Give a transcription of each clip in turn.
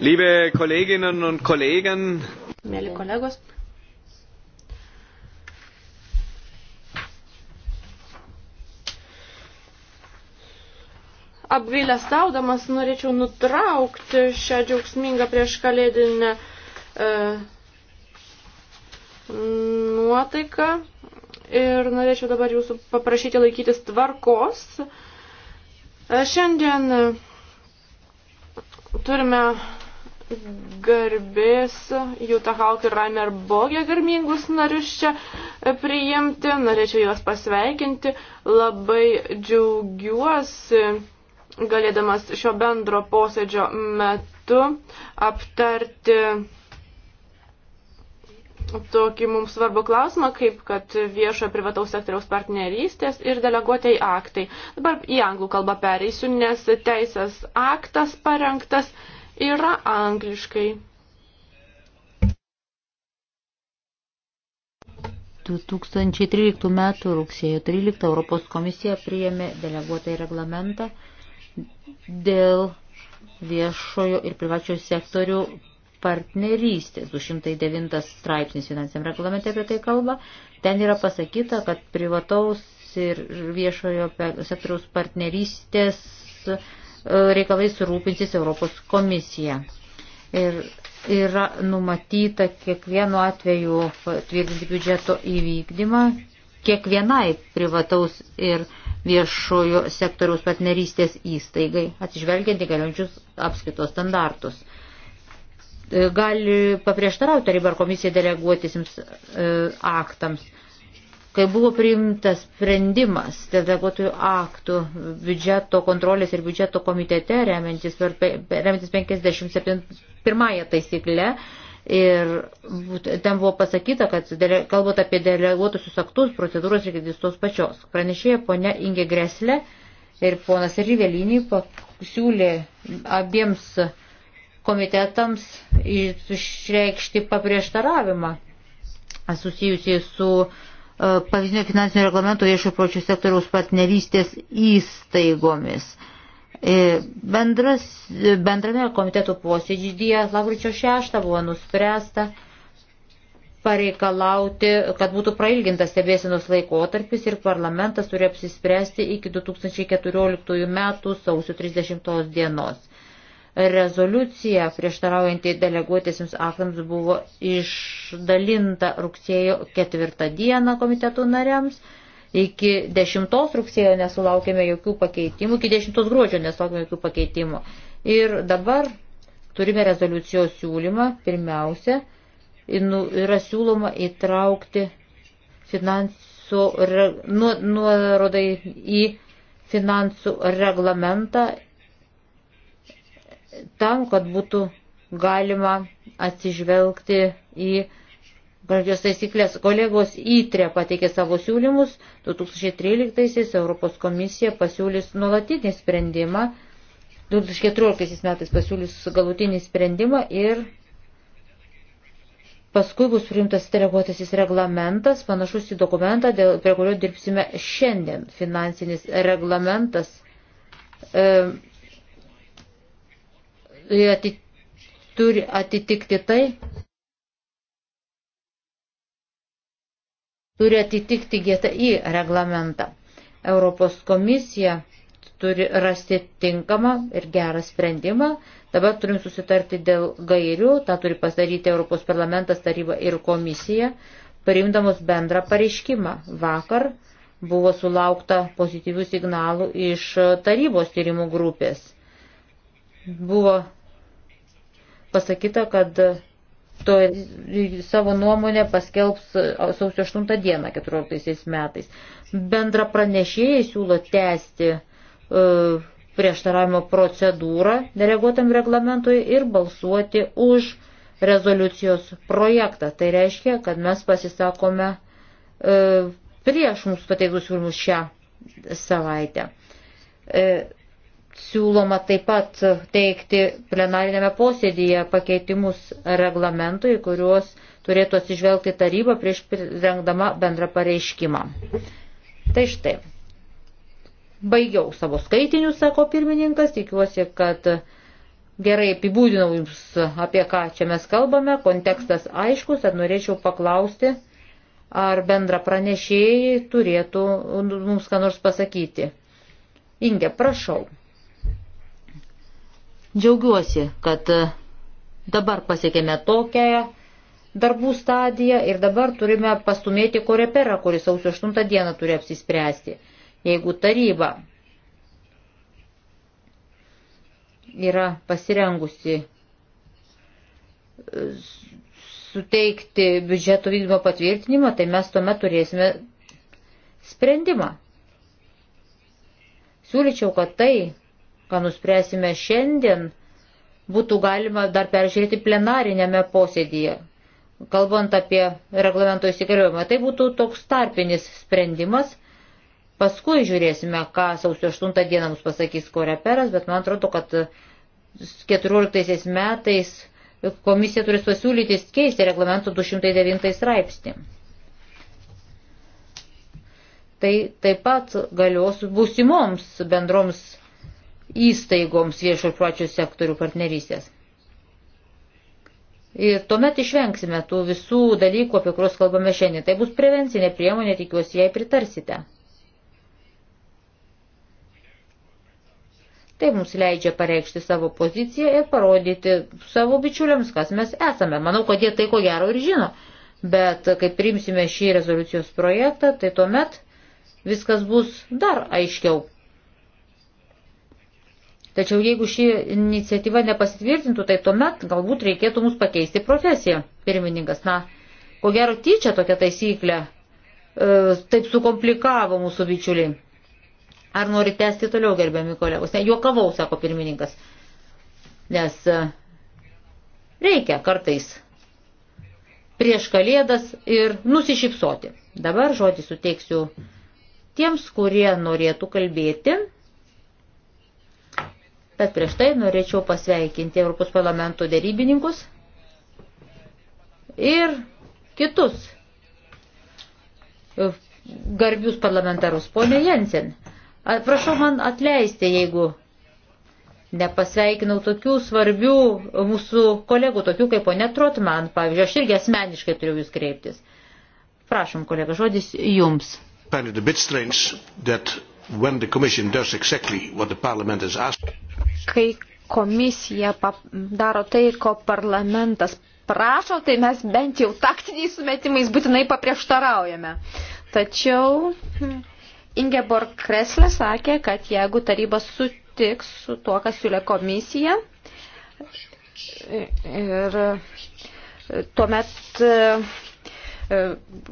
Liebe Kolleginnen und Kollegen, Mėly kolegos, apgailestaudamas norėčiau nutraukti šią džiaugsmingą prieš kalėdinę e, nuotaiką ir norėčiau dabar jūsų paprašyti laikytis tvarkos. E, šiandien turime garbės Jūta Hauk ir Rainer Bogė garmingus narius čia e, priimti. Norėčiau juos pasveikinti. Labai džiaugiuosi galėdamas šio bendro posėdžio metu aptarti tokį mums svarbų klausimą, kaip kad viešojo privataus sektoriaus partnerystės ir deleguotėjai aktai. Dabar į anglų kalbą pereisiu, nes teisės aktas parengtas yra angliškai. 2013 m. rugsėjo 13 Europos komisija priėmė deleguotą reglamentą dėl viešojo ir privačiojo sektorių partnerystės. 209 straipsnis finansiniam reglamente apie tai kalba. Ten yra pasakyta, kad privataus ir viešojo sektoriaus partnerystės reikalais rūpinsis Europos komisija. Ir yra numatyta kiekvienu atveju tvirtinti biudžeto įvykdymą kiekvienai privataus ir viešojo sektoriaus partnerystės įstaigai, atsižvelgiant į galiojančius apskaitos standartus. Gali paprieštarauti taryba ar komisija deleguotis jums e, aktams kai buvo priimtas sprendimas dėl darbuotojų aktų biudžeto kontrolės ir biudžeto komitete remiantis, per, remiantis 51 taisyklę. Ir ten buvo pasakyta, kad kalbant apie deleguotusius aktus, procedūros reikia tos pačios. Pranešėja ponia Inge Greslė ir ponas Rivelinį pasiūlė abiems komitetams išreikšti paprieštaravimą susijusiai su uh, pavyzdinio finansinio reglamento viešo pročių sektoriaus partnerystės įstaigomis. E, bendras, bendrame komiteto posėdžyje lakryčio 6 buvo nuspręsta pareikalauti, kad būtų prailgintas stebėsinos laikotarpis ir parlamentas turi apsispręsti iki 2014 metų sausio 30 dienos. Rezoliucija prieštaraujantį deleguotėsiams aktams buvo išdalinta rugsėjo ketvirtą dieną komitetų nariams. Iki 10 rugsėjo nesulaukėme jokių pakeitimų, iki 10 gruodžio nesulaukėme jokių pakeitimų. Ir dabar turime rezoliucijos siūlymą. Pirmiausia, yra siūloma įtraukti finansų, nuorodai į finansų reglamentą tam, kad būtų galima atsižvelgti į gražios taisyklės. Kolegos įtrė pateikė savo siūlymus, 2013 Europos komisija pasiūlys nuolatinį sprendimą, 2014 metais pasiūlys galutinį sprendimą ir paskui bus priimtas deleguotasis reglamentas, panašus į dokumentą, dėl, prie kurio dirbsime šiandien. Finansinis reglamentas. E, ati, turi atitikti tai, turi atitikti GTI reglamentą. Europos komisija turi rasti tinkamą ir gerą sprendimą. Dabar turim susitarti dėl gairių, tą turi padaryti Europos parlamentas, taryba ir komisija, priimdamos bendrą pareiškimą. Vakar buvo sulaukta pozityvių signalų iš tarybos tyrimų grupės. Buvo pasakyta, kad to, savo nuomonę paskelbs sausio 8 dieną 14 metais. Bendra pranešėjai siūlo tęsti uh, prieštaravimo procedūrą deleguotam reglamentui ir balsuoti už rezoliucijos projektą. Tai reiškia, kad mes pasisakome uh, prieš mums pateiktus siūlymus šią savaitę. Uh, siūloma taip pat teikti plenarinėme posėdėje pakeitimus reglamentui, kuriuos turėtų atsižvelgti taryba prieš rengdama bendrą pareiškimą. Tai štai. Baigiau savo skaitinius, sako pirmininkas, tikiuosi, kad gerai apibūdinau jums, apie ką čia mes kalbame, kontekstas aiškus, ar norėčiau paklausti, ar bendra pranešėjai turėtų mums ką nors pasakyti. Inge, prašau. Džiaugiuosi, kad e, dabar pasiekėme tokią darbų stadiją ir dabar turime pastumėti koreperą, kuris sausio 8 dieną turi apsispręsti. Jeigu taryba yra pasirengusi e, suteikti biudžeto vykdymo patvirtinimą, tai mes tuomet turėsime sprendimą. Siūlyčiau, kad tai, ką nuspręsime šiandien, būtų galima dar peržiūrėti plenarinėme posėdėje, kalbant apie reglamento įsigaliojimą. Tai būtų toks tarpinis sprendimas. Paskui žiūrėsime, ką sausio 8 dieną mums pasakys koreperas, bet man atrodo, kad 14 metais komisija turės pasiūlyti keisti reglamento 209 straipsnį. Tai taip pat galios būsimoms bendroms įstaigoms viešo ir plačio sektorių partnerystės. Ir tuomet išvengsime tų visų dalykų, apie kuriuos kalbame šiandien. Tai bus prevencinė priemonė, tikiuosi, jai pritarsite. Tai mums leidžia pareikšti savo poziciją ir parodyti savo bičiuliams, kas mes esame. Manau, kad jie tai ko gero ir žino. Bet kai primsime šį rezoliucijos projektą, tai tuomet viskas bus dar aiškiau Tačiau jeigu ši iniciatyva nepasitvirtintų, tai tuomet galbūt reikėtų mus pakeisti profesiją, pirmininkas. Na, ko gero tyčia tokia taisyklė e, taip sukomplikavo mūsų bičiuliai. Ar nori tęsti toliau, gerbiami kolegos? Ne, juokavau, sako pirmininkas. Nes e, reikia kartais prieš kalėdas ir nusišypsoti. Dabar žodį suteiksiu tiems, kurie norėtų kalbėti Bet prieš tai norėčiau pasveikinti Europos parlamento dėrybininkus ir kitus garbius parlamentarus. Pone Jensen, prašau man atleisti, jeigu nepasveikinau tokių svarbių mūsų kolegų, tokių kaip ponė Trotman, pavyzdžiui, aš irgi asmeniškai turiu jūs kreiptis. Prašom, kolega, žodis jums. Find it a bit strange that when the Commission does exactly what the Parliament has asked kai komisija daro tai, ko parlamentas prašo, tai mes bent jau taktiniais sumetimais būtinai paprieštaraujame. Tačiau Ingeborg Kreslė sakė, kad jeigu taryba sutiks su tuo, kas siūlė komisija, ir tuomet e,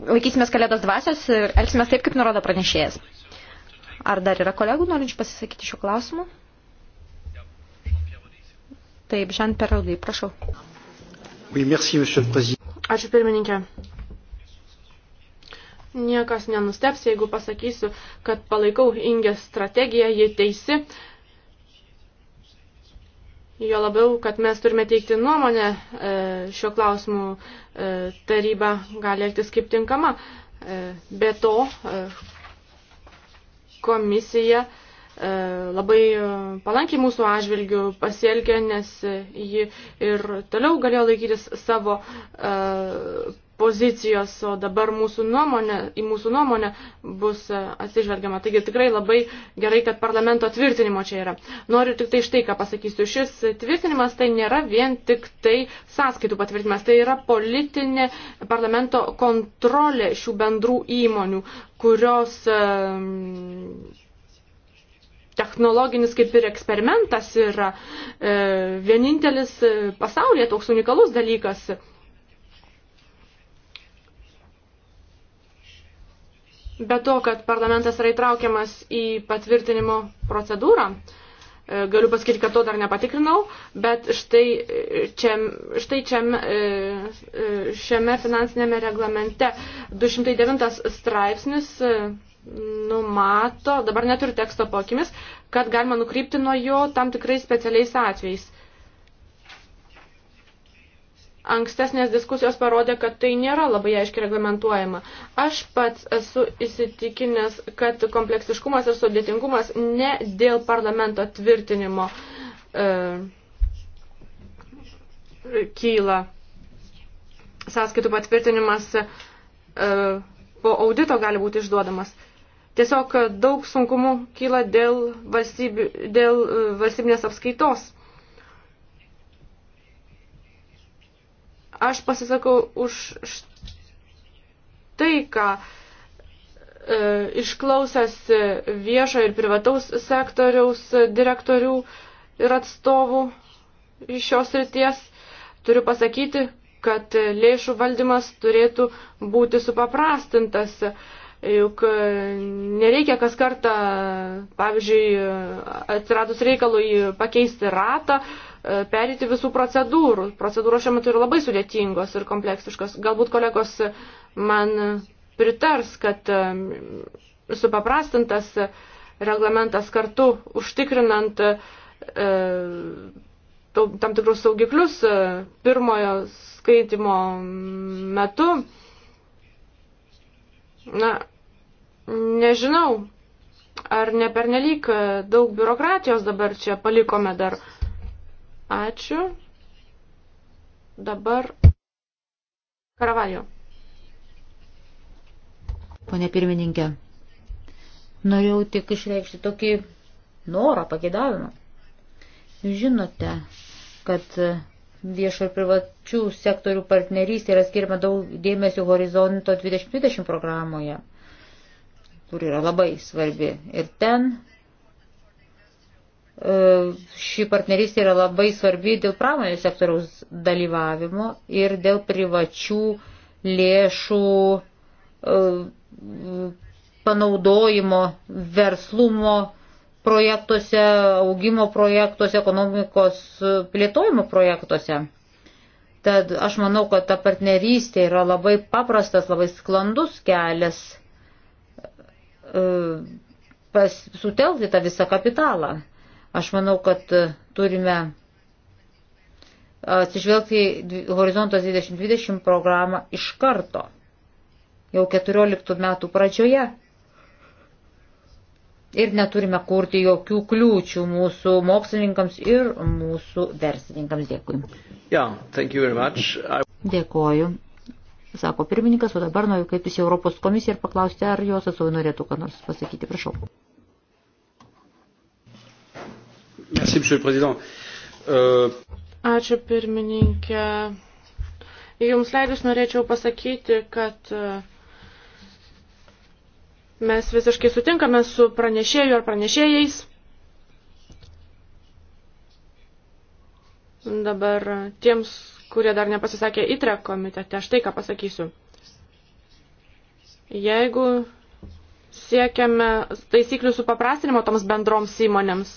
laikysimės kalėdos dvasios ir elgsimės taip, kaip nurodo pranešėjas. Ar dar yra kolegų norinčių pasisakyti šiuo klausimu? Taip, Žan Peraldai, prašau. Oui, merci, Ačiū pirmininkė. Niekas nenusteps, jeigu pasakysiu, kad palaikau Ingės strategiją, ji teisi. Jo labiau, kad mes turime teikti nuomonę e, šiuo klausimu, e, taryba gali elgtis kaip tinkama. E, be to, komisija E, labai palankiai mūsų atžvilgių pasielgė, nes ji ir toliau galėjo laikytis savo e, pozicijos, o dabar mūsų nuomonė, į mūsų nuomonę bus e, atsižvelgiama. Taigi tikrai labai gerai, kad parlamento tvirtinimo čia yra. Noriu tik tai štai ką pasakysiu. Šis tvirtinimas tai nėra vien tik tai sąskaitų patvirtinimas, tai yra politinė parlamento kontrolė šių bendrų įmonių, kurios technologinis kaip ir eksperimentas yra e, vienintelis e, pasaulyje toks unikalus dalykas. Be to, kad parlamentas yra įtraukiamas į patvirtinimo procedūrą, e, galiu pasakyti, kad to dar nepatikrinau, bet štai, e, čia, štai čia, e, e, šiame finansinėme reglamente 209 straipsnis e, numato, dabar neturiu teksto po akimis, kad galima nukrypti nuo jo tam tikrais specialiais atvejais. Ankstesnės diskusijos parodė, kad tai nėra labai aiškiai reglamentuojama. Aš pats esu įsitikinęs, kad kompleksiškumas ir sudėtingumas ne dėl parlamento tvirtinimo e, kyla. Sąskaitų patvirtinimas e, po audito gali būti išduodamas. E, Tiesiog daug sunkumų kyla dėl, valstyb, dėl e, valstybinės apskaitos. Aš pasisakau už tai, ką e, išklausęs viešo ir privataus sektoriaus direktorių ir atstovų iš šios ryties, turiu pasakyti, kad lėšų valdymas turėtų būti supaprastintas. E, Juk e, nereikia kas kartą, pavyzdžiui, atsiradus reikalui pakeisti ratą, e, perėti visų procedūrų. Procedūros šiuo metu yra labai sudėtingos ir kompleksiškos. Galbūt kolegos man pritars, kad e, supaprastintas reglamentas kartu užtikrinant tam tikrus saugiklius pirmojo skaitimo metu. Na, Nežinau, ar ne pernelyg daug biurokratijos dabar čia palikome dar. Ačiū. Dabar Karavalio. Pone pirmininkė, norėjau tik išreikšti tokį norą, pagėdavimą. Žinote, kad viešo ir privačių sektorių partnerystė yra skirma daug dėmesio horizonto 2020 programoje kur yra labai svarbi. Ir ten e, ši partnerystė yra labai svarbi dėl pramonės sektoriaus dalyvavimo ir dėl privačių lėšų e, panaudojimo verslumo projektuose, augimo projektuose, ekonomikos e, plėtojimo projektuose. Tad aš manau, kad ta partnerystė yra labai paprastas, labai sklandus kelias E, pas, sutelkti tą visą kapitalą. Aš manau, kad e, turime atsižvelgti į Horizontas 2020 programą iš karto, jau 14 metų pradžioje. Ir neturime kurti jokių kliūčių mūsų mokslininkams ir mūsų verslininkams. Dėkui. Yeah, I... Dėkoju sako pirmininkas, o dabar noriu kreiptis į Europos komisiją ir paklausti, ar jos atsovai norėtų ką nors pasakyti. Prašau. Merci, monsieur le président. Uh... Ačiū pirmininkė. Jums leidus norėčiau pasakyti, kad e, mes visiškai sutinkame su pranešėju ar pranešėjais. Dabar tiems, kurie dar nepasisakė ITRE komitete. Štai ką pasakysiu. Jeigu siekiame taisyklių supaprastinimo toms bendroms įmonėms,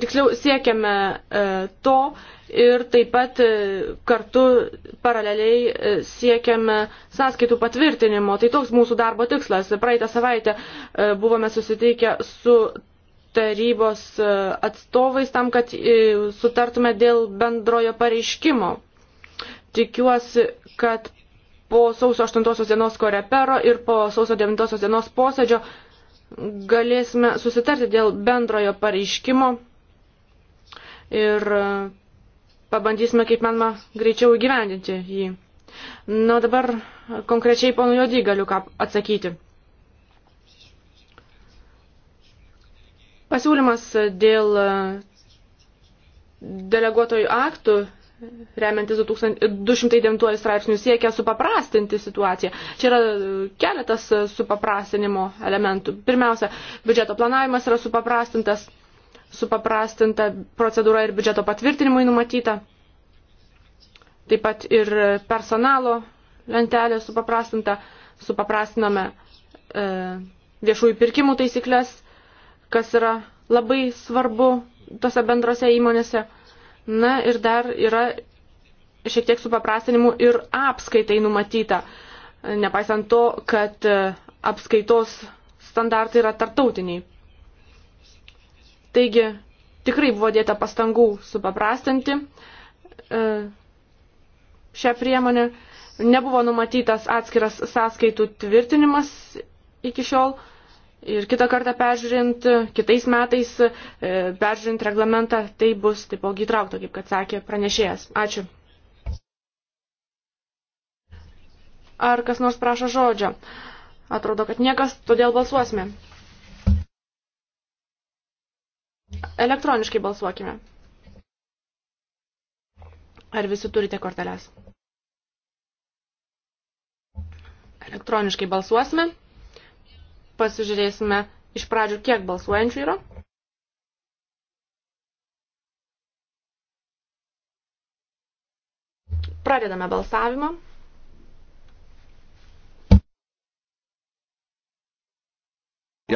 tiksliau siekiame e, to ir taip pat e, kartu paraleliai e, siekiame sąskaitų patvirtinimo. Tai toks mūsų darbo tikslas. Praeitą savaitę buvome susitikę su tarybos e, atstovais tam, kad e, sutartume dėl bendrojo pareiškimo. Tikiuosi, kad po sausio 8 dienos korepero ir po sausio 9 dienos posėdžio galėsime susitarti dėl bendrojo pareiškimo ir e, pabandysime, kaip manoma, greičiau įgyvendinti jį. Na dabar konkrečiai ponu Jodį galiu ką atsakyti. Pasiūlymas dėl e, deleguotojų aktų remiantis 209 straipsnių siekia supaprastinti situaciją. Čia yra e, keletas e, supaprastinimo elementų. Pirmiausia, biudžeto planavimas yra supaprastintas, supaprastinta procedūra ir biudžeto patvirtinimui numatyta. Taip pat ir personalo lentelė supaprastinta, supaprastiname e, viešųjų pirkimų taisyklės kas yra labai svarbu tose bendrose įmonėse. Na ir dar yra šiek tiek supaprastinimų ir apskaitai numatyta, nepaisant to, kad e, apskaitos standartai yra tartautiniai. Taigi, tikrai buvo dėta pastangų supaprastinti e, šią priemonę. Nebuvo numatytas atskiras sąskaitų tvirtinimas iki šiol. Ir kitą kartą peržiūrint, kitais metais e, peržiūrint reglamentą, tai bus taipogi įtraukta, kaip kad sakė pranešėjas. Ačiū. Ar kas nors prašo žodžio? Atrodo, kad niekas, todėl balsuosime. Elektroniškai balsuokime. Ar visi turite korteles? Elektroniškai balsuosime. Pasižiūrėsime iš pradžių, kiek balsuojančių yra. Pradedame balsavimą.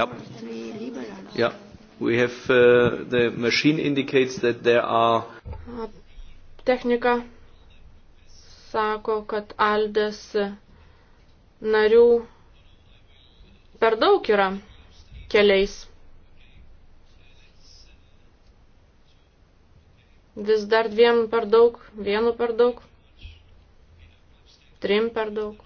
Yep. Yep. We have uh, the machine indicates that there are. Technika sako, kad Aldės narių per daug yra keliais. Vis dar dviem per daug, vienu per daug, trim per daug.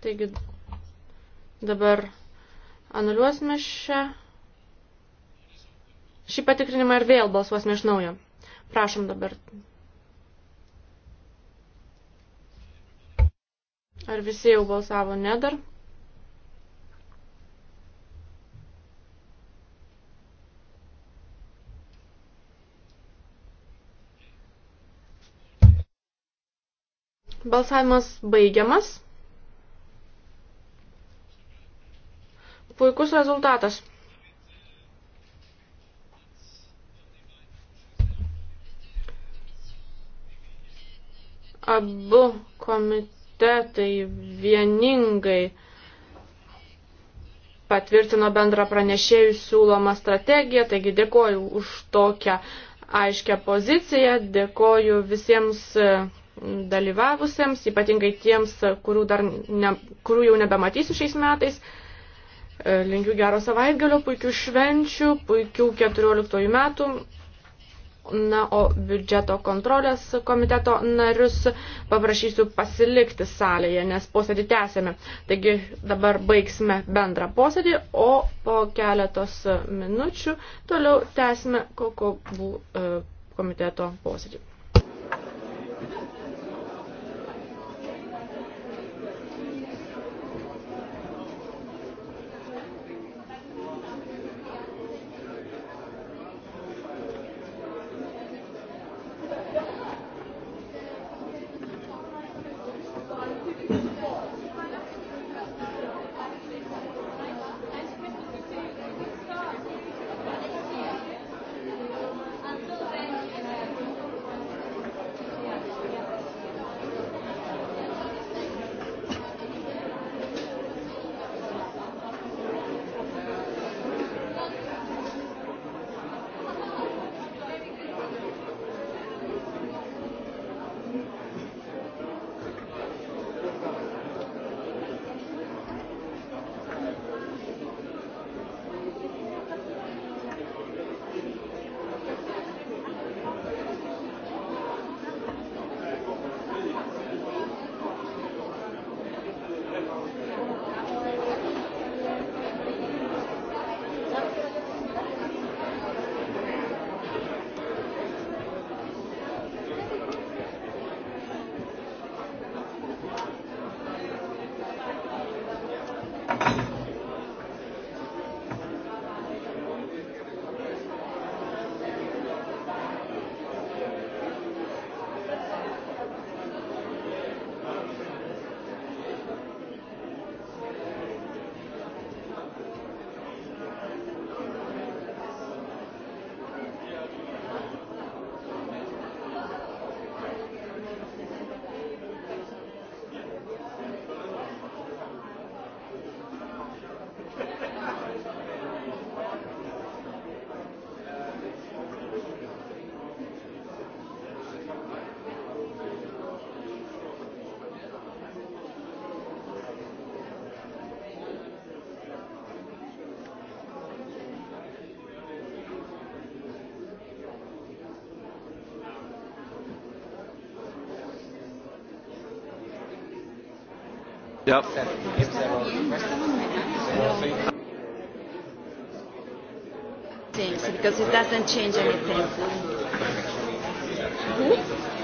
Taigi dabar anuliuosime šią, šį patikrinimą ir vėl balsuosime iš naujo. Prašom dabar Ar visi jau balsavo nedar? Balsavimas baigiamas. Puikus rezultatas. Abu komitetai komitetai vieningai patvirtino bendrą pranešėjų siūlomą strategiją, taigi dėkoju už tokią aiškę poziciją, dėkoju visiems e, dalyvavusiems, ypatingai tiems, kurių, dar ne, kurių jau nebematysiu šiais metais. E, linkiu gero savaitgalio, puikių švenčių, puikių 14 metų Na, o biudžeto kontrolės komiteto narius paprašysiu pasilikti salėje, nes posėdį tęsėme. Taigi dabar baigsime bendrą posėdį, o po keletos minučių toliau tęsime kokobų e, komiteto posėdį. Yep. Things because it doesn't change anything. Hmm?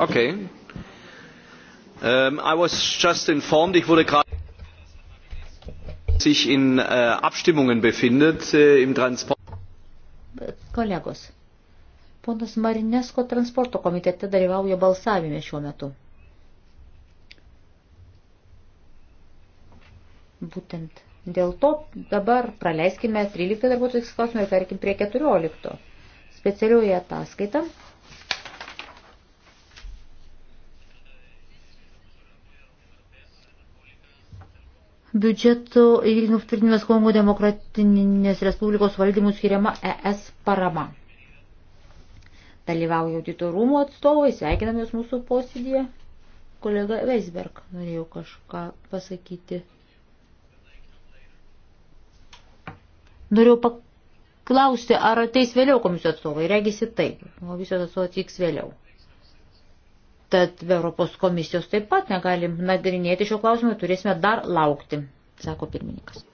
Okay. Um, I was just informed, ich wurde gerade sich in äh, Abstimmungen befindet äh, im Transport. Kolegos, ponas Marinesko transporto komitete dalyvauja balsavime šiuo metu. Būtent dėl to dabar praleiskime 13 darbuotojų klausimą ir perkim prie 14. Specialioje ataskaita biudžeto įvykdymų tvirtinimas Kongo demokratinės Respublikos valdymų skiriama ES parama. Dalyvauja audito rūmų atstovai, sveikiname jūs mūsų posėdėje. Kolega Weisberg norėjau kažką pasakyti. Norėjau paklausti, ar ateis vėliau komisijos atstovai. Regisi taip, o visos atstovai atvyks vėliau. Tad Europos komisijos taip pat negalim nagrinėti šio klausimo, turėsime dar laukti, sako pirmininkas.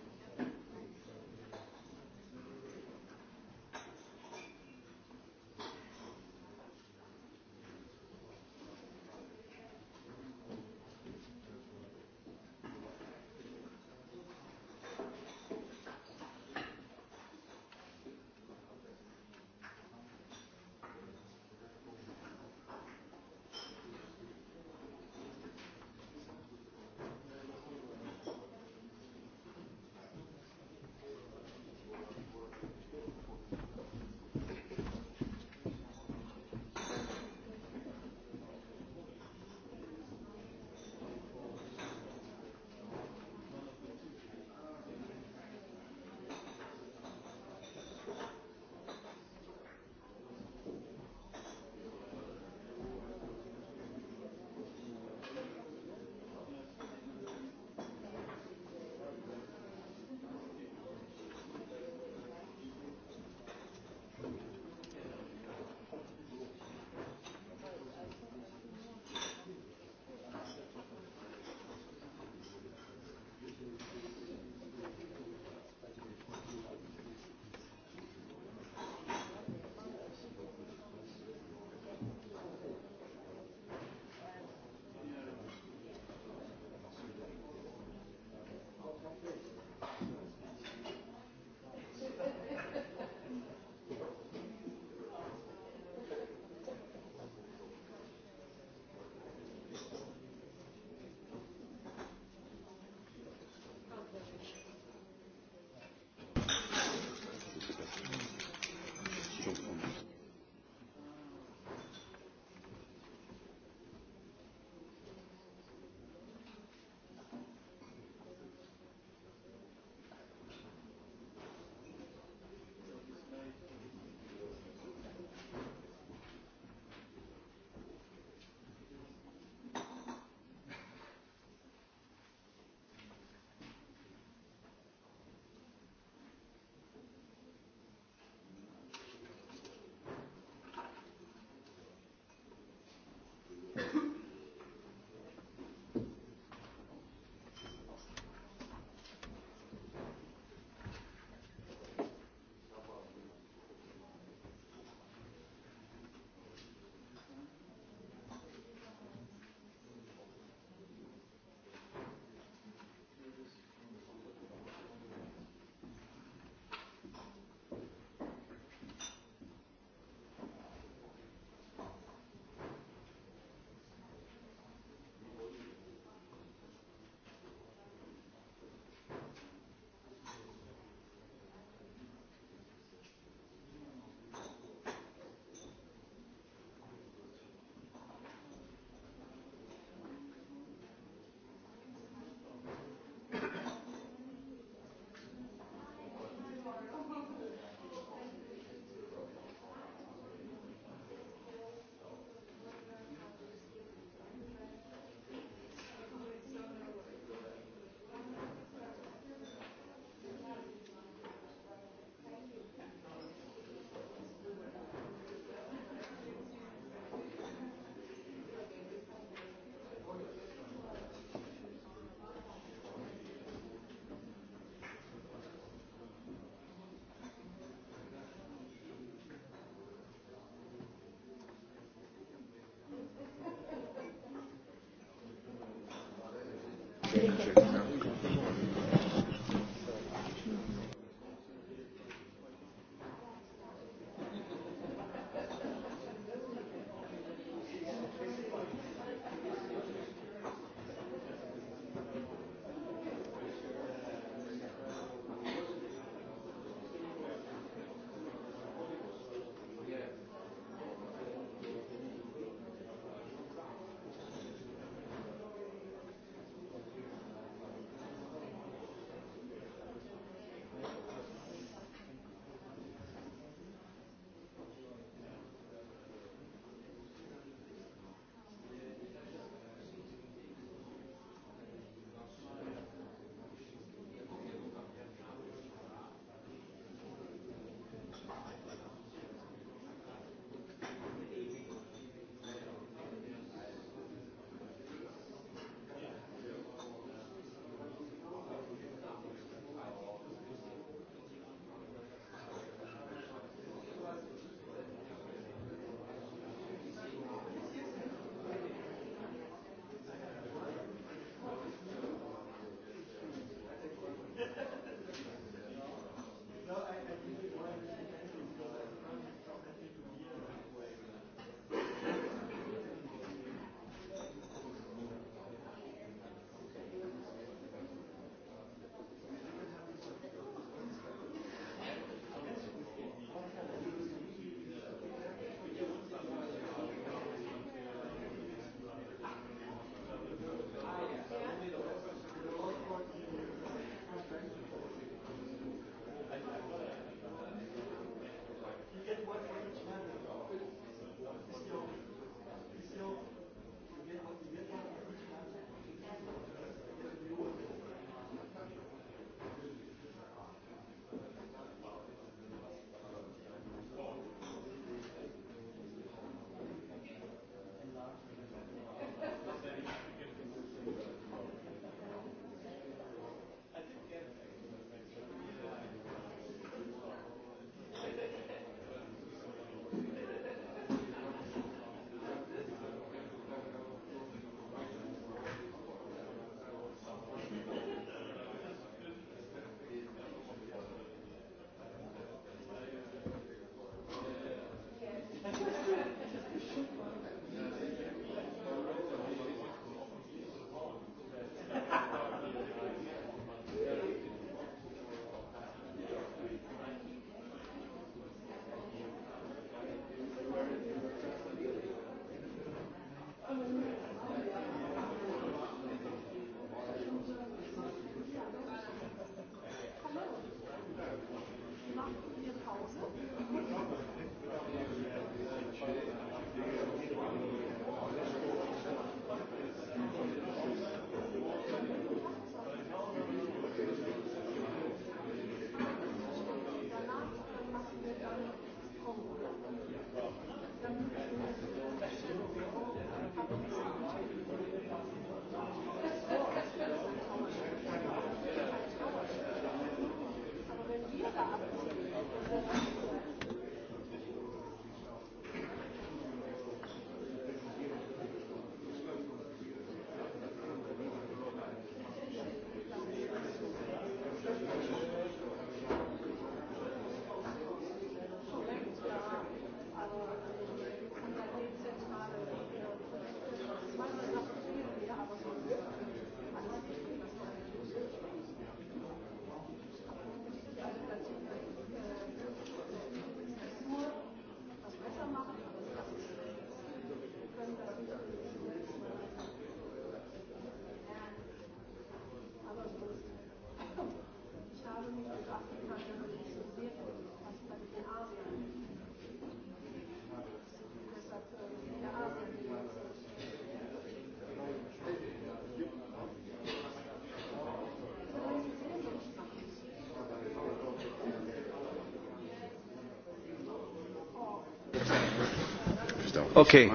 Okay.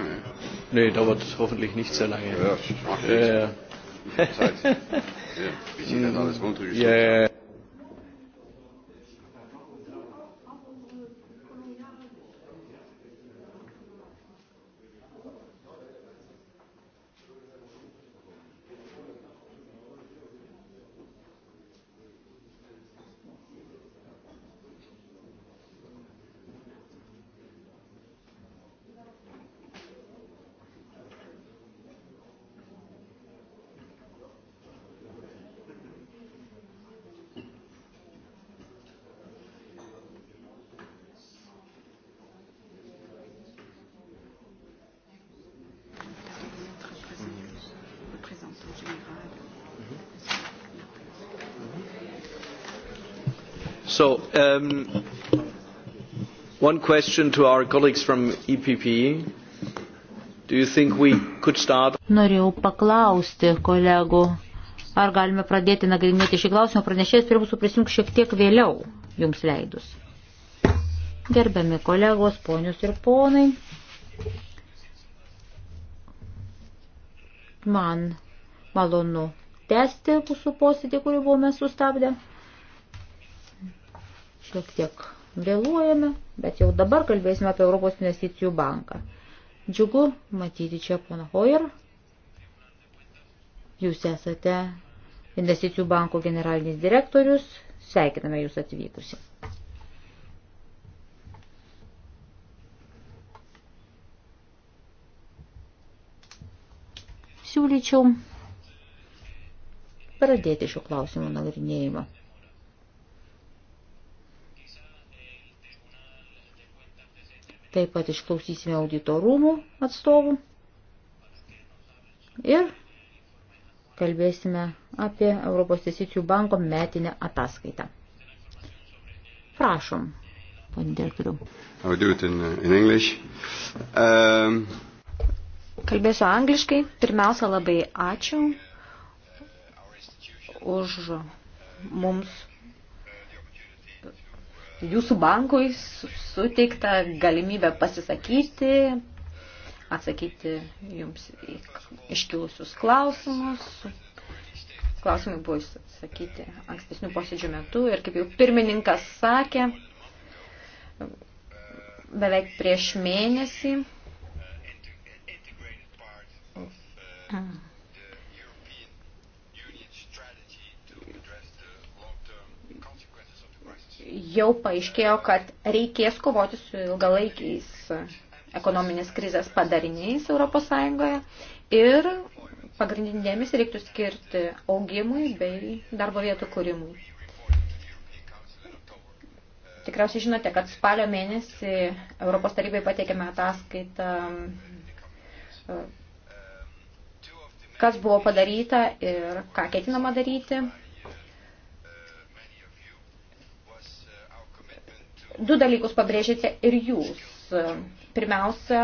Nee, dauert hoffentlich nicht sehr lange. Ja, macht nichts. Ja, ja. Zeit. Ja, wie sie dann alles runtergeschluckt yeah. haben. So, um, one question to our colleagues from EPP. Do you think we could start? Norėjau paklausti kolegų, ar galime pradėti nagrinėti šį klausimą, pranešėjas prie mūsų prisijung šiek tiek vėliau, jums leidus. Gerbiami kolegos, ponius ir ponai, man malonu tęsti mūsų posėdį, kurį buvome sustabdę šiek tiek vėluojame, bet jau dabar kalbėsime apie Europos investicijų banką. Džiugu matyti čia pono Hoyer. Jūs esate investicijų banko generalinis direktorius. Sveikiname jūs atvykusi. Siūlyčiau pradėti šio klausimo nagrinėjimą. Taip pat išklausysime auditorumų atstovų ir kalbėsime apie Europos Teisyčių banko metinę ataskaitą. Prašom, ponė direktoriu. Uh, um... Kalbėsiu angliškai. Pirmiausia, labai ačiū už mums jūsų bankui suteikta galimybė pasisakyti, atsakyti jums iškilusius klausimus. Klausimai buvo išsakyti ankstesnių posėdžių metu ir kaip jau pirmininkas sakė, beveik prieš mėnesį. Mm. jau paaiškėjo, kad reikės kovoti su ilgalaikiais ekonominės krizės padariniais Europos Sąjungoje ir pagrindinį dėmesį reiktų skirti augimui bei darbo vietų kūrimui. Tikriausiai žinote, kad spalio mėnesį Europos tarybai pateikėme ataskaitą, kas buvo padaryta ir ką ketinama daryti. Du dalykus pabrėžėte ir jūs. Pirmiausia,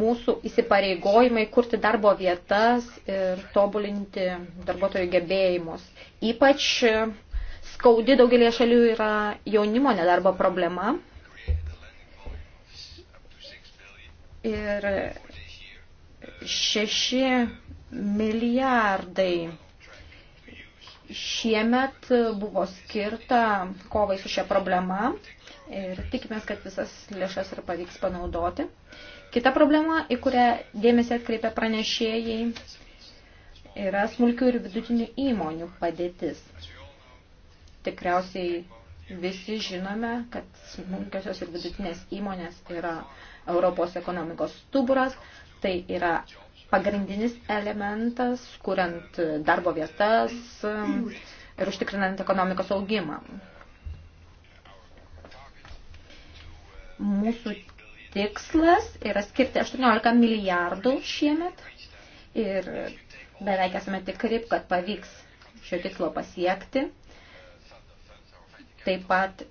mūsų įsipareigojimai kurti darbo vietas ir tobulinti darbuotojų gebėjimus. Ypač skaudi daugelie šalių yra jaunimo nedarbo problema. Ir šeši milijardai Šiemet buvo skirta kovai su šia problema ir tikimės, kad visas lėšas ir pavyks panaudoti. Kita problema, į kurią dėmesį atkreipia pranešėjai, yra smulkių ir vidutinių įmonių padėtis. Tikriausiai visi žinome, kad smulkiosios ir vidutinės įmonės yra Europos ekonomikos stuburas, tai yra pagrindinis elementas, kuriant darbo vietas um, ir užtikrinant ekonomikos augimą. Mūsų tikslas yra skirti 18 milijardų šiemet ir beveik esame tikri, kad pavyks šio tikslo pasiekti. Taip pat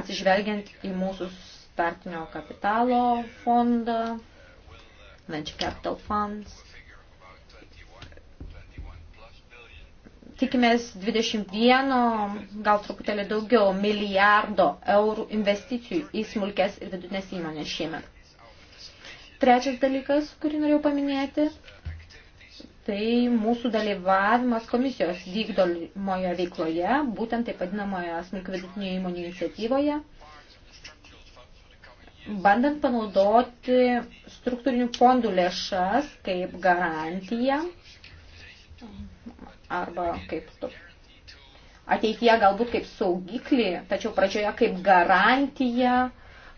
atsižvelgiant į mūsų startinio kapitalo fondą, venture capital funds. Tikimės 21, gal truputėlį daugiau, milijardo eurų investicijų į smulkės ir vidutinės įmonės šiemet. Trečias dalykas, kurį norėjau paminėti, tai mūsų dalyvavimas komisijos vykdomoje veikloje, būtent taip vadinamoje smulkių vidutinių įmonių iniciatyvoje, bandant panaudoti struktūrinių fondų lėšas kaip garantiją arba kaip ateityje galbūt kaip saugiklį, tačiau pradžioje kaip garantiją,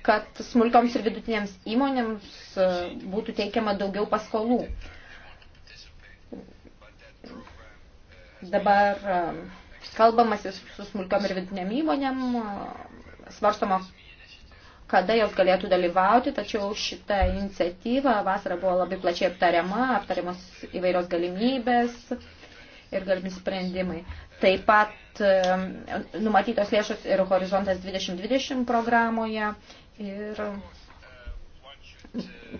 kad smulkioms ir vidutinėms įmonėms e, būtų teikiama daugiau paskolų. Dabar e, kalbamasi su smulkiom ir vidutiniam įmonėm, e, svarstoma, kada jos galėtų dalyvauti, tačiau šita iniciatyva vasara buvo labai plačiai aptariama, aptariamos įvairios galimybės ir galimi sprendimai. Taip pat numatytos lėšos ir Horizontas 2020 programoje ir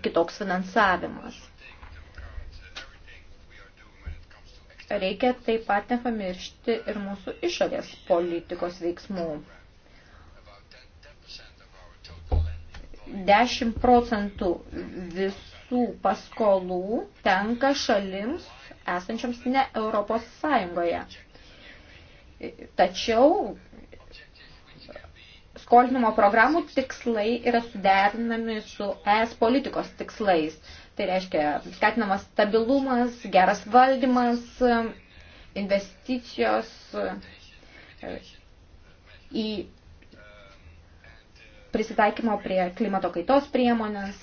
kitoks finansavimas. Reikia taip pat nepamiršti ir mūsų išorės politikos veiksmų. 10 procentų visų paskolų tenka šalims esančiams ne Europos Sąjungoje. Tačiau skolinimo programų tikslai yra suderinami su ES politikos tikslais. Tai reiškia skatinamas stabilumas, geras valdymas, investicijos į prisitaikymo prie klimato kaitos priemonės.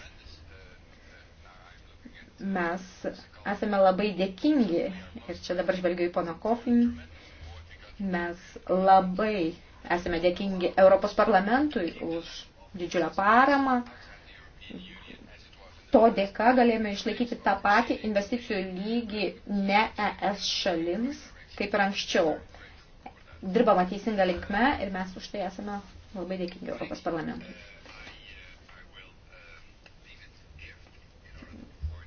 Mes esame labai dėkingi, ir čia dabar žvelgiu į pono Kofinį, mes labai esame dėkingi Europos parlamentui už didžiulę paramą. To dėka galėjome išlaikyti tą patį investicijų lygį ne ES šalims, kaip ir anksčiau. Dirbama teisinga linkme ir mes už tai esame labai dėkingi Europos parlamentui.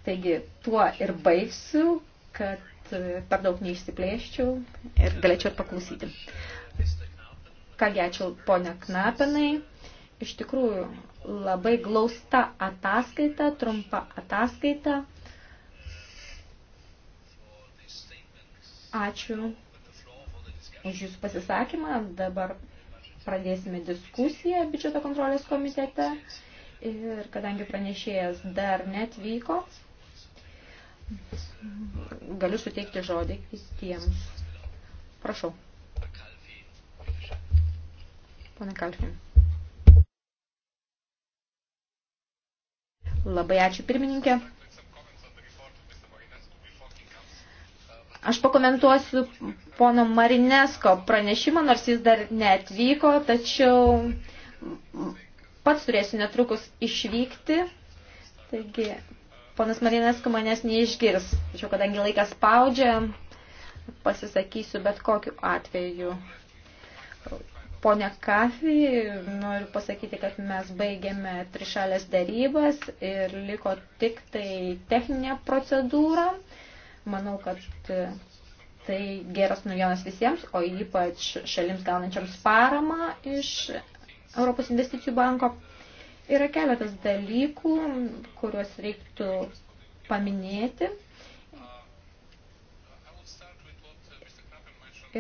Taigi tuo ir baigsiu, kad e, per daug neišsiplėščiau ir galėčiau ir paklausyti. Kągi ačiū ponia Knapinai. Iš tikrųjų, labai glausta ataskaita, trumpa ataskaita. Ačiū už Jūsų pasisakymą. Dabar pradėsime diskusiją biudžeto kontrolės komitete ir kadangi pranešėjas dar netvyko, galiu suteikti žodį kitiems. Prašau. Pana Kalfin. Labai ačiū pirmininkė. Aš pakomentuosiu pono Marinesko pranešimą, nors jis dar neatvyko, tačiau pats turėsiu netrukus išvykti. Taigi, ponas Marinesko manęs neišgirs, tačiau kadangi laikas spaudžia, pasisakysiu bet kokiu atveju. Pone Kafi, noriu pasakyti, kad mes baigėme trišalės darybas ir liko tik tai techninė procedūra. Manau, kad e, tai geras naujienas visiems, o ypač šalims gaunančiams paramą iš Europos investicijų banko. Yra keletas dalykų, kuriuos reiktų paminėti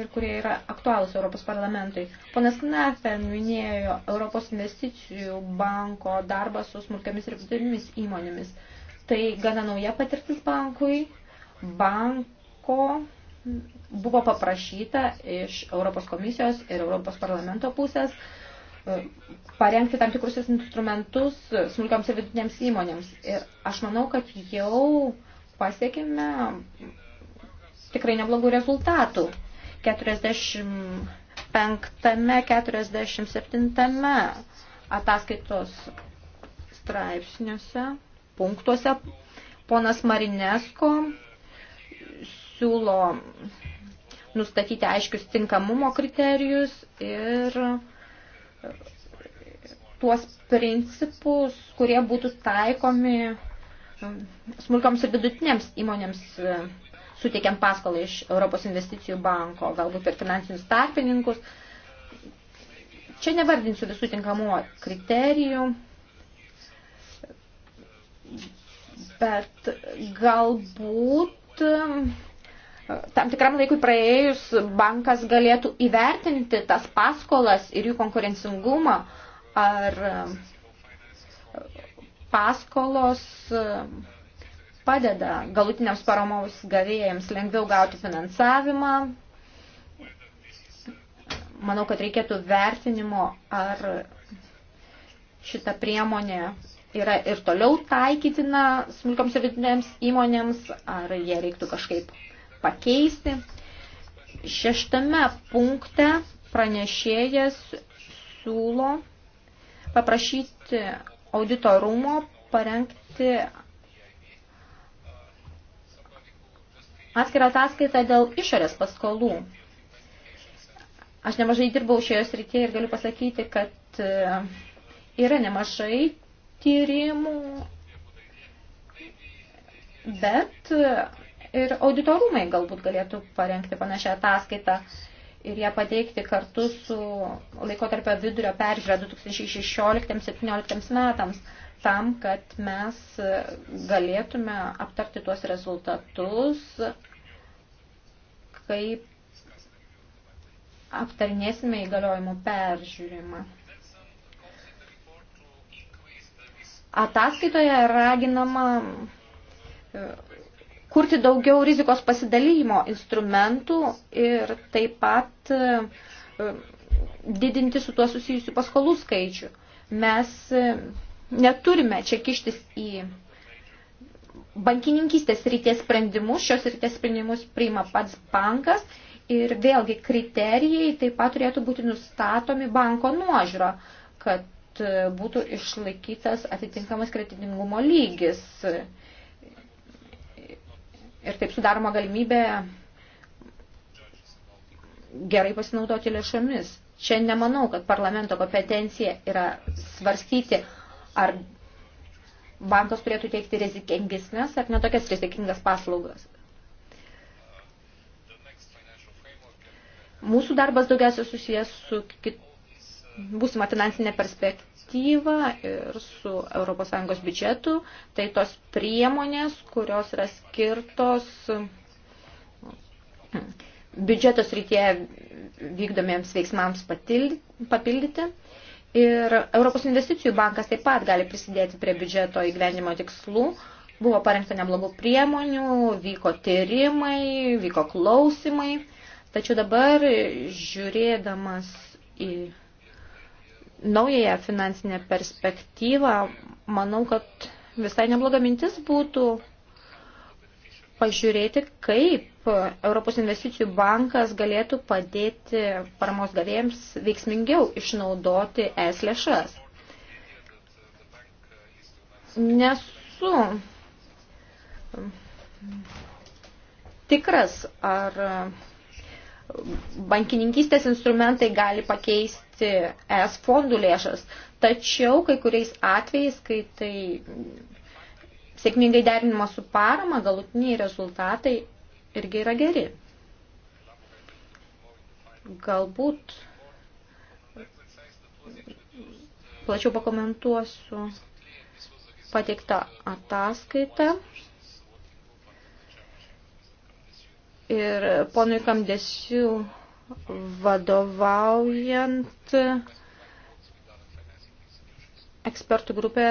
ir kurie yra aktualūs Europos parlamentui. Ponas Knafen minėjo Europos investicijų banko darbą su smulkiamis ir vidurinėmis įmonėmis. Tai gana nauja patirtis bankui banko buvo paprašyta iš Europos komisijos ir Europos parlamento pusės e, parengti tam tikrus instrumentus smulkiams ir vidutinėms įmonėms. Ir aš manau, kad jau pasiekime tikrai neblogų rezultatų. 45-47 ataskaitos straipsniuose, punktuose, ponas Marinesko siūlo nustatyti aiškius tinkamumo kriterijus ir e, tuos principus, kurie būtų taikomi e, smulkioms ir vidutinėms įmonėms e, suteikiant paskolą iš Europos investicijų banko, galbūt per finansinius tarpininkus. Čia nevardinsiu visų tinkamumo kriterijų, bet galbūt tam tikram laikui praėjus bankas galėtų įvertinti tas paskolas ir jų konkurencingumą, ar e, paskolos e, padeda galutiniams paramos gavėjams lengviau gauti finansavimą. Manau, kad reikėtų vertinimo, ar šita priemonė yra ir toliau taikytina smulkioms ir vidutinėms įmonėms, ar jie reiktų kažkaip pakeisti. Šeštame punkte pranešėjas siūlo paprašyti auditorumo parengti atskirą ataskaitą dėl išorės paskolų. Aš nemažai dirbau šioje srityje ir galiu pasakyti, kad e, yra nemažai tyrimų, bet ir auditorumai galbūt galėtų parengti panašią ataskaitą ir ją pateikti kartu su laikotarpio vidurio peržiūra 2016-2017 metams, tam, kad mes galėtume aptarti tuos rezultatus, kaip aptarnėsime įgaliojimų peržiūrimą. Ataskaitoje raginama kurti daugiau rizikos pasidalymo instrumentų ir taip pat e, didinti su tuo susijusių paskolų skaičių. Mes e, neturime čia kištis į bankininkystės ryties sprendimus, šios ryties sprendimus priima pats bankas ir vėlgi kriterijai taip pat turėtų būti nustatomi banko nuožiūro, kad e, būtų išlaikytas atitinkamas kreditingumo lygis ir taip sudaroma galimybė gerai pasinaudoti lėšomis. Čia nemanau, kad parlamento kompetencija yra svarstyti, ar bankas turėtų teikti rizikingesnės ar netokias rizikingas paslaugas. Mūsų darbas daugiausia susijęs su kit būsimą finansinę perspektyvą ir su ES biudžetu, tai tos priemonės, kurios yra skirtos hmm, biudžetos rytėje vykdomiems veiksmams papildyti. Ir Europos investicijų bankas taip pat gali prisidėti prie biudžeto įgyvenimo tikslų. Buvo parengta neblogų priemonių, vyko tyrimai, vyko klausimai. Tačiau dabar žiūrėdamas į naująją finansinę perspektyvą, manau, kad visai nebloga mintis būtų pažiūrėti, kaip Europos investicijų bankas galėtų padėti paramos gavėjams veiksmingiau išnaudoti es lėšas. Nesu tikras, ar bankininkystės instrumentai gali pakeisti skirti ES fondų lėšas, tačiau kai kuriais atvejais, kai tai sėkmingai derinimo su parama, galutiniai rezultatai irgi yra geri. Galbūt plačiau pakomentuosiu pateiktą ataskaitą. Ir ponui Kamdesiu vadovaujant ekspertų grupė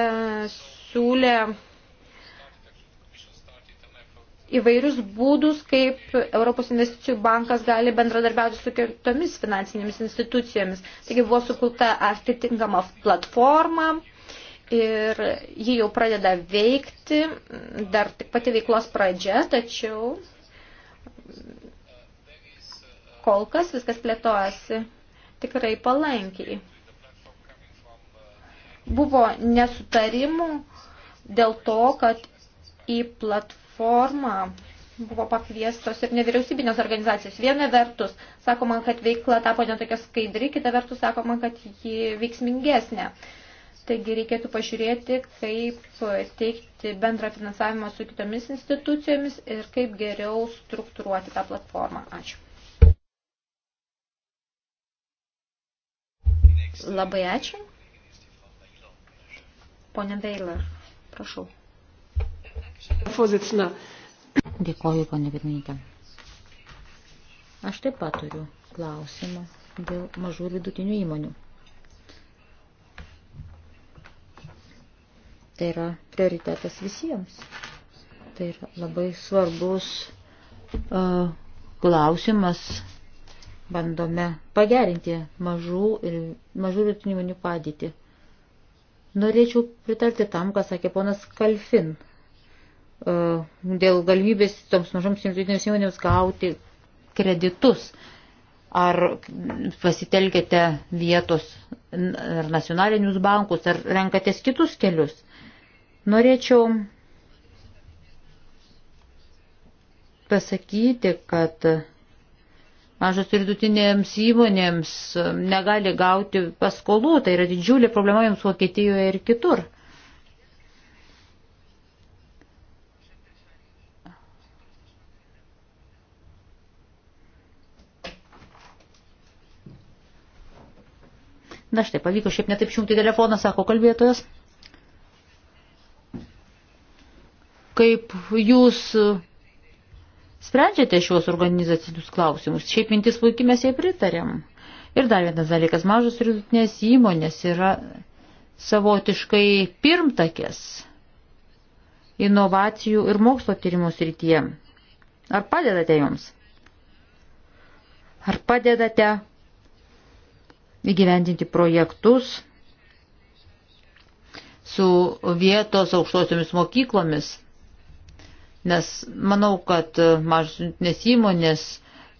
siūlė įvairius būdus, kaip Europos investicijų bankas gali bendradarbiauti su kitomis finansinėmis institucijomis. Taigi buvo sukulta atitinkama platforma ir ji jau pradeda veikti, dar tik pati veiklos pradžia, tačiau kol kas viskas plėtojasi tikrai palankiai. Buvo nesutarimų dėl to, kad į platformą buvo pakviestos ir nevyriausybinės organizacijos. Viena vertus, sakoma, kad veikla tapo netokia skaidri, kita vertus, sakoma, kad ji veiksmingesnė. Taigi reikėtų pažiūrėti, kaip teikti bendrą finansavimą su kitomis institucijomis ir kaip geriau struktūruoti tą platformą. Ačiū. Labai ačiū. Pone Veiler, prašau. Pozicina. Dėkoju, ponė Virmytė. Aš taip pat turiu klausimą dėl mažų ir vidutinių įmonių. Tai yra prioritetas visiems. Tai yra labai svarbus uh, klausimas bandome pagerinti mažų ir mažų rytinių įmonių padėtį. Norėčiau pritarti tam, ką sakė ponas Kalfin, e, dėl galimybės toms mažoms rytinėms įmonėms gauti kreditus. Ar pasitelkėte vietos ar nacionalinius bankus, ar renkatės kitus kelius. Norėčiau pasakyti, kad mažos ir dutinėms įmonėms um, negali gauti paskolų, tai yra didžiulė problema jums Vokietijoje ir kitur. Na štai, pavyko šiaip netaip šimti telefoną, sako kalbėtojas. Kaip jūs sprendžiate šios organizacinius klausimus. Šiaip mintis puikiai mes jai pritarėm. Ir dar vienas dalykas, mažos ir vidutinės įmonės yra savotiškai pirmtakės inovacijų ir mokslo tyrimų srityje. Ar padedate joms? Ar padedate įgyvendinti projektus su vietos aukštosiomis mokyklomis? Nes manau, kad mažutinės įmonės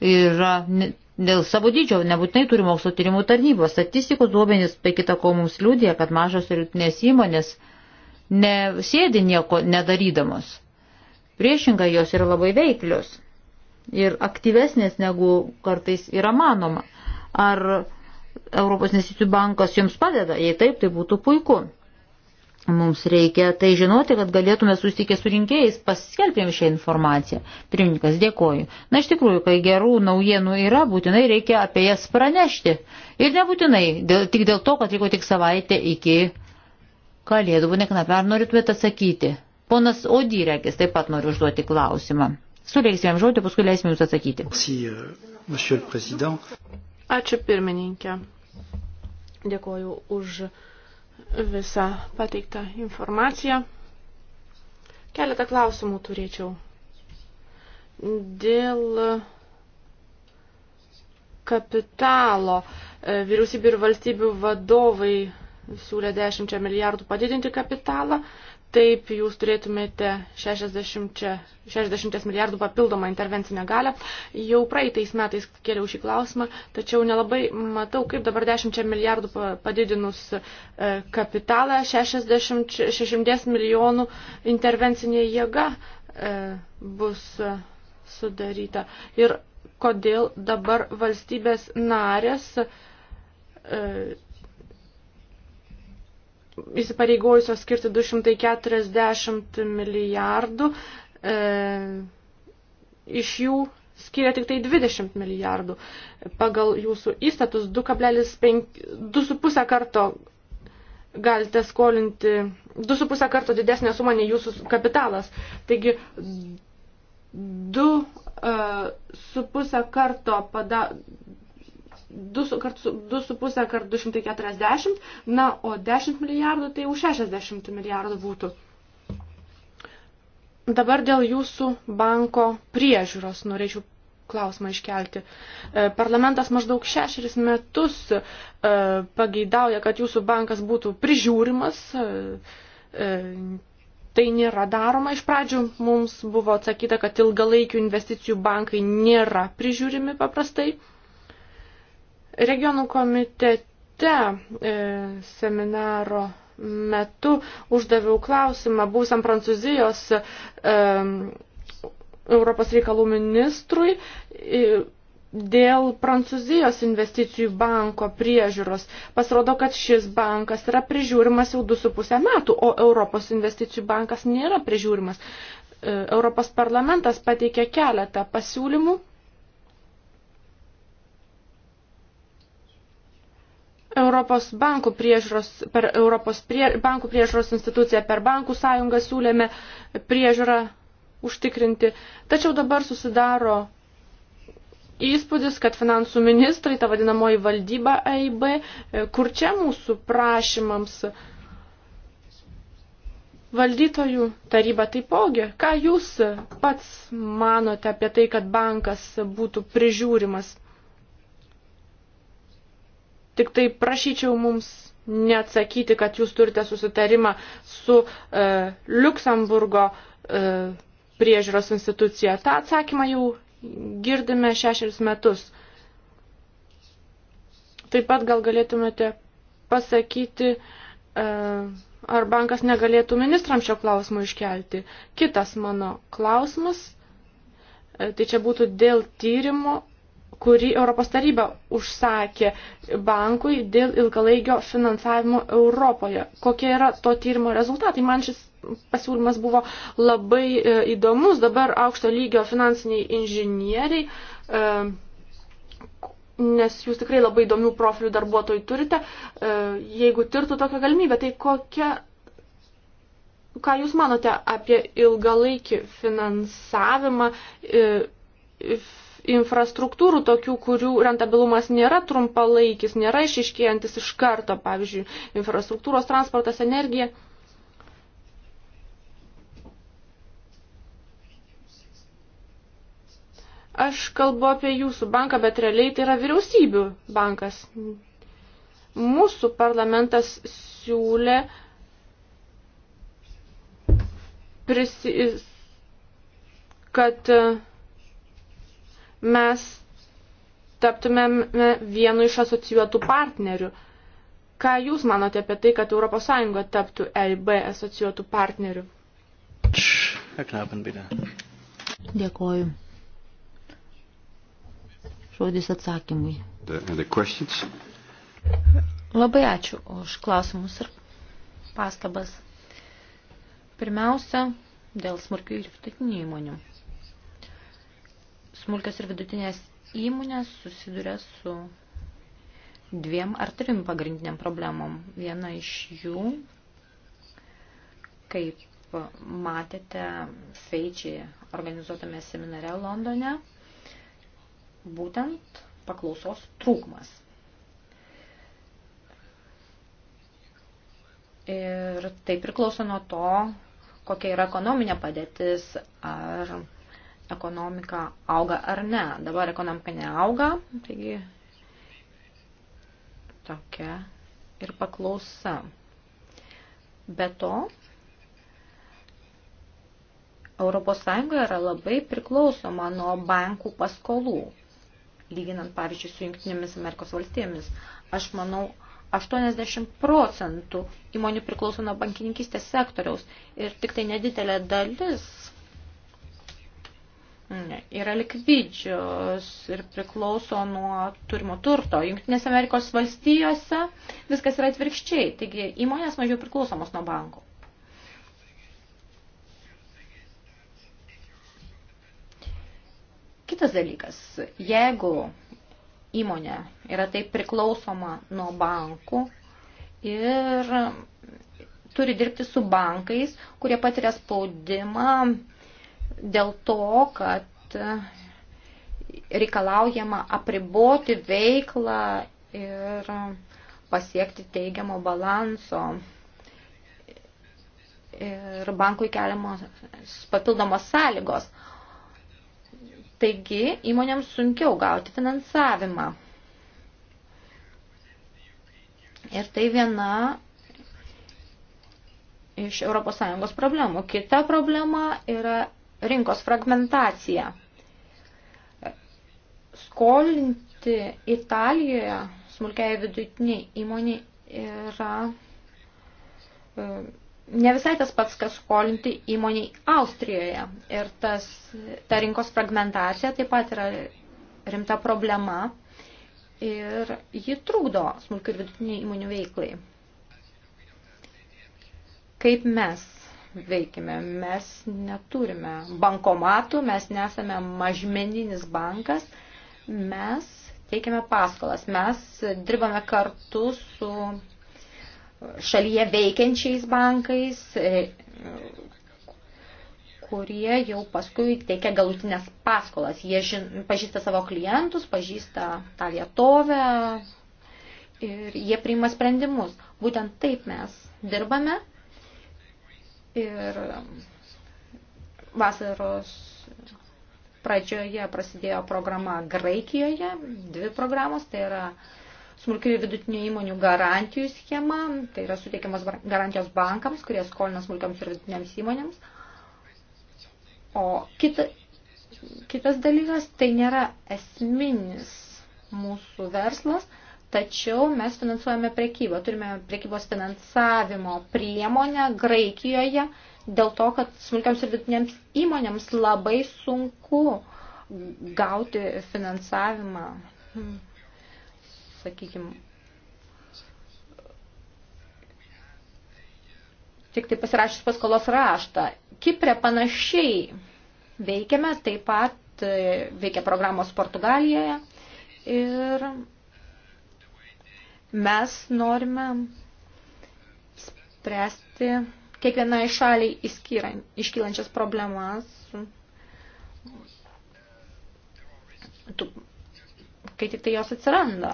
yra dėl savo dydžio nebūtinai turi mokslo tyrimų tarnybos. Statistikos duomenys, be kita ko, mums liūdė, kad mažos ir vidutinės įmonės nesėdi nieko nedarydamos. Priešingai jos yra labai veiklios ir aktyvesnės negu kartais yra manoma. Ar Europos nesicijų bankas jums padeda? Jei taip, tai būtų puiku. Mums reikia tai žinoti, kad galėtume susitikę su rinkėjais, paskelbėm šią informaciją. Pirmininkas, dėkoju. Na, iš tikrųjų, kai gerų naujienų yra, būtinai reikia apie jas pranešti. Ir nebūtinai, dėl, tik dėl to, kad liko tik savaitė iki kalėdų, neknapė, ar norėtumėte atsakyti? Ponas Odyrekis taip pat nori užduoti klausimą. Suleiksime jam žodį, paskui leisime jums atsakyti. Euh, Ačiū pirmininkė. Dėkoju už visą pateiktą informaciją. Keletą klausimų turėčiau. Dėl kapitalo e, vyriausybių ir valstybių vadovai siūlė 10 milijardų padidinti kapitalą, Taip jūs turėtumėte 60, 60 milijardų papildomą intervencinę galę. Jau praeitais metais kėliau šį klausimą, tačiau nelabai matau, kaip dabar 10 milijardų padidinus e, kapitalą 60, 60 milijonų intervencinė jėga e, bus e, sudaryta. Ir kodėl dabar valstybės narės įsipareigojusios skirti 240 milijardų, e, iš jų skiria tik tai 20 milijardų. Pagal jūsų įstatus 2,5 karto galite skolinti 2,5 karto didesnė suma nei jūsų kapitalas. Taigi 2,5 e, uh, karto pada, 2,5 kart, 2,5 kart 240, na, o 10 milijardų tai jau 60 milijardų būtų. Dabar dėl jūsų banko priežiūros norėčiau klausimą iškelti. E, parlamentas maždaug šešeris metus e, pageidauja, kad jūsų bankas būtų prižiūrimas. E, tai nėra daroma. Iš pradžių mums buvo atsakyta, kad ilgalaikių investicijų bankai nėra prižiūrimi paprastai. Regionų komitete e, seminaro metu uždaviau klausimą būsam Prancūzijos e, Europos reikalų ministrui dėl Prancūzijos investicijų banko priežiūros. Pasirodo, kad šis bankas yra prižiūrimas jau 2,5 metų, o Europos investicijų bankas nėra prižiūrimas. E, Europos parlamentas pateikė keletą pasiūlymų Europos bankų priežiūros, per Europos prie, bankų priežiūros instituciją, per bankų sąjungą siūlėme priežiūrą užtikrinti. Tačiau dabar susidaro įspūdis, kad finansų ministrai, ta vadinamoji valdyba AIB, kur čia mūsų prašymams valdytojų taryba taipogi. Ką jūs pats manote apie tai, kad bankas būtų prižiūrimas? Tik tai prašyčiau mums neatsakyti, kad jūs turite susitarimą su e, Luksemburgo e, priežiūros institucija. Ta atsakymą jau girdime šešerius metus. Taip pat gal galėtumėte pasakyti, e, ar bankas negalėtų ministram šio klausimo iškelti. Kitas mano klausimas, e, tai čia būtų dėl tyrimo kurį Europos taryba užsakė bankui dėl ilgalaikio finansavimo Europoje. Kokie yra to tyrimo rezultatai? Man šis pasiūlymas buvo labai e, įdomus. Dabar aukšto lygio finansiniai inžinieriai, e, nes jūs tikrai labai įdomių profilių darbuotojų turite, e, jeigu tirtų tokią galimybę, tai kokia ką Jūs manote apie ilgalaikį finansavimą infrastruktūrų, tokių, kurių rentabilumas nėra trumpalaikis, nėra išiškėjantis iš karto, pavyzdžiui, infrastruktūros, transportas, energija. Aš kalbu apie jūsų banką, bet realiai tai yra vyriausybių bankas. Mūsų parlamentas siūlė prisi, kad uh, mes taptumėm e, vienu iš asocijuotų partnerių. Ką Jūs manote apie tai, kad ES taptų EIB asocijuotų partnerių? Dėkoju. Žodis atsakymui. Labai ačiū už klausimus ir pastabas. Pirmiausia, dėl smulkių ir vidutinių įmonių smulkios ir vidutinės įmonės susiduria su dviem ar trim pagrindiniam problemom. Viena iš jų, kaip matėte Feidžiai organizuotame seminare Londone, būtent paklausos trūkumas. Ir tai priklauso nuo to, kokia yra ekonominė padėtis, ar ekonomika auga ar ne. Dabar ekonomika neauga, taigi tokia ir paklausa. Be to, ES yra labai priklausoma nuo bankų paskolų, lyginant, pavyzdžiui, su Junktinėmis Amerikos valstybėmis. Aš manau, 80 procentų įmonių priklauso nuo bankininkistės sektoriaus ir tik tai nedidelė dalis yra likvidžios ir priklauso nuo turimo turto. Junktinės Amerikos valstijose viskas yra atvirkščiai, taigi įmonės mažiau priklausomos nuo bankų. Kitas dalykas, jeigu įmonė yra taip priklausoma nuo bankų ir turi dirbti su bankais, kurie patiria spaudimą dėl to, kad reikalaujama apriboti veiklą ir pasiekti teigiamo balanso ir bankui keliamos papildomos sąlygos. Taigi įmonėms sunkiau gauti finansavimą. Ir tai viena iš ES problemų. Kita problema yra rinkos fragmentacija. Skolinti Italijoje smulkiai vidutiniai įmonė yra e, ne visai tas pats, kas skolinti įmoniai Austrijoje. Ir tas, ta rinkos fragmentacija taip pat yra rimta problema ir ji trukdo smulkių ir vidutinių įmonių veiklai. Kaip mes veikime. Mes neturime bankomatų, mes nesame mažmeninis bankas, mes teikiame paskolas, mes dirbame kartu su šalyje veikiančiais bankais, kurie jau paskui teikia galutinės paskolas. Jie žin, pažįsta savo klientus, pažįsta tą vietovę ir jie priima sprendimus. Būtent taip mes dirbame Ir vasaros pradžioje prasidėjo programa Graikijoje, dvi programos, tai yra smulkių ir vidutinių įmonių garantijų schema, tai yra suteikiamas garantijos bankams, kurie skolina smulkiams ir vidutiniams įmonėms. O kita, kitas dalykas, tai nėra esminis mūsų verslas, Tačiau mes finansuojame prekybą, turime prekybos finansavimo priemonę Graikijoje dėl to, kad smulkiams ir vidutinėms įmonėms labai sunku gauti finansavimą, sakykime, tik tai pasirašęs paskolos raštą. Kiprė panašiai veikiame, taip pat e, veikia programos Portugalijoje ir Mes norime spręsti kiekvienai šaliai iškylančias problemas, kai tik tai jos atsiranda.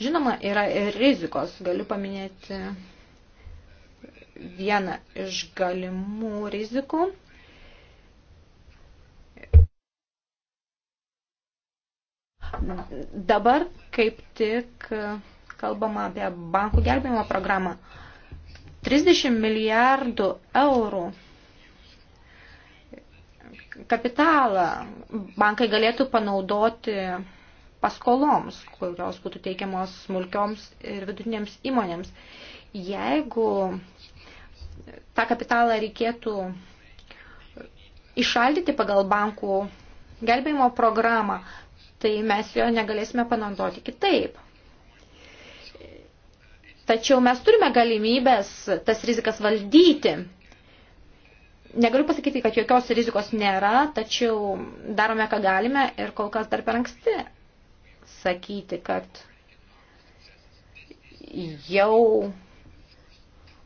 Žinoma, yra ir rizikos. Galiu paminėti vieną iš galimų rizikų. Dabar kaip tik kalbama apie bankų gelbėjimo programą. 30 milijardų eurų kapitalą bankai galėtų panaudoti paskoloms, kurios būtų teikiamos smulkioms ir vidutinėms įmonėms. Jeigu tą kapitalą reikėtų išaldyti pagal bankų gelbėjimo programą, tai mes jo negalėsime panaudoti kitaip. Tačiau mes turime galimybės tas rizikas valdyti. Negaliu pasakyti, kad jokios rizikos nėra, tačiau darome, ką galime ir kol kas dar per anksti sakyti, kad jau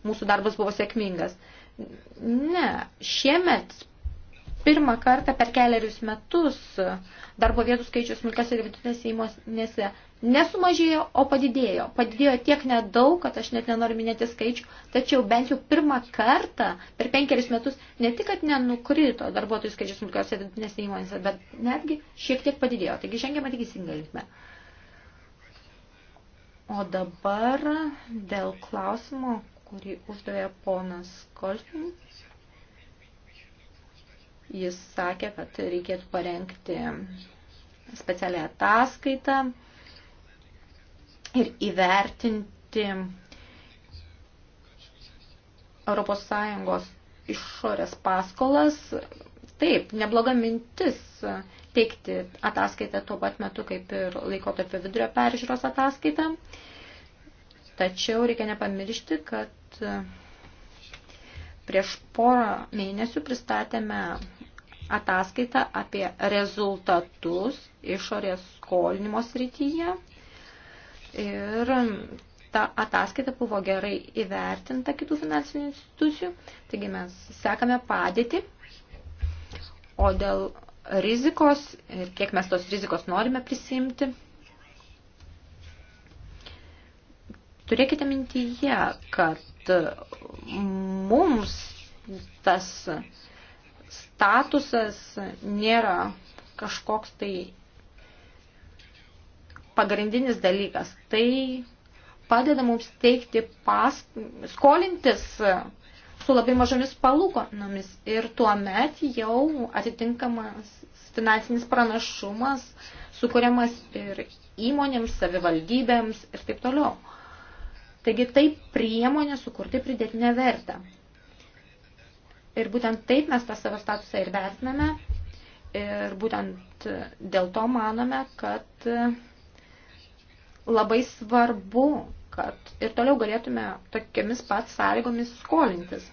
mūsų darbas buvo sėkmingas. Ne, šiemet pirmą kartą per keliarius metus darbo vietų skaičius smulkiose ir vidutinėse įmonėse nesumažėjo, o padidėjo. Padidėjo tiek nedaug, kad aš net nenoriu minėti skaičių, tačiau bent jau pirmą kartą per penkeris metus ne tik, kad nenukrito darbuotojų skaičius smulkiose vidutinėse įmonėse, bet netgi šiek tiek padidėjo. Taigi žengiama tik įsingą linkme. O dabar dėl klausimo, kurį uždavė ponas Kolfin. Jis sakė, kad reikėtų parengti specialią ataskaitą ir įvertinti ES išorės paskolas. Taip, nebloga mintis teikti ataskaitą tuo pat metu, kaip ir laikotarpio vidurio peržiūros ataskaitą. Tačiau reikia nepamiršti, kad prieš porą mėnesių pristatėme ataskaitą apie rezultatus išorės skolinimo srityje ir ta ataskaita buvo gerai įvertinta kitų finansinių institucijų, taigi mes sekame padėtį, o dėl rizikos ir kiek mes tos rizikos norime prisimti, turėkite mintyje, kad mums tas statusas nėra kažkoks tai pagrindinis dalykas. Tai padeda mums teikti pas, skolintis su labai mažomis palūkonomis ir tuo met jau atitinkamas finansinis pranašumas sukuriamas ir įmonėms, savivaldybėms ir taip toliau. Taigi tai priemonė sukurti pridėtinę vertę. Ir būtent taip mes tą savo statusą ir vertiname. Ir būtent dėl to manome, kad labai svarbu, kad ir toliau galėtume tokiamis pat sąlygomis skolintis.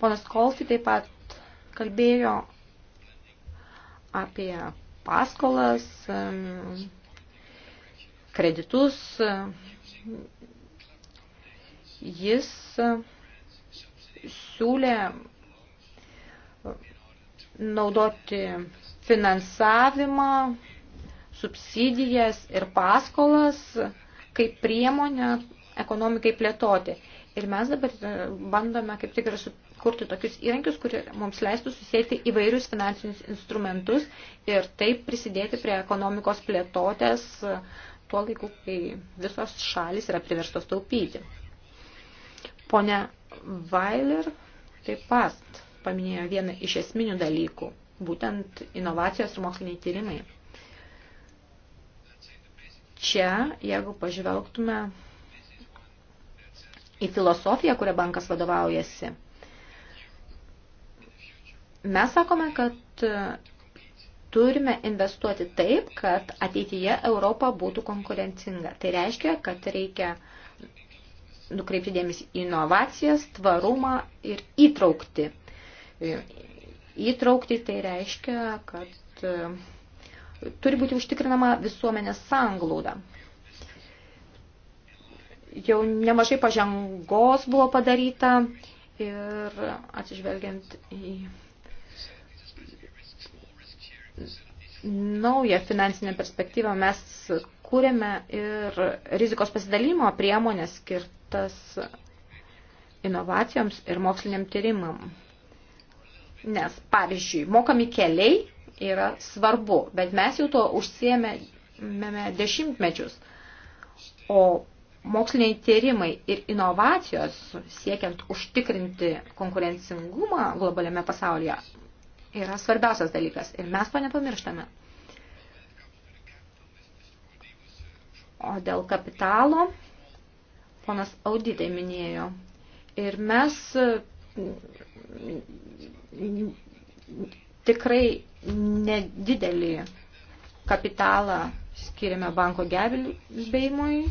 Ponas Kolsi taip pat kalbėjo apie paskolas, kreditus. Jis siūlė naudoti finansavimą subsidijas ir paskolas kaip priemonę ekonomikai plėtoti. Ir mes dabar e, bandome kaip tik ir sukurti tokius įrankius, kurie mums leistų susėti įvairius finansinius instrumentus ir taip prisidėti prie ekonomikos plėtotės e, tuo laiku, kai visos šalis yra priverstos taupyti. Pone Vailer taip pat paminėjo vieną iš esminių dalykų, būtent inovacijos ir moksliniai tyrimai čia, jeigu pažvelgtume į filosofiją, kurią bankas vadovaujasi, mes sakome, kad turime investuoti taip, kad ateityje Europa būtų konkurencinga. Tai reiškia, kad reikia nukreipti dėmesį į inovacijas, tvarumą ir įtraukti. Įtraukti tai reiškia, kad Turi būti užtikrinama visuomenės sanglauda. Jau nemažai pažangos buvo padaryta ir atsižvelgiant į naują finansinę perspektyvą mes kūrėme ir rizikos pasidalymo priemonės skirtas inovacijoms ir moksliniam tyrimam. Nes, pavyzdžiui, mokami keliai yra svarbu, bet mes jau to užsiemėme dešimtmečius. O moksliniai tyrimai ir inovacijos siekiant užtikrinti konkurencingumą globaliame pasaulyje yra svarbiausias dalykas ir mes to nepamirštame. O dėl kapitalo, ponas auditai minėjo, ir mes tikrai nedidelį kapitalą skiriame banko gelbėjimui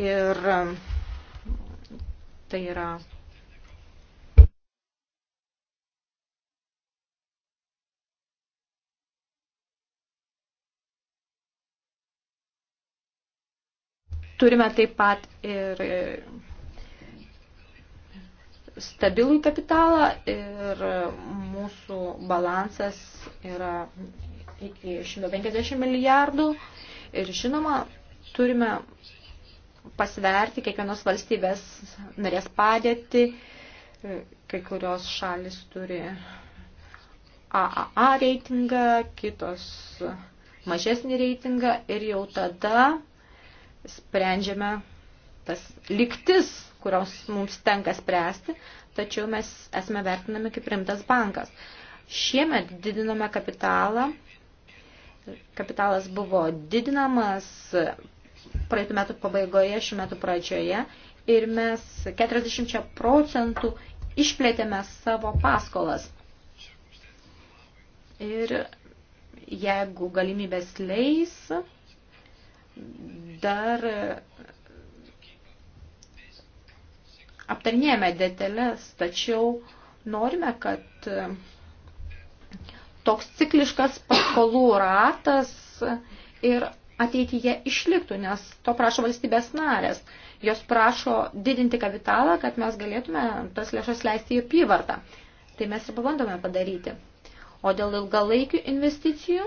ir tai yra turime taip pat ir stabilų kapitalą ir mūsų balansas yra iki 150 milijardų. Ir žinoma, turime pasverti kiekvienos valstybės narės padėti. Kai kurios šalis turi AAA reitingą, kitos mažesnį reitingą ir jau tada sprendžiame tas liktis kurios mums tenka spręsti, tačiau mes esame vertinami kaip rimtas bankas. Šiemet didinome kapitalą, kapitalas buvo didinamas praeitų metų pabaigoje, šių metų pradžioje ir mes 40 procentų išplėtėme savo paskolas. Ir jeigu galimybės leis, dar aptarnėjame detalės, tačiau norime, kad e, toks cikliškas paskolų ratas ir ateityje išliktų, nes to prašo valstybės narės. Jos prašo didinti kapitalą, kad mes galėtume tas lėšas leisti į apyvartą. Tai mes ir pabandome padaryti. O dėl ilgalaikių investicijų,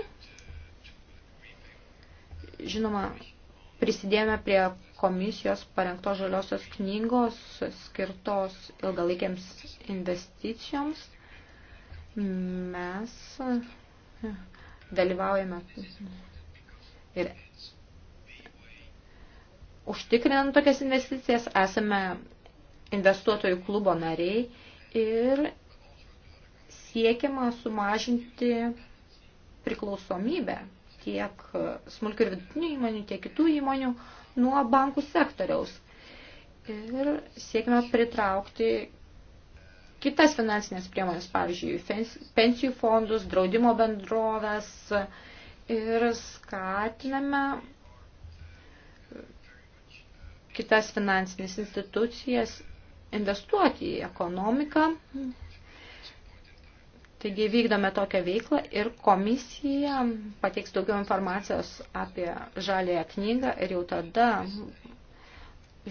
žinoma, prisidėjome prie komisijos parengtos žaliosios knygos skirtos ilgalaikiams investicijoms. Mes dalyvaujame ir užtikrinant tokias investicijas esame investuotojų klubo nariai ir siekiama sumažinti priklausomybę tiek smulkių ir vidutinių įmonių, tiek kitų įmonių nuo bankų sektoriaus. Ir siekime pritraukti kitas finansinės priemonės, pavyzdžiui, pensijų fondus, draudimo bendrovės ir skatiname kitas finansinės institucijas investuoti į ekonomiką Taigi vykdome tokią veiklą ir komisija pateiks daugiau informacijos apie žalėją knygą ir jau tada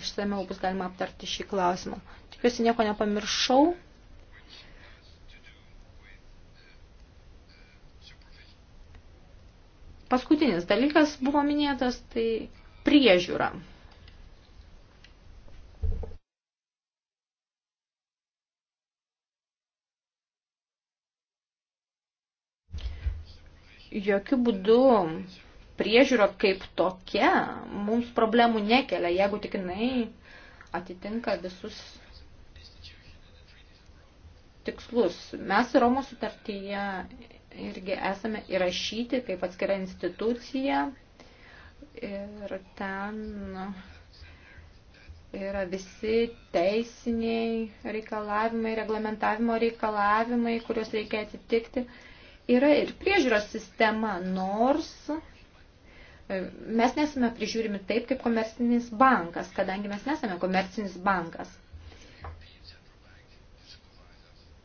išsameu bus galima aptarti šį klausimą. Tikiuosi nieko nepamiršau. Paskutinis dalykas buvo minėtas, tai priežiūra. jokių būdų priežiūra kaip tokia mums problemų nekelia, jeigu tik jinai atitinka visus tikslus. Mes Romos sutartyje irgi esame įrašyti kaip atskira institucija ir ten yra visi teisiniai reikalavimai, reglamentavimo reikalavimai, kuriuos reikia atitikti yra ir priežiūros sistema, nors e, mes nesame prižiūrimi taip kaip komercinis bankas, kadangi mes nesame komercinis bankas.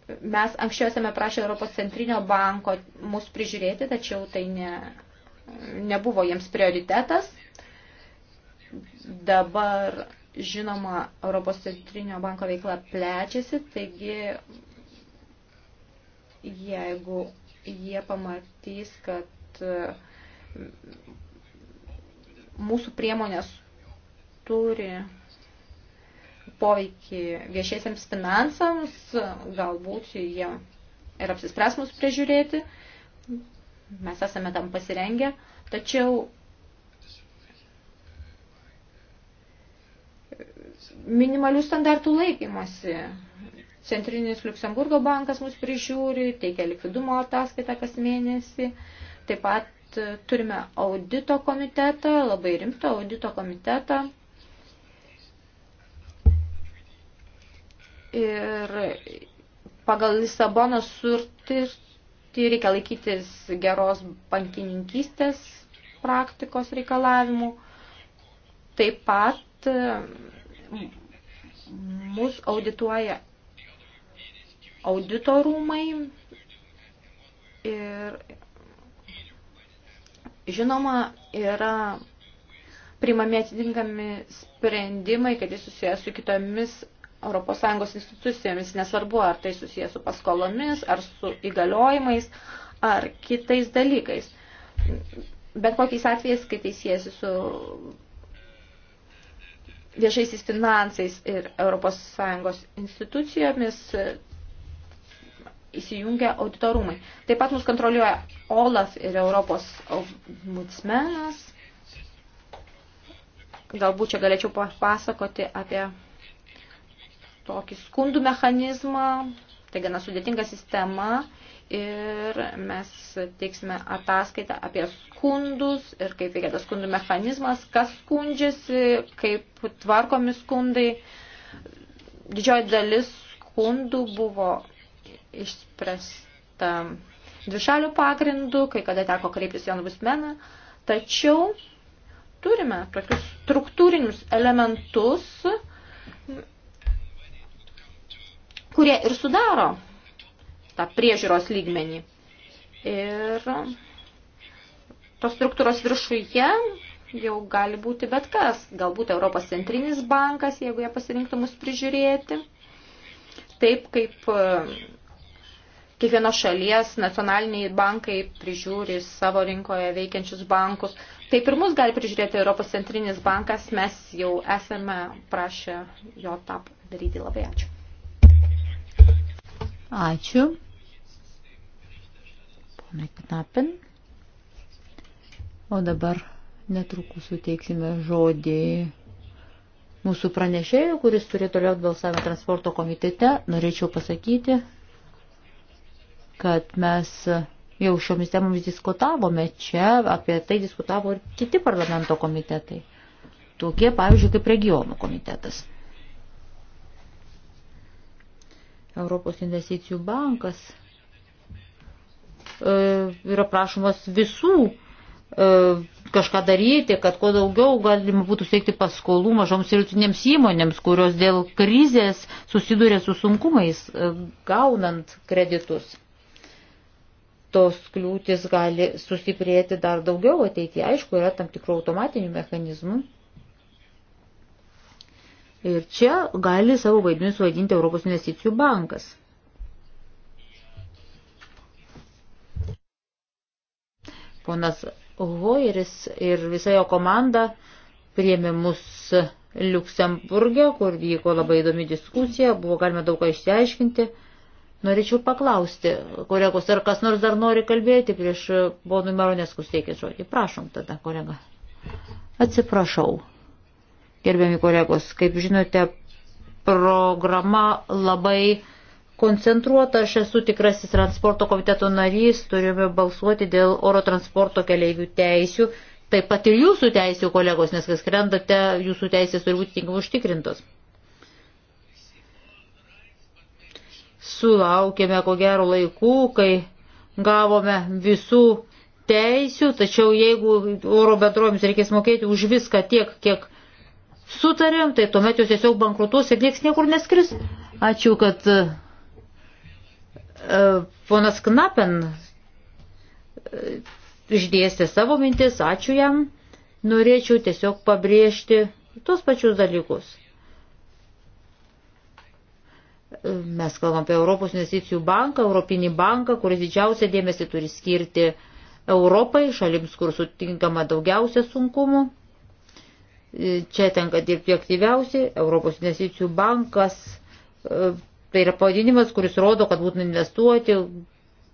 Mes anksčiau esame prašę Europos centrinio banko mus prižiūrėti, tačiau tai ne, nebuvo jiems prioritetas. Dabar, žinoma, Europos centrinio banko veikla plečiasi, taigi jeigu jie pamatys, kad e, mūsų priemonės turi poveikį viešiesiams finansams, galbūt jie ir apsispręs mus prižiūrėti, mes esame tam pasirengę, tačiau e, minimalių standartų laikymasi Centrinis Luxemburgo bankas mus prižiūri, teikia likvidumo ataskaitą kas mėnesį. Taip pat e, turime audito komitetą, labai rimtą audito komitetą. Ir pagal Lisabono surtį reikia laikytis geros bankininkystės praktikos reikalavimų. Taip pat e, mus audituoja auditorumai ir žinoma yra priimami atitinkami sprendimai, kad jis susijęs su kitomis ES institucijomis, nesvarbu ar tai susijęs su paskolomis, ar su įgaliojimais, ar kitais dalykais. Bet kokiais atvejais, kai tai siejasi su viešaisiais finansais ir ES institucijomis, įsijungia auditorumai. Taip pat mus kontroliuoja OLAF ir Europos ombudsmenas. Galbūt čia galėčiau papasakoti apie tokį skundų mechanizmą. Tai gana sudėtinga sistema ir mes teiksime ataskaitą apie skundus ir kaip veikia tas skundų mechanizmas, kas skundžiasi, kaip tvarkomi skundai. Didžioji dalis skundų buvo išspręsta dvišalių pagrindų, kai kada teko kreiptis į ombudsmeną, tačiau turime tokius struktūrinius elementus, kurie ir sudaro tą priežiūros lygmenį. Ir tos struktūros viršuje jau gali būti bet kas. Galbūt Europos centrinis bankas, jeigu jie pasirinktų mus prižiūrėti. Taip kaip kiekvienos šalies nacionaliniai bankai prižiūri savo rinkoje veikiančius bankus. Taip ir mus gali prižiūrėti Europos centrinis bankas, mes jau esame prašę jo tą daryti. Labai ačiū. Ačiū. Pone Knapin. O dabar netrukus suteiksime žodį mūsų pranešėjų, kuris turi toliau balsavimą transporto komitete. Norėčiau pasakyti, kad mes jau šiomis temomis diskutavome čia, apie tai diskutavo ir kiti parlamento komitetai. Tokie, pavyzdžiui, kaip regionų komitetas. Europos investicijų bankas e, yra prašomas visų e, kažką daryti, kad kuo daugiau galima būtų steigti paskolų mažoms ir rytinėms įmonėms, kurios dėl krizės susiduria su sunkumais e, gaunant kreditus tos kliūtis gali sustiprėti dar daugiau ateityje. Aišku, yra tam tikrų automatinių mechanizmų. Ir čia gali savo vaidmenį suvaidinti Europos investicijų bankas. Ponas Hoiris ir visa jo komanda priėmė mus Liuksemburgė, kur vyko labai įdomi diskusija, buvo galima daug ką išsiaiškinti. Norėčiau paklausti, kolegos, ar kas nors dar nori kalbėti prieš ponui Maroneskų steikį žodį. Prašom tada, kolega. Atsiprašau. Gerbiami kolegos, kaip žinote, programa labai koncentruota. Aš esu tikrasis transporto komiteto narys, turime balsuoti dėl oro transporto keleivių teisių. Taip pat ir jūsų teisių, kolegos, nes kai skrendate, jūsų teisės turi būti tinkamai užtikrintos. sulaukėme ko gero laikų, kai gavome visų teisių, tačiau jeigu oro bendrovėms reikės mokėti už viską tiek, kiek sutarėm, tai tuomet jos tiesiog bankrutuos ir nieks niekur neskris. Ačiū, kad uh, ponas Knapen uh, išdėstė savo mintis, ačiū jam. Norėčiau tiesiog pabrėžti tuos pačius dalykus. Mes kalbam apie Europos investicijų banką, Europinį banką, kuris didžiausia dėmesį turi skirti Europai, šalims, kur sutinkama daugiausia sunkumų. Čia tenka dirbti aktyviausiai. Europos investicijų bankas e, tai yra pavadinimas, kuris rodo, kad būtina investuoti,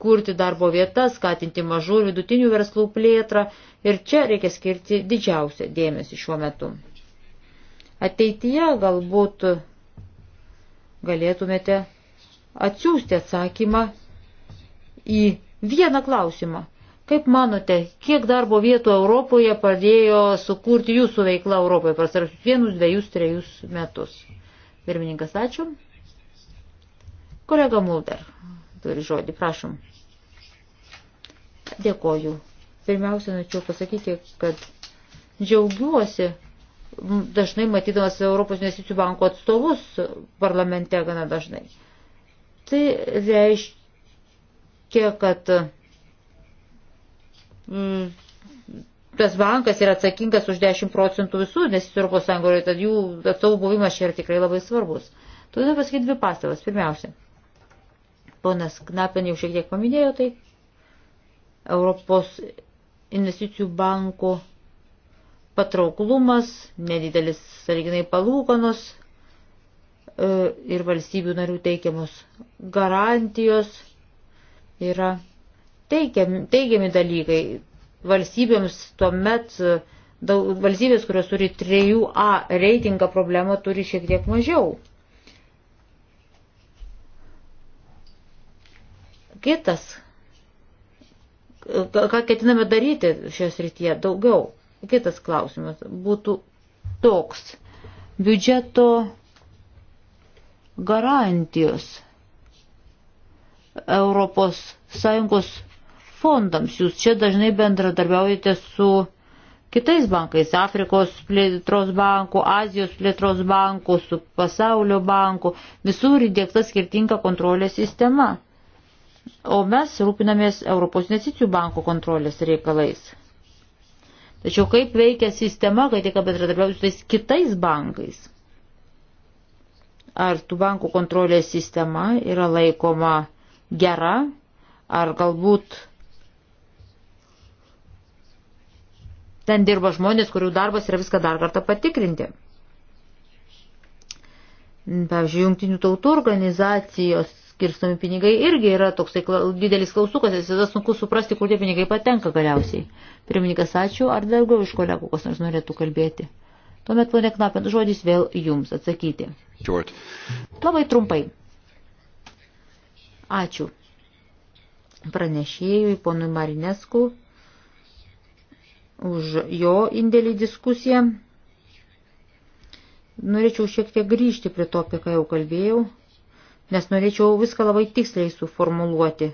kurti darbo vietas, skatinti mažų ir vidutinių verslų plėtrą ir čia reikia skirti didžiausią dėmesį šiuo metu. Ateityje galbūt galėtumėte atsiųsti atsakymą į vieną klausimą. Kaip manote, kiek darbo vietų Europoje padėjo sukurti jūsų veikla Europoje pasarasius vienus, dviejus, trejus metus? Pirmininkas, ačiū. Kolega Mulder turi žodį, prašom. Dėkoju. Pirmiausia, norėčiau pasakyti, kad džiaugiuosi, dažnai matydamas Europos investicijų banko atstovus parlamente gana dažnai. Tai reiškia, kad mm, tas bankas yra atsakingas už 10 procentų visų investicijų Europos Sąjungoje, tad jų atstovų buvimas čia yra tikrai labai svarbus. Turiu pasakyti dvi pastabas. Pirmiausia, ponas Knapen jau šiek tiek paminėjo tai Europos investicijų banko patrauklumas, nedidelis saliginai palūkanos e, ir valstybių narių teikiamos garantijos yra teigiami, teigiami dalykai. Valstybėms tuomet, e, daug, valstybės, kurios turi 3A reitingą problemą, turi šiek tiek mažiau. Kitas, ką ketiname daryti šios rytyje daugiau Kitas klausimas būtų toks. Biudžeto garantijos Europos Sąjungos fondams. Jūs čia dažnai bendradarbiaujate su kitais bankais, Afrikos plėtros banku, Azijos plėtros banku, su pasaulio banku, visur įdėkta skirtinga kontrolės sistema. O mes rūpinamės Europos investicijų banko kontrolės reikalais. Tačiau kaip veikia sistema, kai tik bendradarbiauju su tais kitais bankais? Ar tų bankų kontrolės sistema yra laikoma gera, ar galbūt ten dirba žmonės, kurių darbas yra viską dar kartą patikrinti. Pavyzdžiui, jungtinių tautų organizacijos skirstomi pinigai, irgi yra toksai didelis klausukas, visada sunku suprasti, kur tie pinigai patenka galiausiai. Pirmininkas, ačiū, ar daugiau iš kolegų kas nors norėtų kalbėti? Tuomet, ponė Knapin, žodis vėl jums atsakyti. George. Labai trumpai. Ačiū. Pranešėjui, ponui Marinesku, už jo indėlį diskusiją. Norėčiau šiek tiek grįžti prie to, apie ką jau kalbėjau nes norėčiau viską labai tiksliai suformuluoti,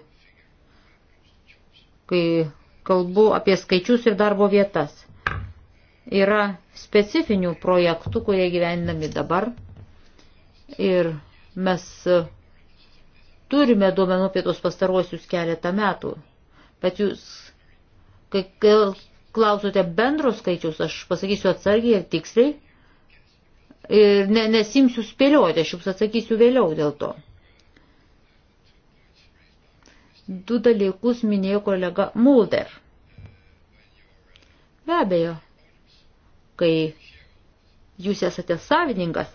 kai kalbu apie skaičius ir darbo vietas. Yra specifinių projektų, kurie gyvendami dabar ir mes turime duomenų apie tos pastaruosius keletą metų, bet jūs, kai klausote bendros skaičius, aš pasakysiu atsargiai ir tiksliai, ir ne, nesimsiu spėlioti, aš jums atsakysiu vėliau dėl to. Du dalykus minėjo kolega Mulder. Be abejo, kai jūs esate savininkas,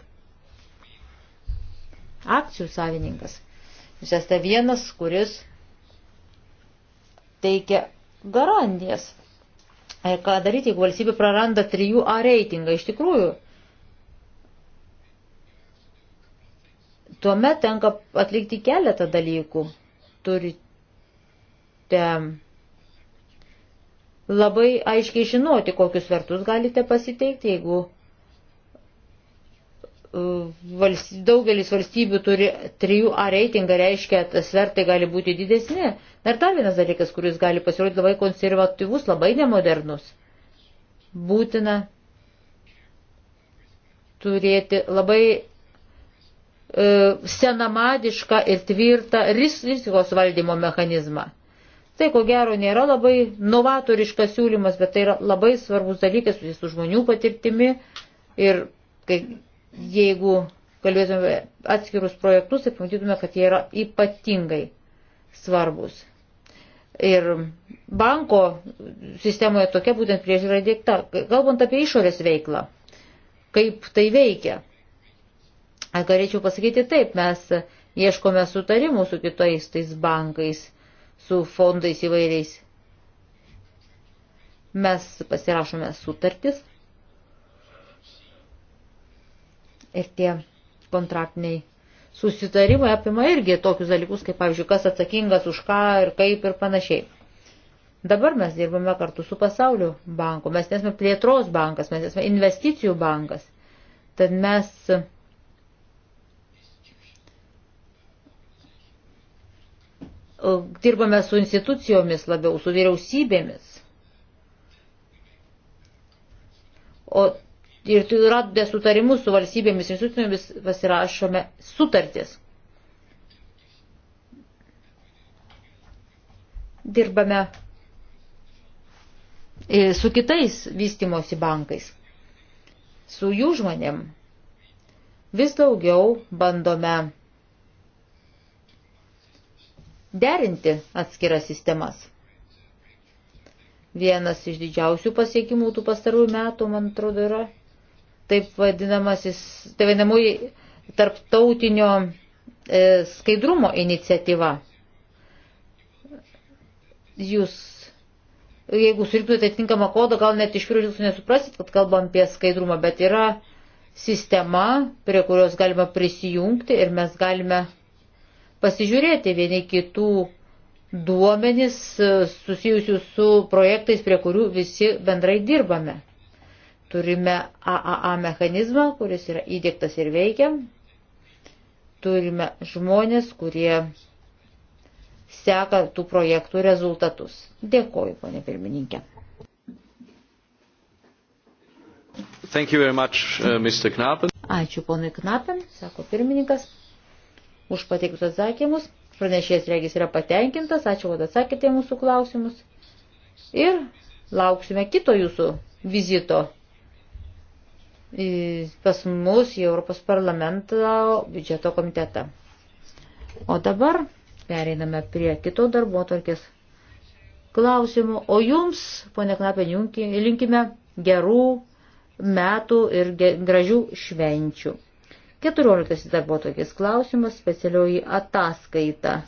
akcijų savininkas, jūs esate vienas, kuris teikia garantijas. Ir e, ką daryti, jeigu valstybė praranda 3A reitingą? Iš tikrųjų, Tuomet tenka atlikti keletą dalykų. Turite labai aiškiai žinoti, kokius vertus galite pasiteikti, jeigu e, valsty, daugelis valstybių turi 3A reitingą, reiškia, tas svertai gali būti didesni. Dar dar vienas dalykas, kuris gali pasirodyti labai konservatyvus, labai nemodernus. Būtina turėti labai E, senamadišką ir tvirtą rizikos valdymo mechanizmą. Tai ko gero nėra labai novatoriškas siūlymas, bet tai yra labai svarbus dalykas su žmonių patirtimi ir kai, jeigu kalbėtume atskirus projektus, tai pamatytume, kad jie yra ypatingai svarbus. Ir banko sistemoje tokia būtent priežiūra dėkta. Kalbant apie išorės veiklą, kaip tai veikia. Galėčiau pasakyti taip, mes ieškome sutarimų su kitais tais bankais, su fondais įvairiais. Mes pasirašome sutartis ir tie kontraktiniai susitarimai apima irgi tokius dalykus, kaip pavyzdžiui, kas atsakingas už ką ir kaip ir panašiai. Dabar mes dirbame kartu su pasaulio banku, mes nesame plėtros bankas, mes esame investicijų bankas. Tad mes E, dirbame su institucijomis labiau, su vyriausybėmis. O ir tai yra desutarimus su valstybėmis institucijomis pasirašome sutartis. Dirbame e, su kitais vystimosi bankais, su jų žmonėm. Vis daugiau bandome derinti atskiras sistemas. Vienas iš didžiausių pasiekimų tų pastarųjų metų, man atrodo, yra taip vadinamasis, tai vadinamoji tarptautinio e, skaidrumo iniciatyva. Jūs, jeigu surinktumėte atitinkamą kodą, gal net iš pirmo jūsų nesuprasit, kad kalbam apie skaidrumą, bet yra sistema, prie kurios galima prisijungti ir mes galime pasižiūrėti vieni kitų duomenis e, susijusius su projektais, prie kurių visi bendrai dirbame. Turime AAA mechanizmą, kuris yra įdėktas ir veikia. Turime žmonės, kurie seka tų projektų rezultatus. Dėkoju, ponė pirmininkė. Much, uh, Ačiū ponui Knapen, sako pirmininkas už pateiktus atsakymus. Pranešėjas regis yra patenkintas. Ačiū, kad atsakėte mūsų klausimus. Ir lauksime kito jūsų vizito pas mus į Europos parlamento biudžeto komitetą. O dabar pereiname prie kito darbo tvarkės klausimų. O jums, ponė Knapė, linkime gerų metų ir gražių švenčių. 14 darbo tokies klausimas, specialioji ataskaita.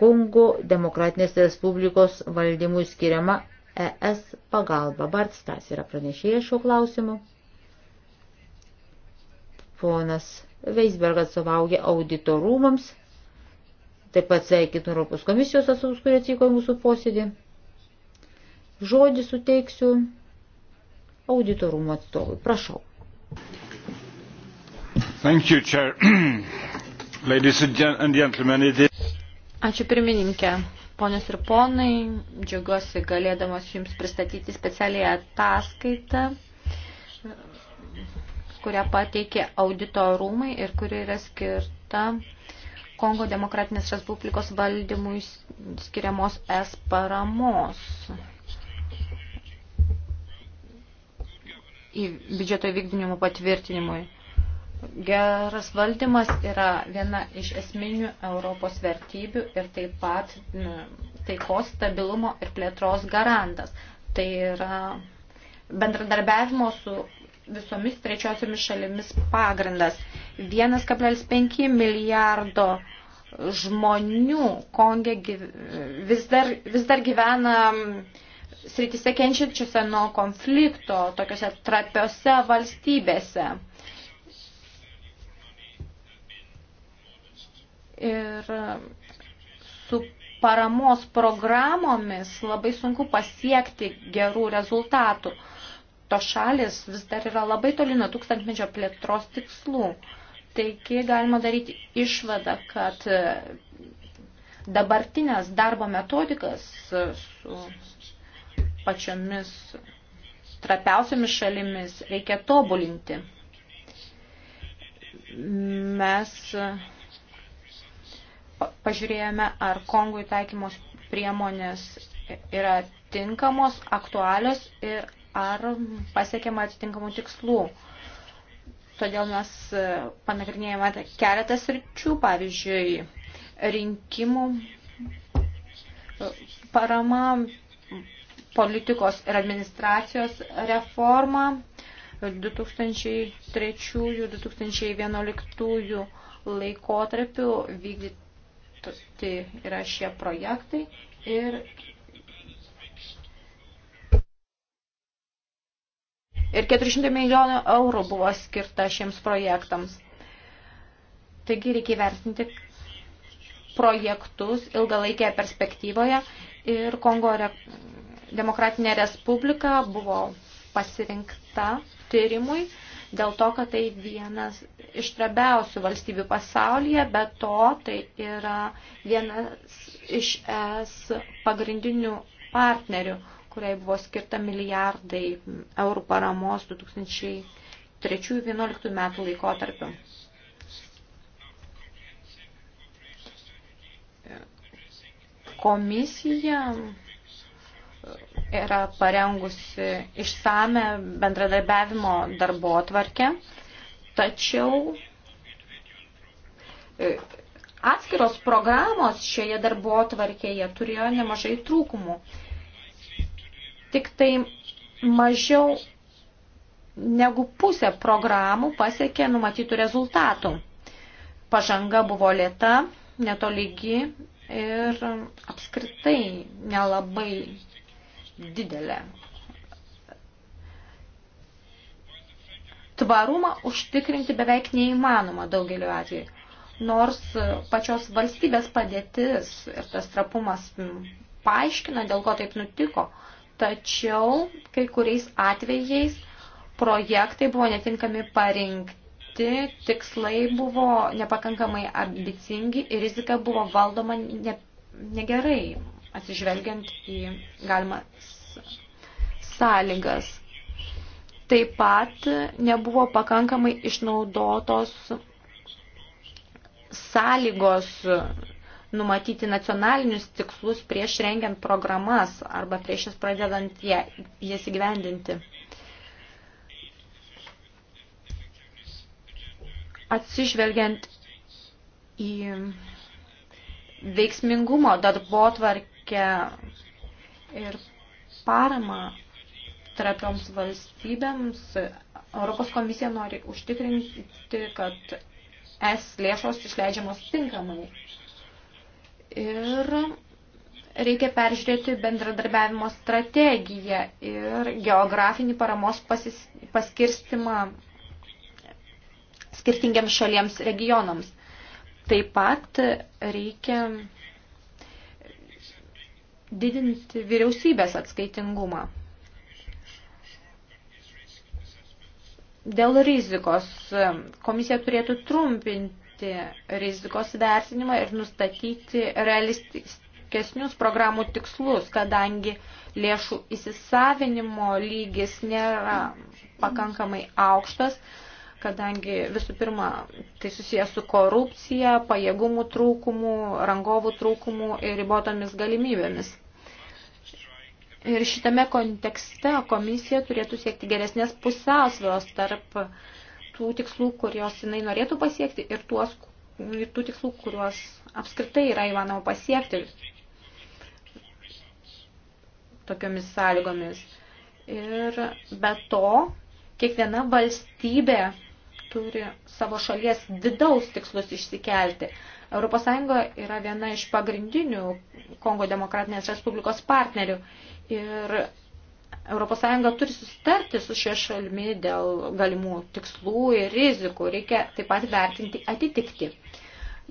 Kongo Demokratinės Respublikos valdymui skiriama ES pagalba. Bart Stas yra pranešėjęs šiuo klausimu. Ponas Veisberg atsovauja auditorumams. Taip pat sveikinu Europos komisijos atstovus, kurie atvyko į mūsų posėdį. Žodį suteiksiu auditorumo atstovui. Prašau. Thank you, Chair. Ladies and gentlemen, it is... Ačiū pirmininkė. Ponios ir ponai, džiaugiuosi galėdamas Jums pristatyti specialiai ataskaitą, kurią pateikė audito rūmai ir kuri yra skirta Kongo Demokratinės Respublikos valdymui skiriamos es paramos. Į biudžeto vykdinimo patvirtinimui. Geras valdymas yra viena iš esminių Europos vertybių ir taip pat nu, taikos, stabilumo ir plėtros garantas. Tai yra bendradarbiavimo su visomis trečiosiomis šalimis pagrindas. 1,5 milijardo žmonių Konge vis dar, vis dar gyvena sritise kenčiančiose nuo konflikto, tokiuose trapiose valstybėse. ir su paramos programomis labai sunku pasiekti gerų rezultatų. To šalis vis dar yra labai toli nuo tūkstantmečio plėtros tikslų. Taigi galima daryti išvadą, kad dabartinės darbo metodikas su pačiomis trapiausiamis šalimis reikia tobulinti. Mes pažiūrėjome, ar Kongui taikymos priemonės yra tinkamos, aktualios ir ar pasiekiama atitinkamų tikslų. Todėl mes e, panagrinėjame keletą sričių, pavyzdžiui, rinkimų e, parama, politikos ir administracijos reforma 2003-2011 laikotarpiu vykdyti tai yra šie projektai ir Ir 400 milijonų eurų buvo skirta šiems projektams. Taigi reikia vertinti projektus ilgalaikėje perspektyvoje ir Kongo Re Demokratinė Respublika buvo pasirinkta tyrimui dėl to, kad tai vienas iš trabiausių valstybių pasaulyje, bet to tai yra vienas iš es pagrindinių partnerių, kuriai buvo skirta milijardai eurų paramos 2003-2011 metų laikotarpiu. Komisija yra parengusi išsame bendradarbiavimo darbo atvarkę, tačiau e, atskiros programos šioje darbo atvarkėje turėjo nemažai trūkumų. Tik tai mažiau negu pusė programų pasiekė numatytų rezultatų. Pažanga buvo lėta, netolygi ir apskritai nelabai didelė. Tvarumą užtikrinti beveik neįmanoma daugeliu atveju. Nors pačios valstybės padėtis ir tas trapumas paaiškina, dėl ko taip nutiko, tačiau kai kuriais atvejais projektai buvo netinkami parinkti, tikslai buvo nepakankamai ambicingi ir rizika buvo valdoma ne, negerai atsižvelgiant į galimas sąlygas. Taip pat nebuvo pakankamai išnaudotos sąlygos numatyti nacionalinius tikslus prieš rengiant programas arba prieš jas pradedant jas įgyvendinti. Atsižvelgiant į veiksmingumo darbo tvarkį teikia ir paramą trapioms valstybėms. Europos komisija nori užtikrinti, kad es lėšos išleidžiamos tinkamai. Ir reikia peržiūrėti bendradarbiavimo strategiją ir geografinį paramos pasis, paskirstimą skirtingiams šaliems regionams. Taip pat reikia didinti vyriausybės atskaitingumą. Dėl rizikos komisija turėtų trumpinti rizikos vertinimą ir nustatyti realistiškesnius programų tikslus, kadangi lėšų įsisavinimo lygis nėra pakankamai aukštas, kadangi visų pirma tai susijęs su korupcija, pajėgumų trūkumu, rangovų trūkumu ir ribotomis galimybėmis. Ir šitame kontekste komisija turėtų siekti geresnės pusiausvėros tarp tų tikslų, kurios jinai norėtų pasiekti ir, tuos, ir tų tikslų, kuriuos apskritai yra įmanoma pasiekti tokiomis sąlygomis. Ir be to, kiekviena valstybė turi savo šalies vidaus tikslus išsikelti. ES yra viena iš pagrindinių Kongo Demokratinės Respublikos partnerių ir ES turi susitarti su šia šalimi dėl galimų tikslų ir rizikų. Reikia taip pat vertinti atitikti.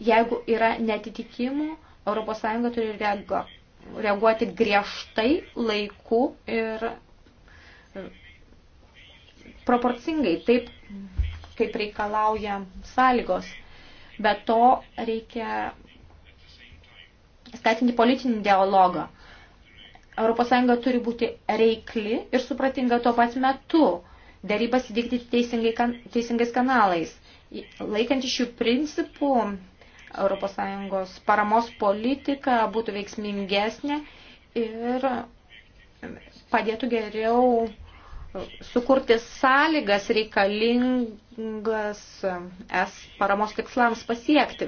Jeigu yra netitikimų, ES turi reago, reaguoti griežtai, laiku ir proporcingai. Taip kaip reikalauja sąlygos. Be to reikia skatinti politinį dialogą. ES turi būti reikli ir supratinga tuo pat metu, dėrybas įdikti teisingai, teisingais kanalais. Laikant iš šių principų, ES paramos politika būtų veiksmingesnė ir padėtų geriau sukurti sąlygas reikalingas reikalingas es paramos tikslams pasiekti.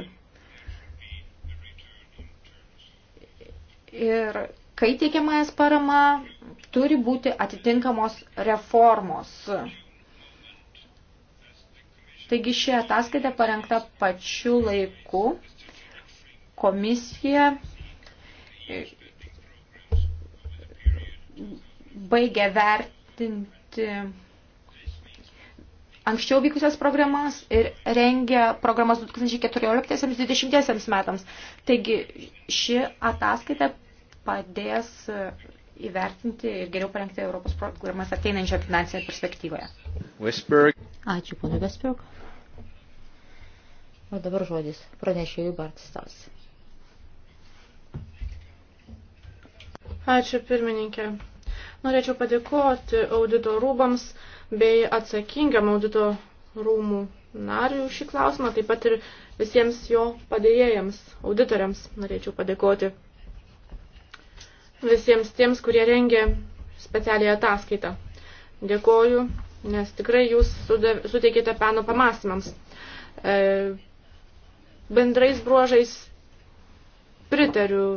Ir kai teikiama es parama, turi būti atitinkamos reformos. Taigi ši ataskaita parengta pačiu laiku. Komisija baigia vertinti anksčiau vykusias programas ir rengia programas 2014-2020 metams. Taigi ši ataskaita padės e, įvertinti ir geriau parengti Europos programas ateinančio finansinėje perspektyvoje. Westberg. Ačiū, ponė Westberg. O dabar žodis pranešėjų Bartstas. Ačiū, pirmininkė. Norėčiau padėkoti audito rūbams bei atsakingiam audito rūmų nariui šį klausimą, taip pat ir visiems jo padėjėjams, auditoriams norėčiau padėkoti. Visiems tiems, kurie rengė specialiai ataskaitą. Dėkoju, nes tikrai jūs suteikėte peno pamastymams. E, bendrais bruožais pritariu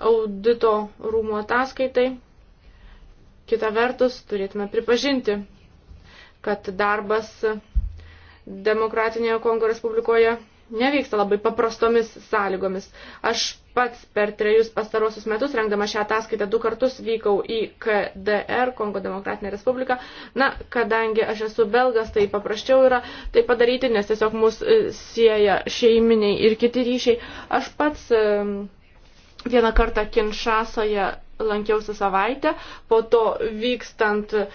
audito rūmų ataskaitai. Kita vertus, turėtume pripažinti, kad darbas Demokratinėje Kongo Respublikoje nevyksta labai paprastomis sąlygomis. Aš pats per trejus pastarosius metus, rengdama šią ataskaitą, du kartus vykau į KDR, Kongo Demokratinę Respubliką. Na, kadangi aš esu belgas, tai paprasčiau yra tai padaryti, nes tiesiog mus e, sieja šeiminiai ir kiti ryšiai. Aš pats Vieną kartą Kinšasoje lankiausi savaitę, po to vykstant e,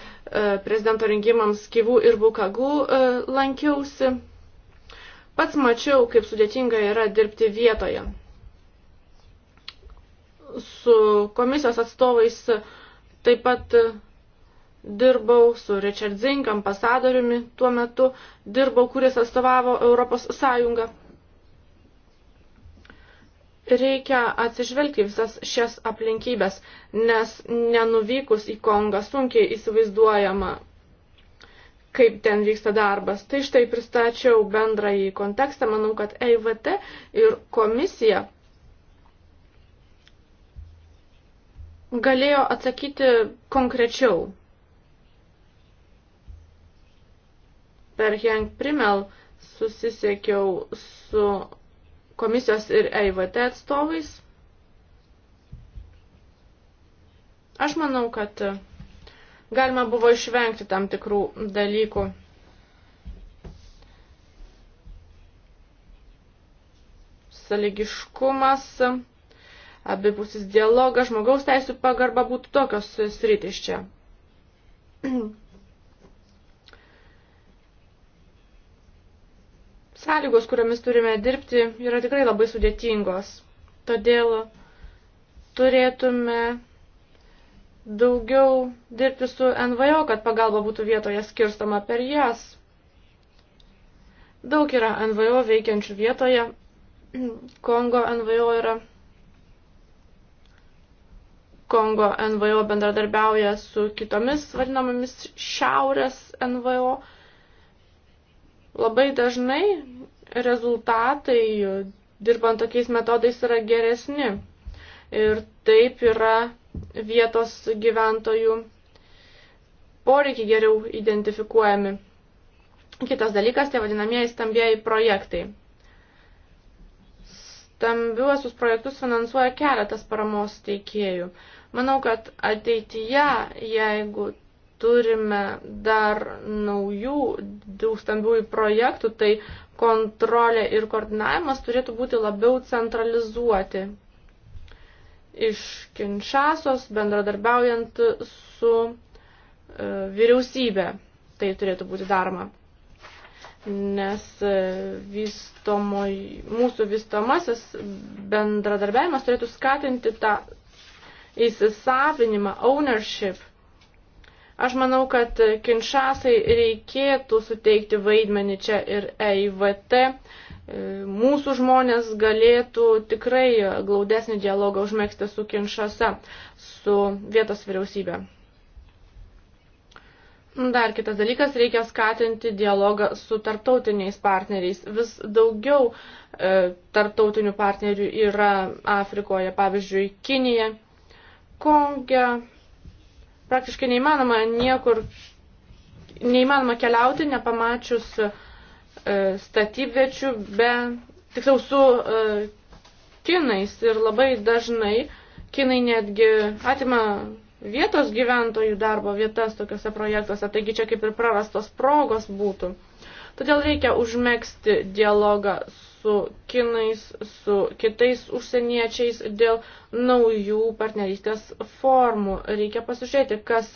prezidento rinkimams Kivų ir Bukagų e, lankiausi. Pats mačiau, kaip sudėtinga yra dirbti vietoje. Su komisijos atstovais taip pat dirbau, su Richard Zink, ambasadoriumi tuo metu dirbau, kuris atstovavo Europos Sąjungą reikia atsižvelgti visas šias aplinkybės, nes nenuvykus į Kongą sunkiai įsivaizduojama, kaip ten vyksta darbas. Tai štai pristačiau bendrąjį kontekstą, manau, kad EIVT ir komisija galėjo atsakyti konkrečiau. Per Henk Primel susisiekiau su komisijos ir EIVT atstovais. Aš manau, kad galima buvo išvengti tam tikrų dalykų. Saligiškumas, abipusis dialogas, žmogaus teisų pagarba būtų tokios sritis čia. Sąlygos, kuriomis turime dirbti, yra tikrai labai sudėtingos. Todėl turėtume daugiau dirbti su NVO, kad pagalba būtų vietoje skirstama per jas. Daug yra NVO veikiančių vietoje. Kongo NVO yra. Kongo NVO bendradarbiauja su kitomis vadinamomis šiaurės NVO. Labai dažnai rezultatai dirbant tokiais metodais yra geresni. Ir taip yra vietos gyventojų poreikiai geriau identifikuojami. Kitas dalykas - tie vadinamieji stambieji projektai. Stambiuosius projektus finansuoja keletas paramos teikėjų. Manau, kad ateityje, jeigu turime dar naujų stambiųjų projektų, tai kontrolė ir koordinavimas turėtų būti labiau centralizuoti. Iš Kinšasos bendradarbiaujant su e, vyriausybė tai turėtų būti daroma. Nes e, vystomoj, mūsų vystomasis bendradarbiavimas turėtų skatinti tą įsisavinimą, ownership, Aš manau, kad Kinšasai reikėtų suteikti vaidmenį čia ir EIVT. E, mūsų žmonės galėtų tikrai glaudesnį dialogą užmėgsti su Kinšasa, su vietos vyriausybė. Dar kitas dalykas, reikia skatinti dialogą su tartautiniais partneriais. Vis daugiau e, tartautinių partnerių yra Afrikoje, pavyzdžiui, Kinija, Konge, praktiškai neįmanoma niekur, neįmanoma keliauti, nepamačius e, statybviečių be, tiksliau, su e, kinais ir labai dažnai kinai netgi atima vietos gyventojų darbo vietas tokiuose projektuose, taigi čia kaip ir prarastos progos būtų. Todėl reikia užmėgsti dialogą su kinais, su kitais užsieniečiais dėl naujų partnerystės formų. Reikia pasižiūrėti, kas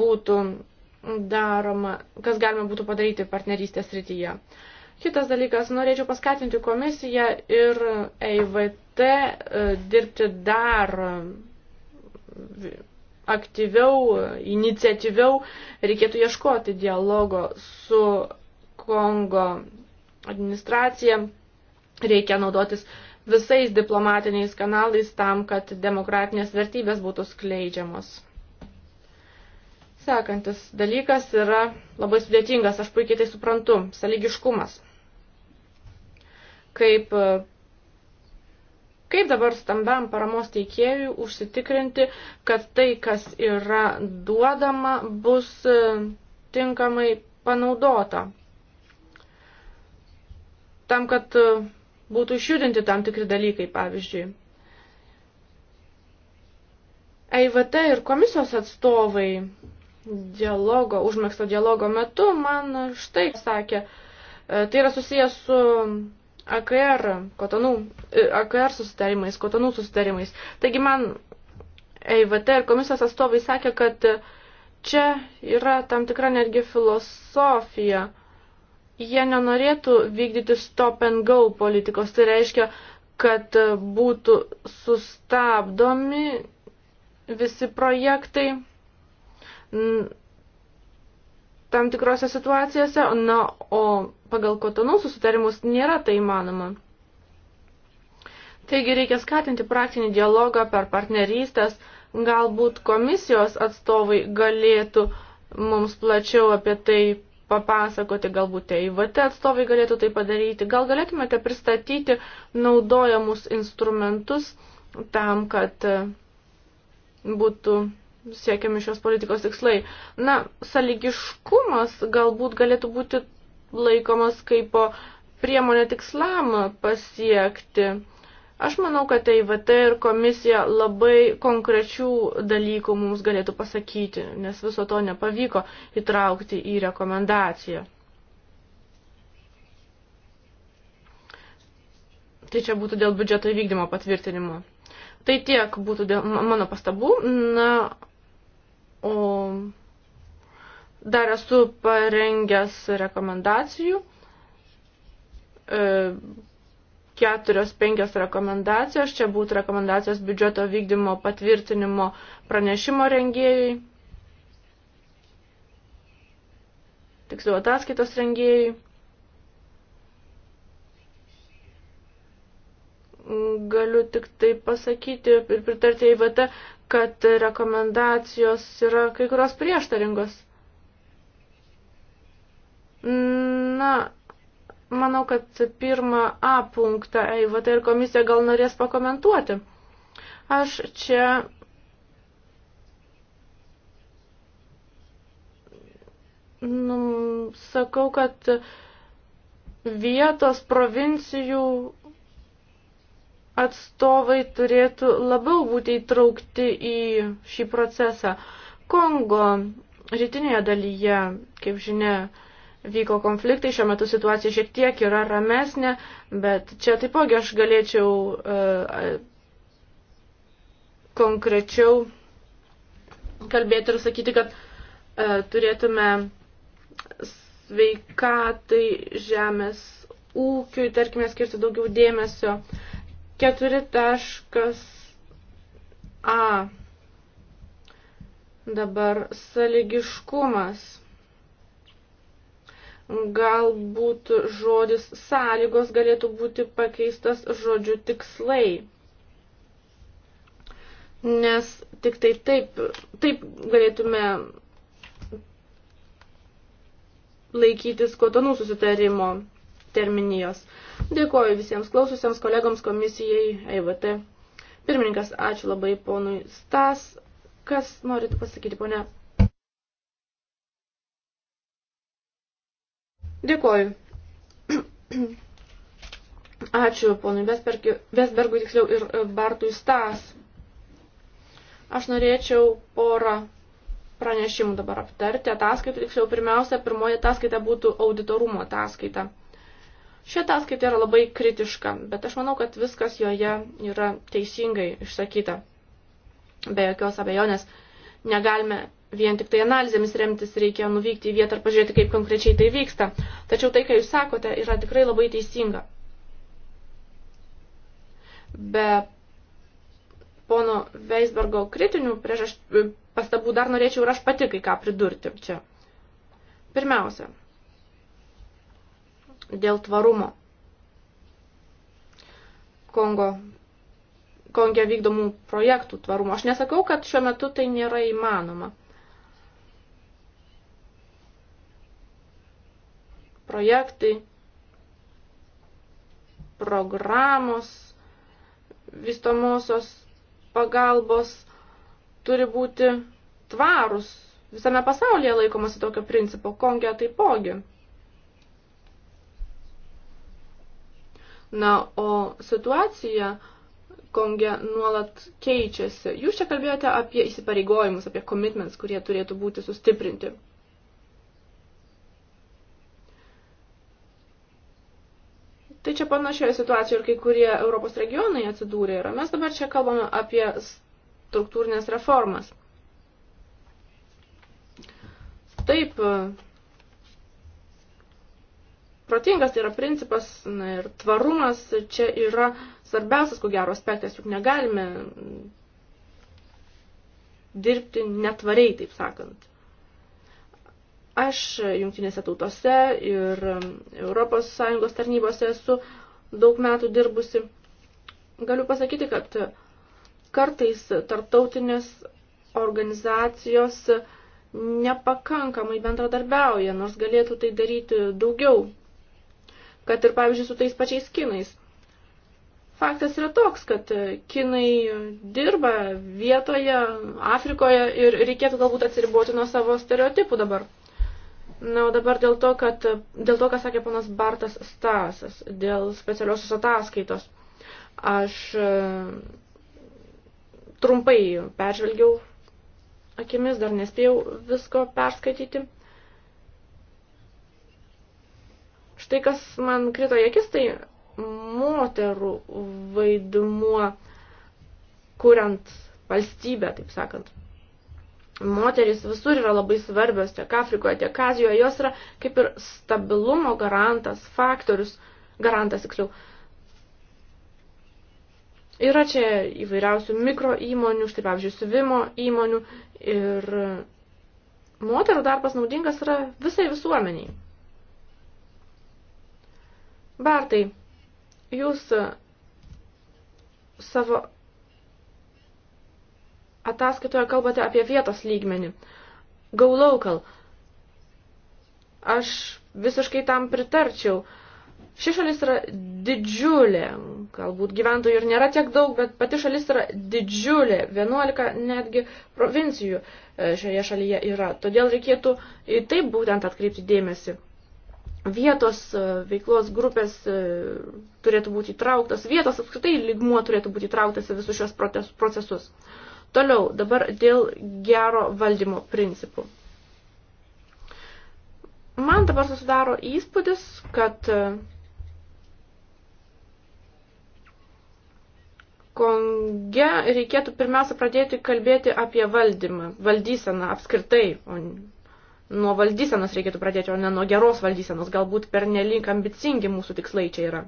būtų daroma, kas galima būtų padaryti partnerystės rytyje. Kitas dalykas, norėčiau paskatinti komisiją ir EIVT e, dirbti dar aktyviau, iniciatyviau, reikėtų ieškoti dialogo su Kongo administracija, Reikia naudotis visais diplomatiniais kanalais tam, kad demokratinės vertybės būtų skleidžiamos. Sekantis dalykas yra labai sudėtingas, aš puikiai tai suprantu, saligiškumas. Kaip, kaip dabar stambiam paramos teikėjui užsitikrinti, kad tai, kas yra duodama, bus e, tinkamai panaudota. Tam, kad e, būtų išjudinti tam tikri dalykai, pavyzdžiui. EIVT ir komisijos atstovai dialogo, užmėgsto dialogo metu man štai sakė, e, tai yra susijęs su AKR, kotonų, e, AKR susitarimais, kotonų susitarimais. Taigi man EIVT ir komisijos atstovai sakė, kad čia yra tam tikra netgi filosofija, jie nenorėtų vykdyti stop and go politikos. Tai reiškia, kad būtų sustabdomi visi projektai tam tikrose situacijose, na, o pagal kotonų susitarimus nėra tai įmanoma. Taigi reikia skatinti praktinį dialogą per partnerystės, galbūt komisijos atstovai galėtų mums plačiau apie tai papasakoti, galbūt EIVT atstovai galėtų tai padaryti. Gal galėtumėte pristatyti naudojamus instrumentus tam, kad e, būtų siekiami šios politikos tikslai. Na, saligiškumas galbūt galėtų būti laikomas kaip priemonė tikslam pasiekti Aš manau, kad EIVT tai ir komisija labai konkrečių dalykų mums galėtų pasakyti, nes viso to nepavyko įtraukti į rekomendaciją. Tai čia būtų dėl biudžeto įvykdymo patvirtinimo. Tai tiek būtų dėl mano pastabų. Na, o dar esu parengęs rekomendacijų. E, keturios, penkios rekomendacijos. Čia būtų rekomendacijos biudžeto vykdymo patvirtinimo pranešimo rengėjai. Tiksliau ataskaitos rengėjai. Galiu tik tai pasakyti ir pritarti EIVT, kad rekomendacijos yra kai kurios prieštaringos. Na, Manau, kad pirmą A punktą EIVT tai ir komisija gal norės pakomentuoti. Aš čia nu, sakau, kad vietos provincijų atstovai turėtų labiau būti įtraukti į šį procesą. Kongo rytinėje dalyje, kaip žinia, vyko konfliktai, šiuo metu situacija šiek tiek yra ramesnė, bet čia taipogi aš galėčiau uh, konkrečiau kalbėti ir sakyti, kad uh, turėtume sveikatai, žemės ūkiui, tarkime, skirti daugiau dėmesio. 4.a. Dabar saligiškumas. Galbūt žodis sąlygos galėtų būti pakeistas žodžiu tikslai. Nes tik tai taip, taip galėtume laikytis kotonų susitarimo terminijos. Dėkoju visiems klaususiems kolegoms komisijai EIVT. Pirmininkas, ačiū labai ponui Stas. Kas norite pasakyti, ponia Dėkoju. Ačiū ponui Vesbergui tiksliau ir e, Bartui Stas. Aš norėčiau porą pranešimų dabar aptarti. Ataskaitų tiksliau pirmiausia, pirmoji ataskaita būtų auditorumo ataskaita. Ši ataskaita yra labai kritiška, bet aš manau, kad viskas joje yra teisingai išsakyta. Be jokios abejonės negalime vien tik tai analizėmis remtis reikia nuvykti į vietą ir pažiūrėti, kaip konkrečiai tai vyksta. Tačiau tai, ką jūs sakote, yra tikrai labai teisinga. Be pono Veisbergo kritinių prieš pastabų dar norėčiau ir aš pati kai ką pridurti čia. Pirmiausia, dėl tvarumo. Kongo Konge vykdomų projektų tvarumo. Aš nesakau, kad šiuo metu tai nėra įmanoma. projektai, programos, vystomosios pagalbos turi būti tvarus. Visame pasaulyje laikomasi tokio principo, Kongė taipogi. Na, o situacija Konge nuolat keičiasi. Jūs čia kalbėjote apie įsipareigojimus, apie commitments, kurie turėtų būti sustiprinti. Tai čia panašioje situacijoje ir kai kurie Europos regionai atsidūrė yra. Mes dabar čia kalbame apie struktūrinės reformas. Taip, protingas tai yra principas na, ir tvarumas čia yra svarbiausias, ko gero, aspektas, juk negalime dirbti netvariai, taip sakant. Aš jungtinėse tautose ir ES tarnybose esu daug metų dirbusi. Galiu pasakyti, kad kartais tarptautinės organizacijos nepakankamai bendradarbiauja, nors galėtų tai daryti daugiau. Kad ir, pavyzdžiui, su tais pačiais kinais. Faktas yra toks, kad kinai dirba vietoje, Afrikoje ir reikėtų galbūt atsiriboti nuo savo stereotipų dabar. Na, o dabar dėl to, kad, dėl to, ką sakė ponas Bartas Stasas, dėl specialiosios ataskaitos. Aš e, trumpai peržvelgiau akimis, dar nespėjau visko perskaityti. Štai kas man krito į akis, tai moterų vaidmuo, kuriant valstybę, taip sakant moteris visur yra labai svarbios, tiek Afrikoje, tiek Azijoje, jos yra kaip ir stabilumo garantas, faktorius, garantas, tiksliau. Yra čia įvairiausių mikro įmonių, štai pavyzdžiui, suvimo įmonių ir moterų darbas naudingas yra visai visuomeniai. Bartai, jūs savo ataskaitoje kalbate apie vietos lygmenį. Go local. Aš visiškai tam pritarčiau. Ši šalis yra didžiulė, galbūt gyventojų ir nėra tiek daug, bet pati šalis yra didžiulė, 11 netgi provincijų e, šioje šalyje yra. Todėl reikėtų į tai būtent atkreipti dėmesį. Vietos e, veiklos grupės e, turėtų būti įtrauktas, vietos apskritai lygmuo turėtų būti įtrauktas į visus šios procesus. Toliau, dabar dėl gero valdymo principų. Man dabar susidaro įspūdis, kad e, Konge reikėtų pirmiausia pradėti kalbėti apie valdymą, valdyseną apskritai, o nuo valdysenos reikėtų pradėti, o ne nuo geros valdysenos, galbūt pernelyg ambicingi mūsų tikslai čia yra.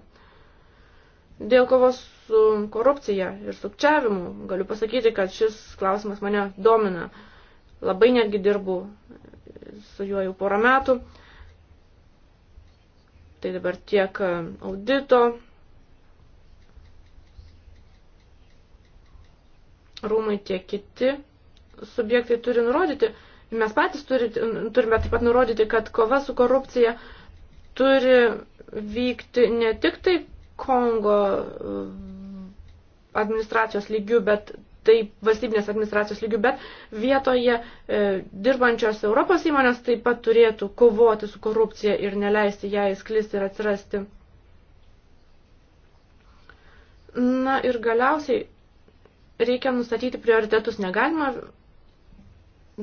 Dėl kovos su korupcija ir sukčiavimu. Galiu pasakyti, kad šis klausimas mane domina. Labai netgi dirbu su juo jau porą metų. Tai dabar tiek audito rūmai, tiek kiti subjektai turi nurodyti. Mes patys turi, turime taip pat nurodyti, kad kova su korupcija turi vykti ne tik tai Kongo administracijos lygių, bet taip valstybinės administracijos lygių, bet vietoje e, dirbančios Europos įmonės taip pat turėtų kovoti su korupcija ir neleisti ją įsklisti ir atsirasti. Na ir galiausiai reikia nustatyti prioritetus, negalima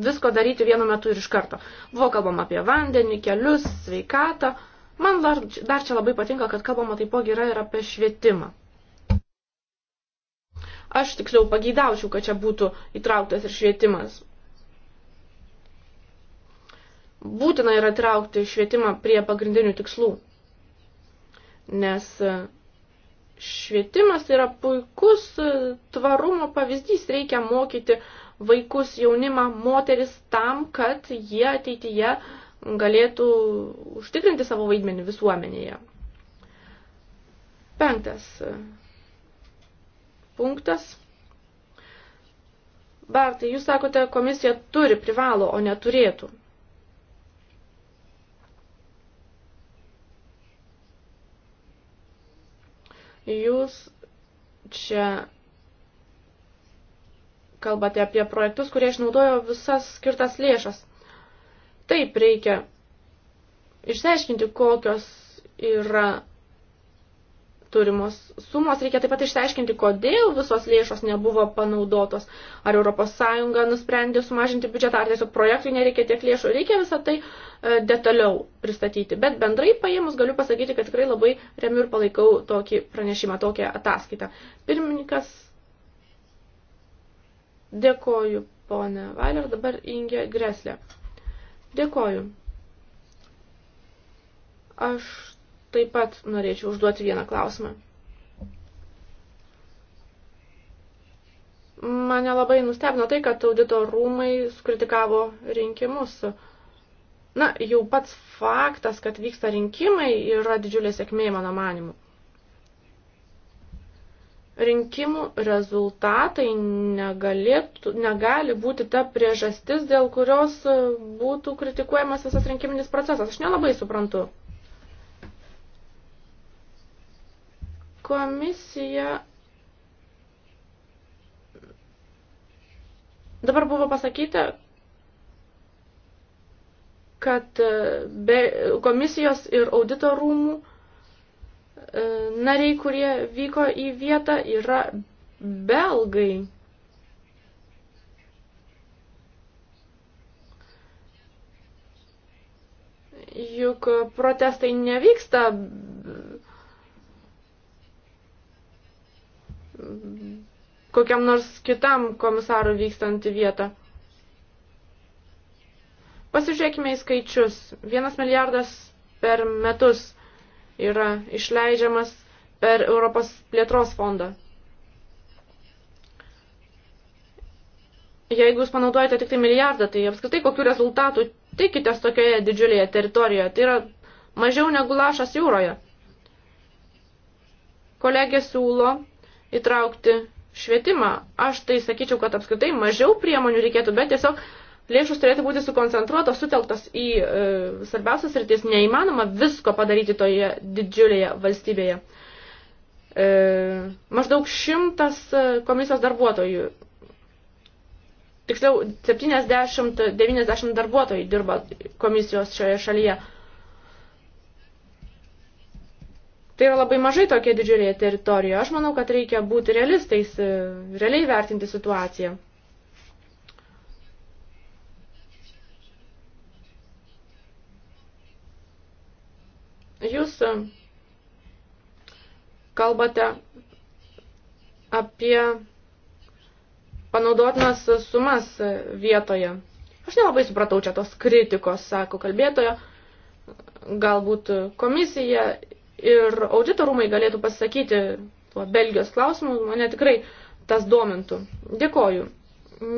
visko daryti vienu metu ir iš karto. Buvo kalbama apie vandenį, kelius, sveikatą. Man dar, dar čia labai patinka, kad kalbama taipogi yra ir apie švietimą. Aš tiksliau pageidaučiau, kad čia būtų įtrauktas ir švietimas. Būtina yra traukti švietimą prie pagrindinių tikslų, nes e, švietimas tai yra puikus e, tvarumo pavyzdys, reikia mokyti vaikus, jaunimą, moteris tam, kad jie ateityje galėtų užtikrinti savo vaidmenį visuomenėje. Penktas e, punktas. Bartai, jūs sakote, komisija turi, privalo, o neturėtų. Jūs čia kalbate apie projektus, kurie išnaudojo visas skirtas lėšas. Taip reikia išsiaiškinti, kokios yra turimos sumos. Reikia taip pat išsiaiškinti, kodėl visos lėšos nebuvo panaudotos. Ar ES nusprendė sumažinti biudžetą, ar tiesiog projektui nereikia tiek lėšų. Reikia visą tai e, detaliau pristatyti. Bet bendrai paėmus galiu pasakyti, kad tikrai labai remiu ir palaikau tokį pranešimą, tokią ataskaitą. Pirmininkas, dėkoju, ponė Vailer, dabar Inge Greslė. Dėkoju. Aš taip pat norėčiau užduoti vieną klausimą. Mane labai nustebino tai, kad audito rūmai sukritikavo rinkimus. Na, jau pats faktas, kad vyksta rinkimai, yra didžiulė sėkmė mano manimu. Rinkimų rezultatai negalėtų, negali būti ta priežastis, dėl kurios būtų kritikuojamas visas rinkiminis procesas. Aš nelabai suprantu. Komisija dabar buvo pasakyta, kad e, be komisijos ir audito rūmų e, nariai, kurie vyko į vietą, yra belgai. Juk protestai nevyksta kokiam nors kitam komisarui vykstant į vietą. Pasižiūrėkime į skaičius. Vienas milijardas per metus yra išleidžiamas per Europos plėtros fondą. Jeigu jūs panaudojate tik tai milijardą, tai apskritai kokiu rezultatu tikitės tokioje didžiulėje teritorijoje. Tai yra mažiau negu lašas jūroje. Kolegė siūlo įtraukti švietimą. Aš tai sakyčiau, kad apskritai mažiau priemonių reikėtų, bet tiesiog lėšus turėtų būti sukoncentruotos, sutelktos į e, svarbiausias rytis. Neįmanoma visko padaryti toje didžiulėje valstybėje. E, maždaug šimtas e, komisijos darbuotojų, tiksliau 70-90 darbuotojų dirba komisijos šioje šalyje. Tai yra labai mažai tokie didžiuliai teritorijoje. Aš manau, kad reikia būti realistais, e, realiai vertinti situaciją. Jūs e, kalbate apie panaudotinas sumas e, vietoje. Aš nelabai supratau čia tos kritikos, sako kalbėtojo. Galbūt komisija ir auditorumai galėtų pasakyti tuo Belgijos klausimu, mane tikrai tas domintų. Dėkoju.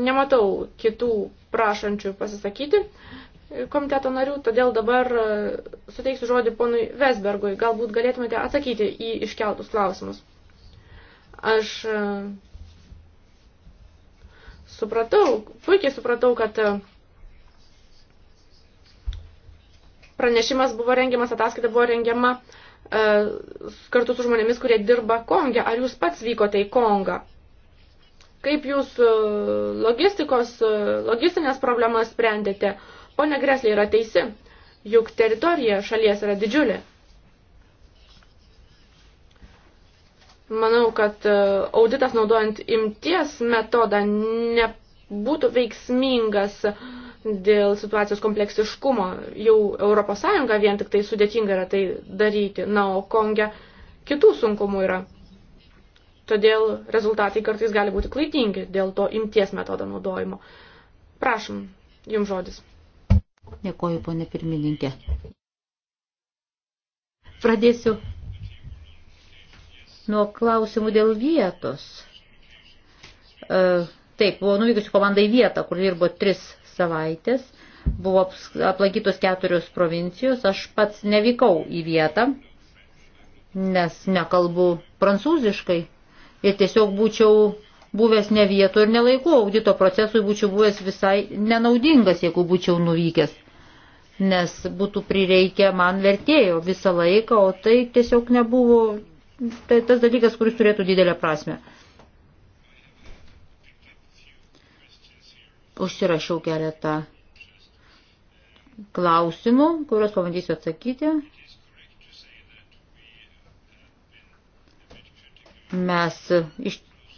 Nematau kitų prašančių pasisakyti komiteto narių, todėl dabar e, suteiksiu žodį ponui Vesbergui. Galbūt galėtumėte atsakyti į iškeltus klausimus. Aš e, supratau, puikiai supratau, kad e, pranešimas buvo rengiamas, ataskaita buvo rengiama uh, E, kartu su žmonėmis, kurie dirba Konge. Ar jūs pats vykote į Kongą? Kaip jūs e, logistikos, e, logistinės problemas sprendėte? Pone Greslė yra teisi, juk teritorija šalies yra didžiulė. Manau, kad auditas naudojant imties metodą nebūtų veiksmingas uh, dėl situacijos kompleksiškumo. Jau ES vien tik tai sudėtinga yra tai daryti, na, o Konge kitų sunkumų yra. Todėl rezultatai kartais gali būti klaidingi dėl to imties metodo naudojimo. Prašom, jums žodis. Dėkoju, ponė pirmininkė. Pradėsiu nuo klausimų dėl vietos. E, taip, buvo nuvykusi komanda į vietą, kur dirbo tris savaitės buvo aplankytos keturios provincijos. Aš pats nevykau į vietą, nes nekalbu prancūziškai ir tiesiog būčiau buvęs ne vietų ir nelaikų audito procesui, būčiau buvęs visai nenaudingas, jeigu būčiau nuvykęs. Nes būtų prireikę man vertėjo visą laiką, o tai tiesiog nebuvo tai tas dalykas, kuris turėtų didelę prasme. Užsirašiau keletą klausimų, kuriuos pabandysiu atsakyti. Mes iš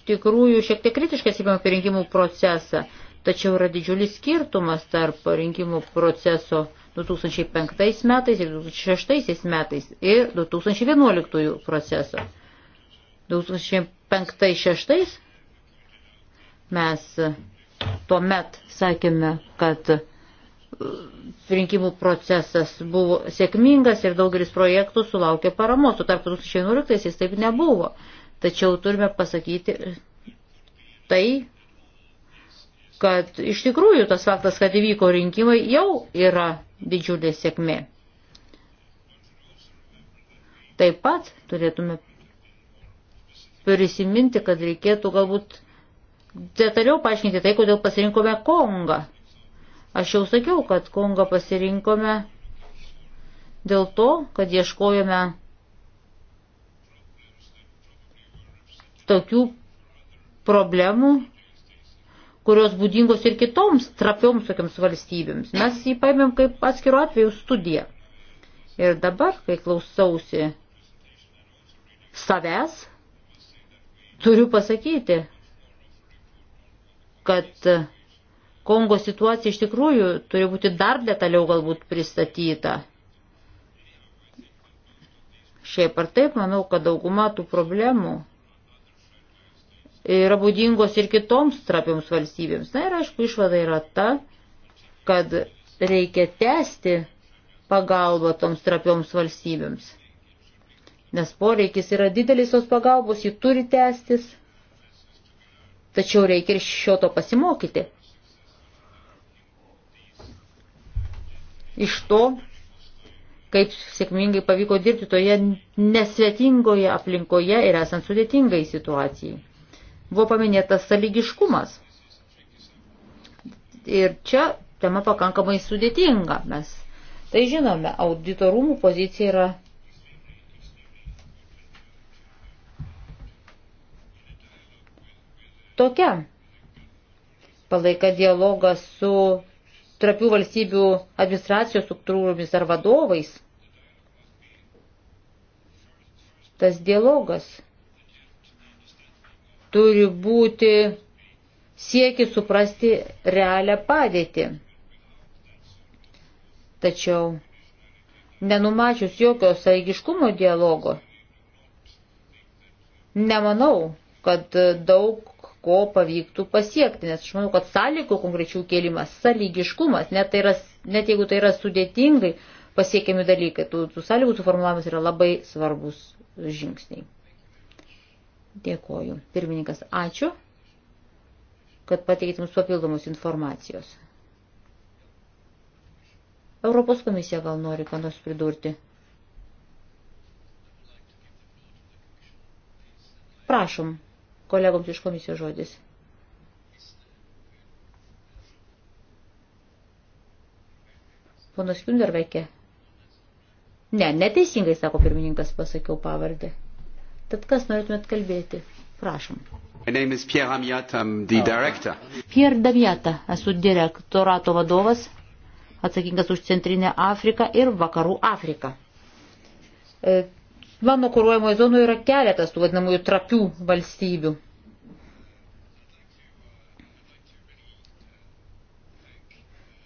tikrųjų šiek tiek kritiškai atsipėmė apie rinkimų procesą, tačiau yra didžiulis skirtumas tarp rinkimų proceso 2005 metais ir 2006 metais ir 2011 proceso. 2005-2006 mes Tuomet sakėme, kad e, rinkimų procesas buvo sėkmingas ir daugelis projektų sulaukė paramos, tuo tarpu 2011 jis taip nebuvo. Tačiau turime pasakyti tai, kad iš tikrųjų tas faktas, kad įvyko rinkimai, jau yra didžiulė sėkmė. Taip pat turėtume prisiminti, kad reikėtų galbūt detaliau paaiškinti tai, kodėl pasirinkome Kongą. Aš jau sakiau, kad Kongą pasirinkome dėl to, kad ieškojome tokių problemų, kurios būdingos ir kitoms trapioms tokiams valstybėms. Mes jį paėmėm kaip atskirų atvejų studiją. Ir dabar, kai klausausi savęs, turiu pasakyti, kad Kongo situacija iš tikrųjų turi būti dar detaliau galbūt pristatyta. Šiaip ar taip, manau, kad dauguma tų problemų yra būdingos ir kitoms trapioms valstybėms. Na ir aišku, išvada yra ta, kad reikia tęsti pagalbą toms trapioms valstybėms. Nes poreikis yra didelis tos pagalbos, ji turi tęstis. Tačiau reikia ir šio to pasimokyti. Iš to, kaip sėkmingai pavyko dirbti toje nesvetingoje aplinkoje ir esant sudėtingai situacijai. Buvo paminėtas saligiškumas. Ir čia tema pakankamai sudėtinga. Mes tai žinome, auditorumų pozicija yra tokia. Palaika dialogą su trapių valstybių administracijos struktūromis ar vadovais. Tas dialogas turi būti sieki suprasti realią padėtį. Tačiau nenumačius jokio saigiškumo dialogo, nemanau, kad daug ko pavyktų pasiekti, nes aš manau, kad sąlygų konkrečių kėlimas, sąlygiškumas, net, tai yra, net jeigu tai yra sudėtingai pasiekiami dalykai, tų, tų sąlygų suformulavimas yra labai svarbus žingsniai. Dėkoju. Pirmininkas, ačiū, kad pateikėt mums papildomus informacijos. Europos komisija gal nori ką nors pridurti. Prašom. Kolegoms iš komisijos žodis. Ponas Kundervekė. Ne, neteisingai, sako pirmininkas, pasakiau pavardę. Tad kas norėtumėt kalbėti? Prašom. My name is Pierre Amiat, I'm the oh. director. Pierre Damiata, esu direktorato vadovas, atsakingas už Centrinę Afriką ir Vakarų Afriką. E, Mano kūruojamoje zonoje yra keletas tų vadinamųjų trapių valstybių.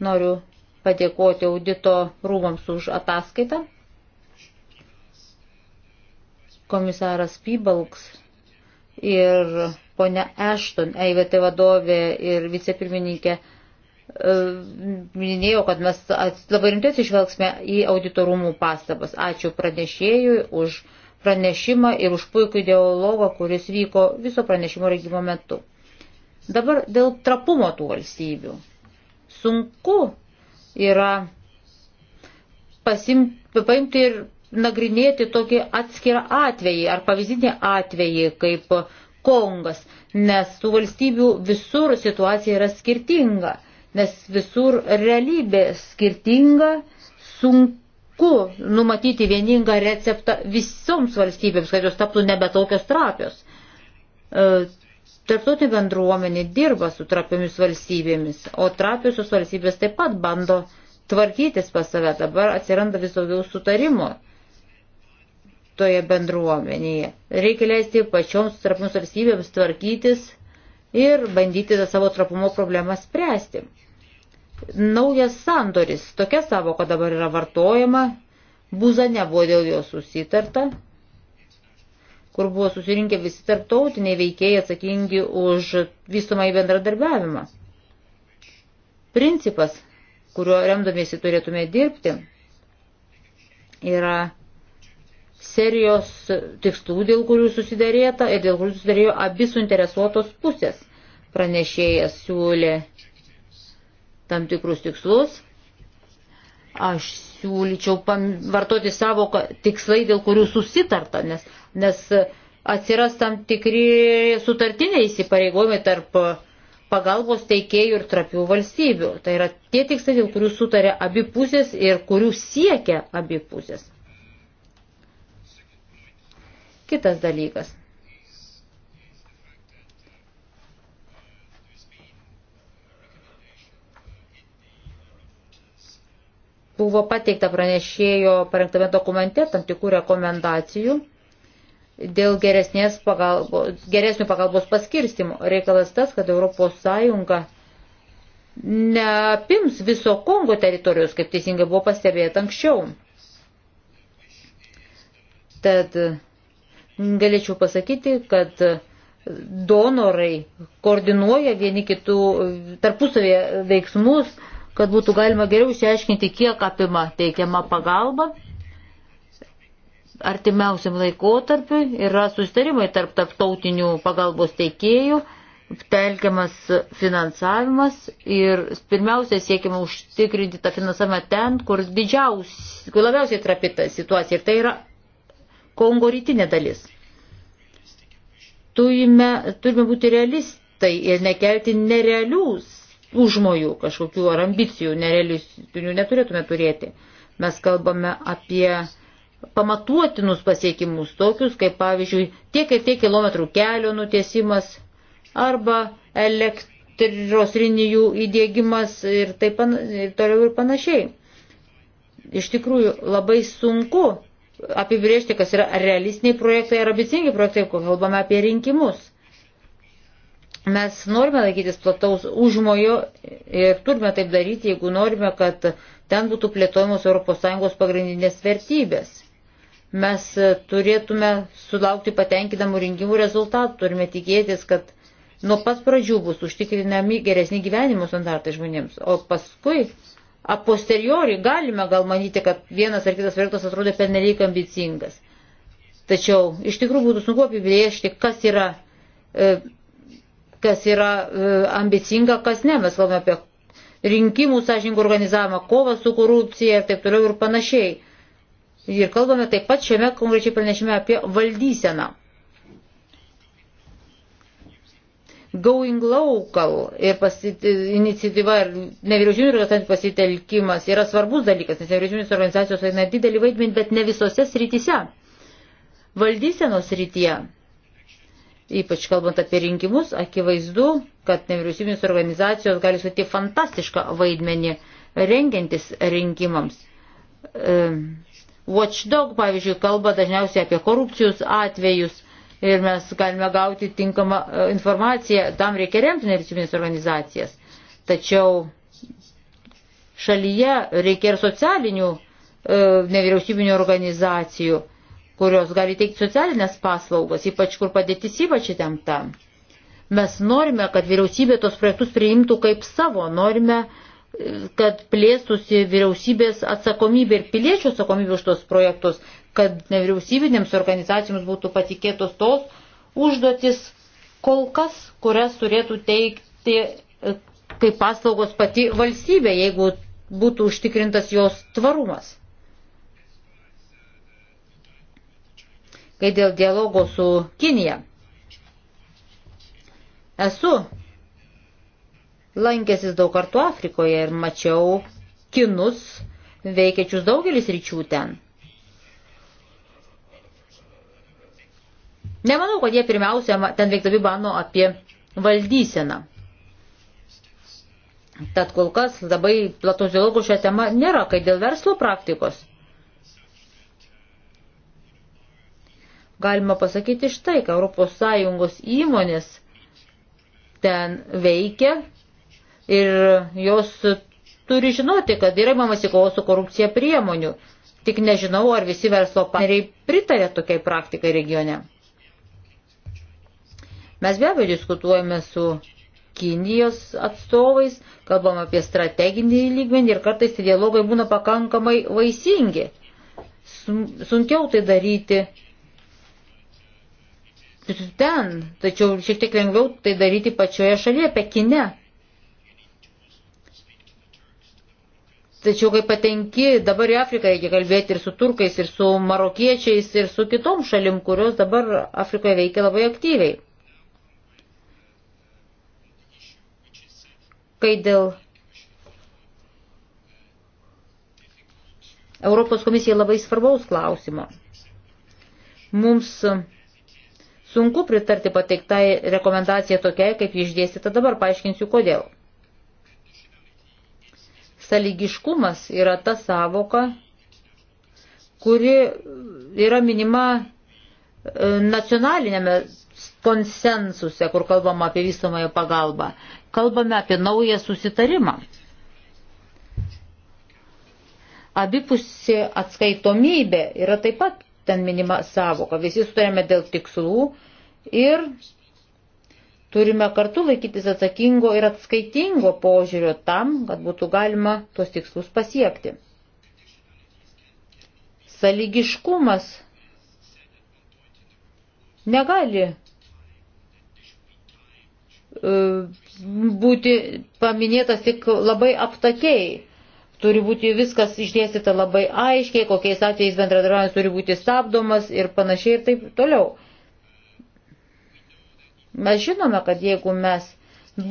Noriu padėkoti audito rūmams už ataskaitą. Komisaras Pybalks ir ponia Ashton, EIVT vadovė ir vicepirmininkė minėjau, kad mes labai rimtai išvelgsime į auditorumų pastabas. Ačiū pranešėjui už pranešimą ir už puikų dialogą, kuris vyko viso pranešimo regimo metu. Dabar dėl trapumo tų valstybių. Sunku yra pasim, paimti ir nagrinėti tokį atskirą atvejį ar pavyzdinį atvejį kaip Kongas, nes tų valstybių visur situacija yra skirtinga nes visur realybė skirtinga, sunku numatyti vieningą receptą visoms valstybėms, kad jos taptų nebe tokios trapios. E, tarptautinė bendruomenė dirba su trapiomis valstybėmis, o trapiosios valstybės taip pat bando tvarkytis pas save. Dabar atsiranda vis daugiau sutarimo toje bendruomenėje. Reikia leisti pačioms trapioms valstybėms tvarkytis ir bandyti tą savo trapumo problemą spręsti. Naujas sandoris, tokia savoka dabar yra vartojama, buza nebuvo dėl jo susitarta, kur buvo susirinkę visi tarptautiniai veikėjai atsakingi už vystomą į bendradarbiavimą. Principas, kuriuo remdamiesi turėtume dirbti, yra serijos tikslų, dėl kurių susidarėta ir dėl kurių susidarėjo abi suinteresuotos pusės. Pranešėjas siūlė tam tikrus tikslus. Aš siūlyčiau vartoti savoką tikslai, dėl kurių susitarta, nes, nes atsiras tam tikri sutartiniai įsipareigojimai tarp pagalbos teikėjų ir trapių valstybių. Tai yra tie tikslai, dėl kurių sutarė abi pusės ir kurių siekia abi pusės. Kitas dalykas. buvo pateikta pranešėjo parengtame dokumente tam tikrų rekomendacijų dėl geresnės pagalbos, geresnių pagalbos paskirstimo. Reikalas tas, kad ES neapims viso Kongo teritorijos, kaip teisingai buvo pastebėta anksčiau. Tad galėčiau pasakyti, kad donorai koordinuoja vieni kitų tarpusavėje veiksmus, kad būtų galima geriau išsiaiškinti, kiek apima teikiama pagalba. Artimiausiam laikotarpiu yra sustarimai tarp tarptautinių pagalbos teikėjų, telkiamas finansavimas ir pirmiausia siekime užtikrinti tą finansavimą ten, kur, didžiausia, kur labiausiai trapita situacija ir tai yra Kongo rytinė dalis. Turime, turime būti realistai ir nekelti nerealių užmojų kažkokių ar ambicijų nerealistinių neturėtume turėti. Mes kalbame apie pamatuotinus pasiekimus, tokius kaip pavyzdžiui tiek ir tiek kilometrų kelio nutiesimas arba elektros linijų įdėgymas ir, taip, ir toliau ir panašiai. Iš tikrųjų labai sunku apibriežti, kas yra realistiniai projektai ar ambicingi projektai, kai kalbame apie rinkimus. Mes norime laikytis plataus užmojo ir turime taip daryti, jeigu norime, kad ten būtų plėtojamos ES pagrindinės vertybės. Mes turėtume sulaukti patenkinamų rinkimų rezultatų, turime tikėtis, kad nuo pat pradžių bus užtikrinami geresni gyvenimo standartai žmonėms, o paskui a posteriori galime gal manyti, kad vienas ar kitas projektas atrodė pernelyg ambicingas. Tačiau iš tikrųjų būtų sunku apibriežti, kas yra e, kas yra e, ambicinga, kas ne. Mes kalbame apie rinkimų sąžininkų organizavimą, kovą su korupcija ir taip toliau ir panašiai. Ir kalbame taip pat šiame konkrečiai pranešime apie valdyseną. Going local ir pasit, iniciatyva ir nevyriausybinių organizacijų pasitelkimas yra svarbus dalykas, nes nevyriausybinės organizacijos vaidina didelį vaidmenį, bet ne visose srityse. Valdysenos srityje Ypač kalbant apie rinkimus, akivaizdu, kad nevyriausybinės organizacijos gali suti fantastišką vaidmenį rengiantis rinkimams. E, Watchdog, pavyzdžiui, kalba dažniausiai apie korupcijos atvejus ir mes galime gauti tinkamą e, informaciją, tam reikia remti nevyriausybinės organizacijas. Tačiau šalyje reikia ir socialinių e, nevyriausybinių organizacijų kurios gali teikti socialinės paslaugas, ypač kur padėtis ypač įtempta. Mes norime, kad vyriausybė tos projektus priimtų kaip savo, norime, kad plėstusi vyriausybės atsakomybė ir piliečių atsakomybė už tos projektus, kad nevyriausybinėms organizacijoms būtų patikėtos tos užduotis kol kas, kurias turėtų teikti e, kaip paslaugos pati valstybė, jeigu būtų užtikrintas jos tvarumas. kai dėl dialogo su Kinija. Esu lankęsis daug kartų Afrikoje ir mačiau kinus veikiačius daugelis ryčių ten. Nemanau, kad jie pirmiausia ten veikdami mano apie valdyseną. Tad kol kas labai platus dialogų šią temą nėra, kai dėl verslo praktikos. galima pasakyti štai, kad ES įmonės ten veikia ir jos turi žinoti, kad yra mamasi kovos su korupcija priemonių. Tik nežinau, ar visi verslo partneriai pritarė tokiai praktikai regione. Mes be abejo diskutuojame su Kinijos atstovais, kalbam apie strateginį lygmenį ir kartais tie dialogai būna pakankamai vaisingi. Sunkiau tai daryti ten, tačiau šiek tiek lengviau tai daryti pačioje šalyje, Pekine. Tačiau, kai patenki dabar į Afriką, reikia kalbėti ir su turkais, ir su marokiečiais, ir su kitom šalim, kurios dabar Afrikoje veikia labai aktyviai. Kai dėl Europos komisijai labai svarbaus klausimo. Mums Sunku pritarti pateiktai rekomendacijai tokiai, kaip išdėstyta dabar, paaiškinsiu kodėl. Saligiškumas yra ta savoka, kuri yra minima e, nacionalinėme konsensuse, kur kalbama apie vystamąją pagalbą. Kalbame apie naują susitarimą. Abipusė atskaitomybė yra taip pat ten minima savoka. Visi sutarėme dėl tikslų ir turime kartu laikytis atsakingo ir atskaitingo požiūrio tam, kad būtų galima tuos tikslus pasiekti. Saligiškumas negali e, būti paminėtas tik labai aptakiai. Turi būti viskas išdėstyta labai aiškiai, kokiais atvejais bendradarbiavimas turi būti stabdomas ir panašiai ir taip toliau. Mes žinome, kad jeigu mes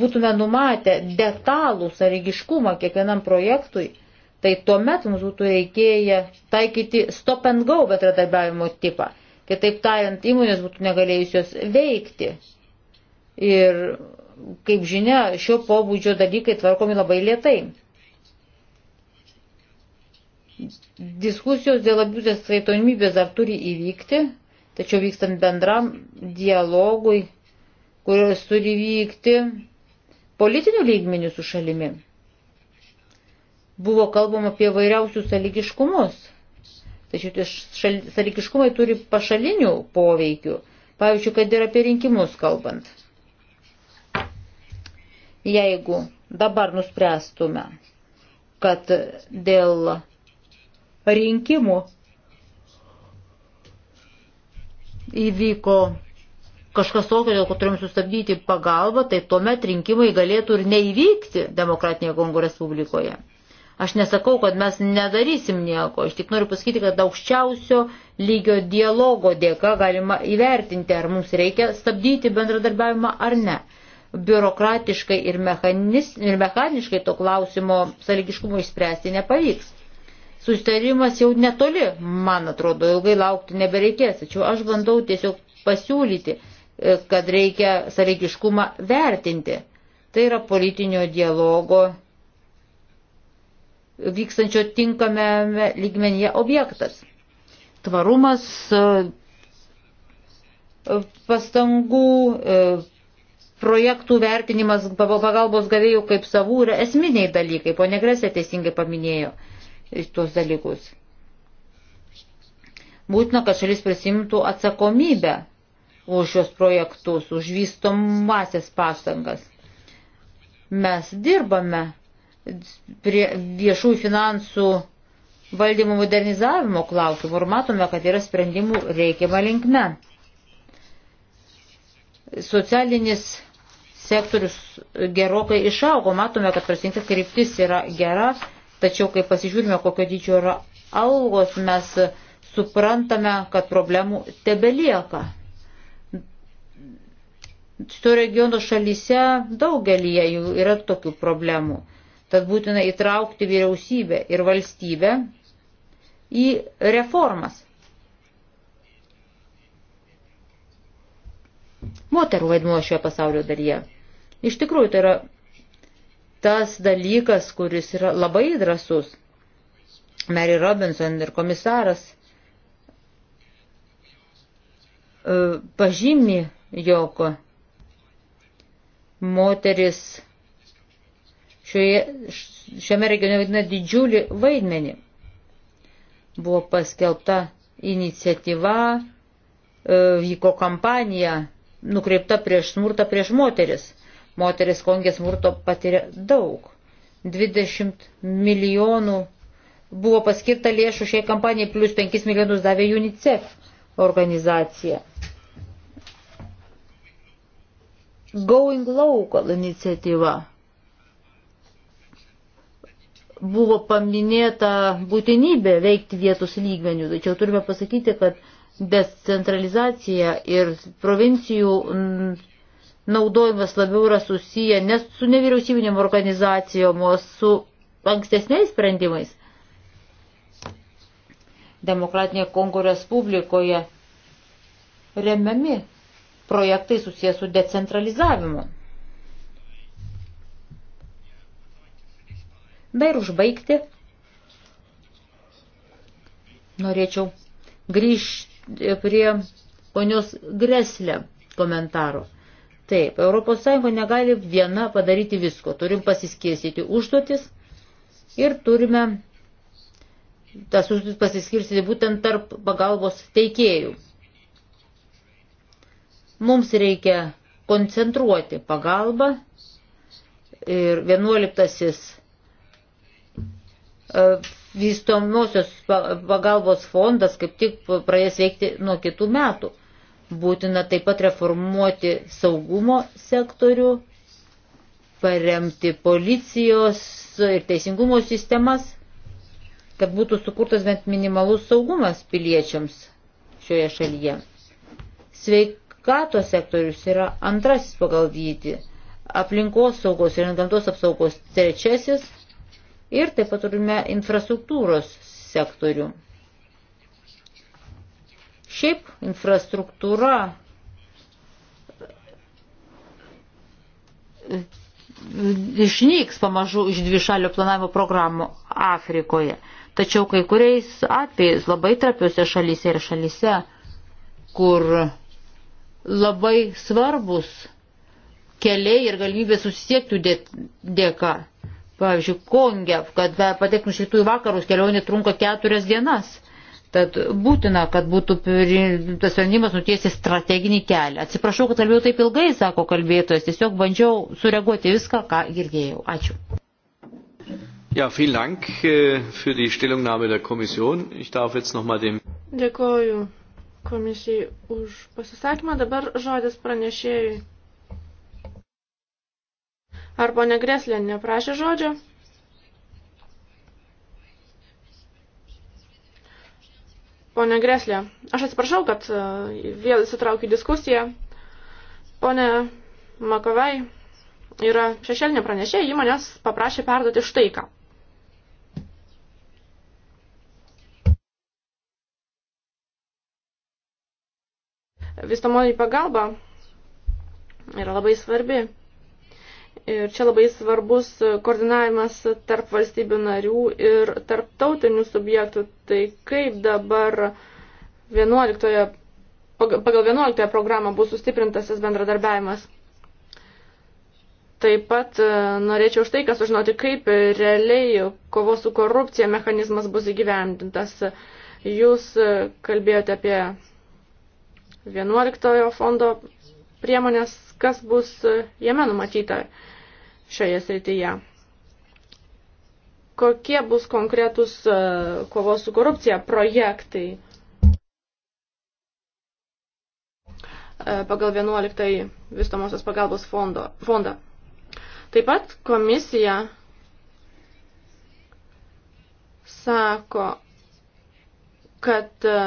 būtume numatę detalų sąlygiškumą kiekvienam projektui, tai tuomet mums būtų reikėję taikyti stop and go bendradarbiavimo tipą. Kitaip tariant, įmonės būtų negalėjusios veikti. Ir, kaip žinia, šio pobūdžio dalykai tvarkomi labai lietai diskusijos dėl abipusės skaitomybės dar turi įvykti, tačiau vykstant bendram dialogui, kurios turi vykti politinių lygmenių su šalimi. Buvo kalbama apie vairiausius saligiškumus, tačiau tie šal... saligiškumai turi pašalinių poveikių, pavyzdžiui, kad ir apie rinkimus kalbant. Jeigu dabar nuspręstume, kad dėl rinkimų įvyko kažkas tokio, dėl ko turim sustabdyti pagalbą, tai tuomet rinkimai galėtų ir neįvykti Demokratinėje Kongo Respublikoje. Aš nesakau, kad mes nedarysim nieko, aš tik noriu pasakyti, kad aukščiausio lygio dialogo dėka galima įvertinti, ar mums reikia stabdyti bendradarbiavimą ar ne. Biurokratiškai ir, mechanis, ir mechaniškai to klausimo sąlygiškumo išspręsti nepavyks. Sustarimas jau netoli, man atrodo, ilgai laukti nebereikės, tačiau aš bandau tiesiog pasiūlyti, e, kad reikia sąlygiškumą vertinti. Tai yra politinio dialogo vykstančio tinkame lygmenyje objektas. Tvarumas e, pastangų, e, projektų vertinimas pagalbos gavėjų kaip savų yra esminiai dalykai, ponė Gresė teisingai paminėjo tuos dalykus. Būtina, kad šalis prisimtų atsakomybę už šios projektus, už vystomasias pastangas. Mes dirbame prie viešųjų finansų valdymo modernizavimo klausimų ir matome, kad yra sprendimų reikiama linkme. Socialinis sektorius gerokai išaugo, matome, kad prasinktas kryptis yra gera, Tačiau, kai pasižiūrime, kokio dydžio yra algos, mes suprantame, kad problemų tebelieka. Šito regiono šalyse daugelį jų yra tokių problemų. Tad būtina įtraukti vyriausybę ir valstybę į reformas. Moterų vaidmuo šioje pasaulio dalyje. Iš tikrųjų, tai yra tas dalykas, kuris yra labai drasus. Mary Robinson ir komisaras e, pažymi, jog moteris šioje, šiame regione vaidina didžiulį vaidmenį. Buvo paskelbta iniciatyva, e, vyko kampanija nukreipta prieš smurtą prieš moteris. Moteris Kongės smurto patiria daug. 20 milijonų buvo paskirta lėšų šiai kampanijai, plus 5 milijonus davė UNICEF organizacija. Going Local iniciatyva buvo paminėta būtinybė veikti vietos lygmenių, tačiau turime pasakyti, kad decentralizacija ir provincijų naudojimas labiau yra susiję ne su nevyriausybinėm organizacijom, o su ankstesniais sprendimais. Demokratinėje Kongo Respublikoje remiami projektai susijęs su decentralizavimu. Dar užbaigti norėčiau grįžti prie ponios Greslė komentaro. Taip, ES negali viena padaryti visko. Turim pasiskirstyti užduotis ir turime tas užduotis pasiskirstyti būtent tarp pagalbos teikėjų. Mums reikia koncentruoti pagalbą ir 11 e, vystomosios pagalbos fondas kaip tik pradės veikti nuo kitų metų. Būtina taip pat reformuoti saugumo sektorių, paremti policijos ir teisingumo sistemas, kad būtų sukurtas bent minimalus saugumas piliečiams šioje šalyje. Sveikatos sektorius yra antrasis pagal dydį, aplinkos saugos ir gamtos apsaugos trečiasis ir taip pat turime infrastruktūros sektorių. Šiaip infrastruktūra e, išnyks pamažu iš dvišalio planavimo programų Afrikoje. Tačiau kai kuriais atvejais labai trapiuose šalyse ir šalyse, kur labai svarbus keliai ir galimybė susisiekti dėka. Pavyzdžiui, Konge, kad patektum šitų į vakarus kelionė trunka keturias dienas. Tad būtina, kad būtų tas sprendimas nutiesti strateginį kelią. Atsiprašau, kad kalbėjau taip ilgai, sako kalbėtojas, tiesiog bandžiau sureaguoti viską, ką girdėjau. Ačiū. Ja, vielen Dank äh, für die Stellungnahme der Kommission. Ich darf jetzt nochmal dem. Dėkoju komisijai už pasisakymą. Dabar žodis pranešėjui. Ar ponia Greslė neprašė žodžio? Pone Greslė, aš atsiprašau, kad e, vėl įsitraukiu diskusiją. Pone Makovai yra šešėlinė pranešė, ji manęs paprašė perduoti štai ką. Vystamoji pagalba yra labai svarbi. Ir čia labai svarbus koordinavimas tarp valstybių narių ir tarptautinių subjektų. Tai kaip dabar 11, pagal 11 programą bus sustiprintas tas bendradarbiavimas. Taip pat e, norėčiau štai kas sužinoti, kaip realiai kovos su korupcija mechanizmas bus įgyvendintas. Jūs e, kalbėjote apie 11 fondo priemonės, kas bus e, jame numatyta šioje srityje. Kokie bus konkretus e, kovos su korupcija projektai e, pagal 11 vystomosios pagalbos fondo, fondą. Taip pat komisija sako, kad e,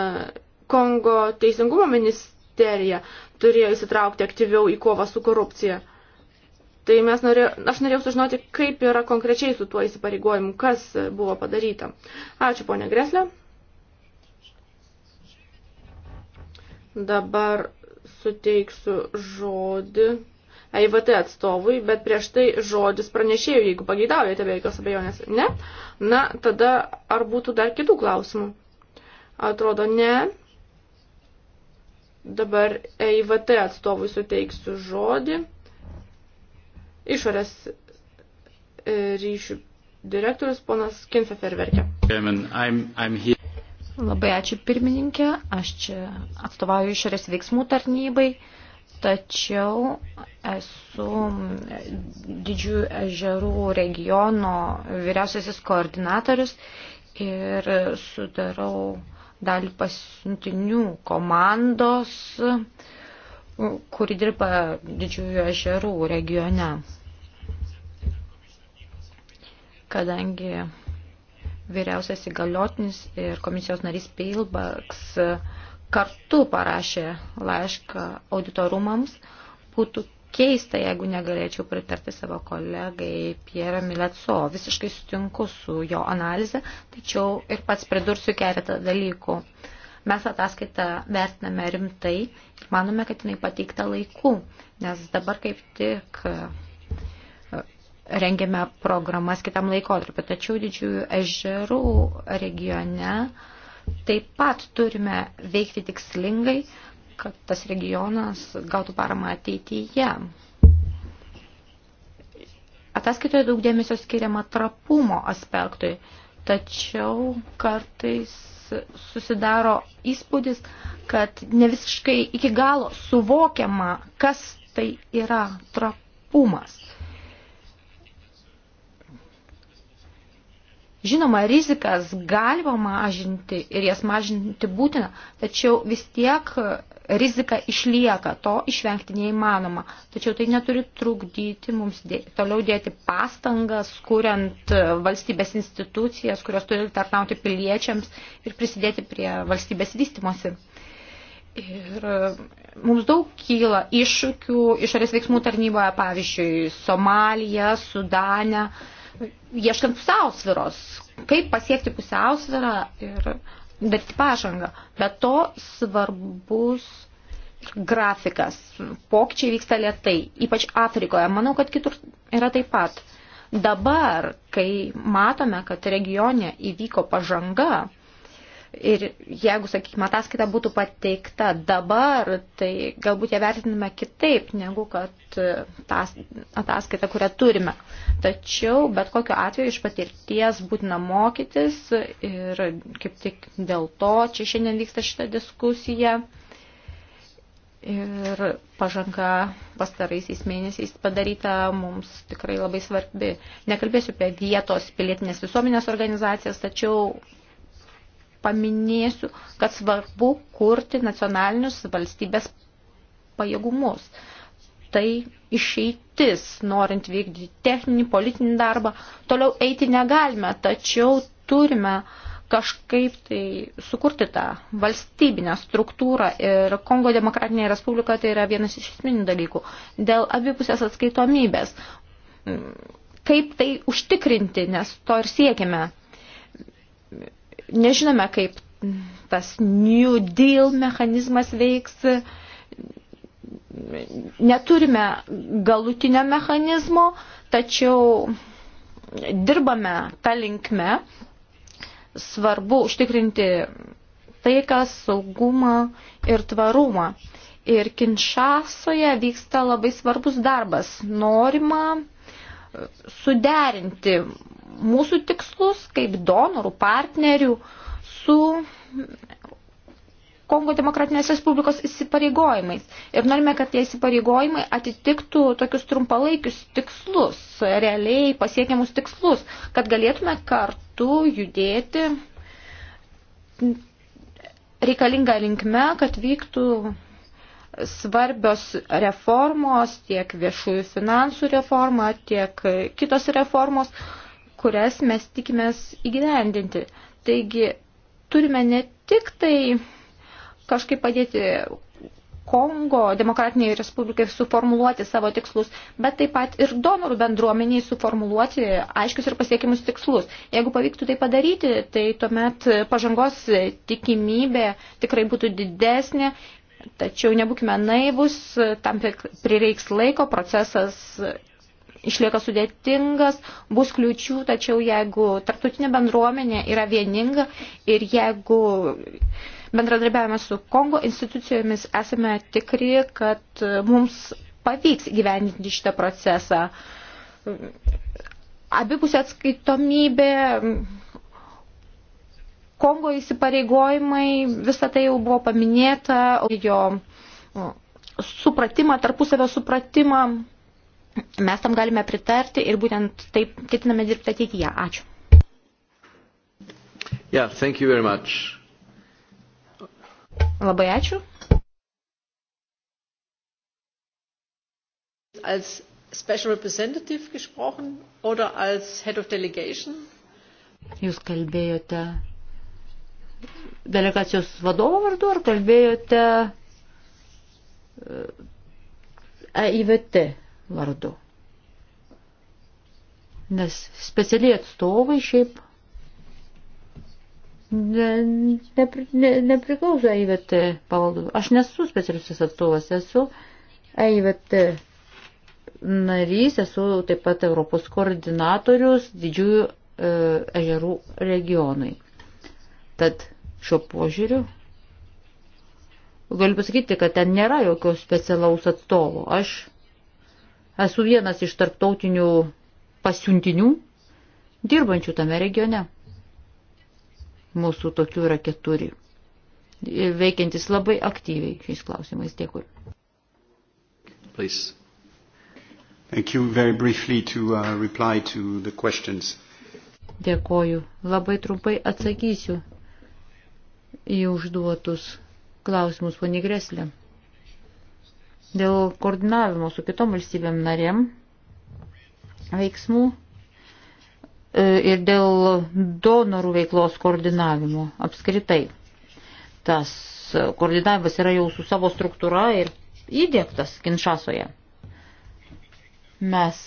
Kongo teisingumo ministerija turėjo įsitraukti aktyviau į kovą su korupcija. Tai mes norė, aš norėjau sužinoti, kaip yra konkrečiai su tuo įsipareigojimu, kas buvo padaryta. Ačiū, ponė Greslė. Dabar suteiksiu žodį EIVT atstovui, bet prieš tai žodis pranešėjų, jeigu pageidaujate be jokios abejonės. Ne? Na, tada ar būtų dar kitų klausimų? Atrodo, ne. Dabar EIVT atstovui suteiksiu žodį išorės e, ryšių direktorius ponas Kinfeferverkė. Labai ačiū pirmininkė, aš čia atstovauju išorės veiksmų tarnybai, tačiau esu didžiųjų ežerų regiono vyriausiasis koordinatorius ir sudarau dalį pasiuntinių komandos, kuri dirba didžiųjų ežerų regione kadangi vyriausias įgaliotinis ir komisijos narys Pilbaks kartu parašė laišką auditorumams, būtų keista, jeigu negalėčiau pritarti savo kolegai Pierre Miletso. Visiškai sutinku su jo analize, tačiau ir pats pridursiu keletą dalykų. Mes ataskaitą vertiname rimtai ir manome, kad jinai pateikta laiku, nes dabar kaip tik rengiame programas kitam laikotarpiu. Tačiau didžiųjų ežerų regione taip pat turime veikti tikslingai, kad tas regionas gautų paramą ateityje. Ataskaitoje daug dėmesio skiriama trapumo aspektui, tačiau kartais susidaro įspūdis, kad ne visiškai iki galo suvokiama, kas tai yra trapumas. Žinoma, rizikas galima mažinti ir jas mažinti būtina, tačiau vis tiek rizika išlieka, to išvengti neįmanoma. Tačiau tai neturi trukdyti mums dė, toliau dėti pastangas, kuriant valstybės institucijas, kurios turi tarnauti piliečiams ir prisidėti prie valstybės vystimosi. Ir e, mums daug kyla iššūkių išorės veiksmų tarnyboje, pavyzdžiui, Somalija, Sudane. Uh, ieškant pusiausviros, kaip pasiekti pusiausvirą ir daryti pažangą. Bet to svarbus grafikas. Pokyčiai vyksta lietai, ypač Afrikoje. Manau, kad kitur yra taip pat. Dabar, kai matome, kad regione įvyko pažanga, Ir jeigu, sakykime, ataskaita būtų pateikta dabar, tai galbūt ją vertiname kitaip, negu kad e, tą ataskaitą, kurią turime. Tačiau, bet kokiu atveju, iš patirties būtina mokytis ir kaip tik dėl to čia šiandien vyksta šita diskusija. Ir pažanga pastaraisiais mėnesiais padaryta mums tikrai labai svarbi. Nekalbėsiu apie vietos pilietinės visuomenės organizacijas, tačiau paminėsiu, kad svarbu kurti nacionalinius valstybės pajėgumus. Tai išeitis, norint vykdyti techninį, politinį darbą, toliau eiti negalime, tačiau turime kažkaip tai sukurti tą valstybinę struktūrą ir Kongo demokratinė respublika tai yra vienas iš esminių dalykų. Dėl abipusės atskaitomybės, kaip tai užtikrinti, nes to ir siekime nežinome, kaip tas New Deal mechanizmas veiks, neturime galutinio mechanizmo, tačiau dirbame tą linkme, svarbu užtikrinti taiką, saugumą ir tvarumą. Ir Kinšasoje vyksta labai svarbus darbas. Norima suderinti mūsų tikslus kaip donorų, partnerių su Kongo demokratinės Respublikos įsipareigojimais. Ir norime, kad tie įsipareigojimai atitiktų tokius trumpalaikius tikslus, realiai pasiekiamus tikslus, kad galėtume kartu judėti reikalingą linkme, kad vyktų svarbios reformos, tiek viešųjų finansų reforma, tiek kitos reformos, kurias mes tikimės įgyvendinti. Taigi turime ne tik tai kažkaip padėti Kongo demokratiniai respublikai suformuluoti savo tikslus, bet taip pat ir donorų bendruomeniai suformuluoti aiškius ir pasiekimus tikslus. Jeigu pavyktų tai padaryti, tai tuomet pažangos tikimybė tikrai būtų didesnė, tačiau nebūkime naivus, tam prireiks laiko, procesas išlieka sudėtingas, bus kliučių, tačiau jeigu tarptautinė bendruomenė yra vieninga ir jeigu bendradarbiavame su Kongo institucijomis, esame tikri, kad mums pavyks gyveninti šitą procesą. Abipusė atskaitomybė, Kongo įsipareigojimai, visa tai jau buvo paminėta, jo supratimą, tarpusavio supratimą mes tam galime pritarti ir būtent taip ketiname dirbti ateityje. Ačiū. Yeah, thank you very much. Labai ačiū. Als Special Representative gesprochen oder als Head of Delegation? Jūs kalbėjote delegacijos vadovo vardu ar kalbėjote EIVT e vardu. Nes specialiai atstovai šiaip ne, ne, ne, nepriklauso EIVT pavaldų. Aš nesu specialistas atstovas, esu EIVT narys, esu taip pat Europos koordinatorius didžiųjų e, ežerų regionui. Tad šiuo požiūriu galiu pasakyti, kad ten nėra jokios specialaus atstovo. Aš Esu vienas iš tarptautinių pasiuntinių dirbančių tame regione. Mūsų tokių yra keturi. Veikiantis labai aktyviai šiais klausimais. Dėkui. Please. Thank you very briefly to uh, reply to the questions. Dėkoju. Labai trumpai atsakysiu į užduotus klausimus, ponė Greslė dėl koordinavimo su kitom valstybėm narėm veiksmų e, ir dėl donorų veiklos koordinavimo apskritai. Tas koordinavimas yra jau su savo struktūra ir įdėktas Kinšasoje. Mes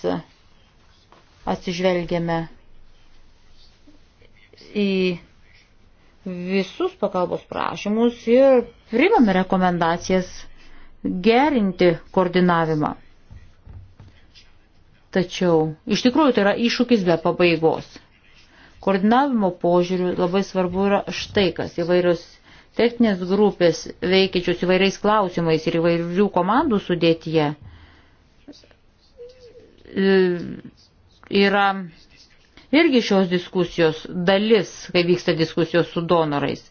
atsižvelgėme į visus pakalbos prašymus ir primame rekomendacijas gerinti koordinavimą. Tačiau iš tikrųjų tai yra iššūkis be pabaigos. Koordinavimo požiūrių labai svarbu yra štai kas įvairios techninės grupės veikiančios įvairiais klausimais ir įvairių komandų sudėtyje e, yra irgi šios diskusijos dalis, kai vyksta diskusijos su donorais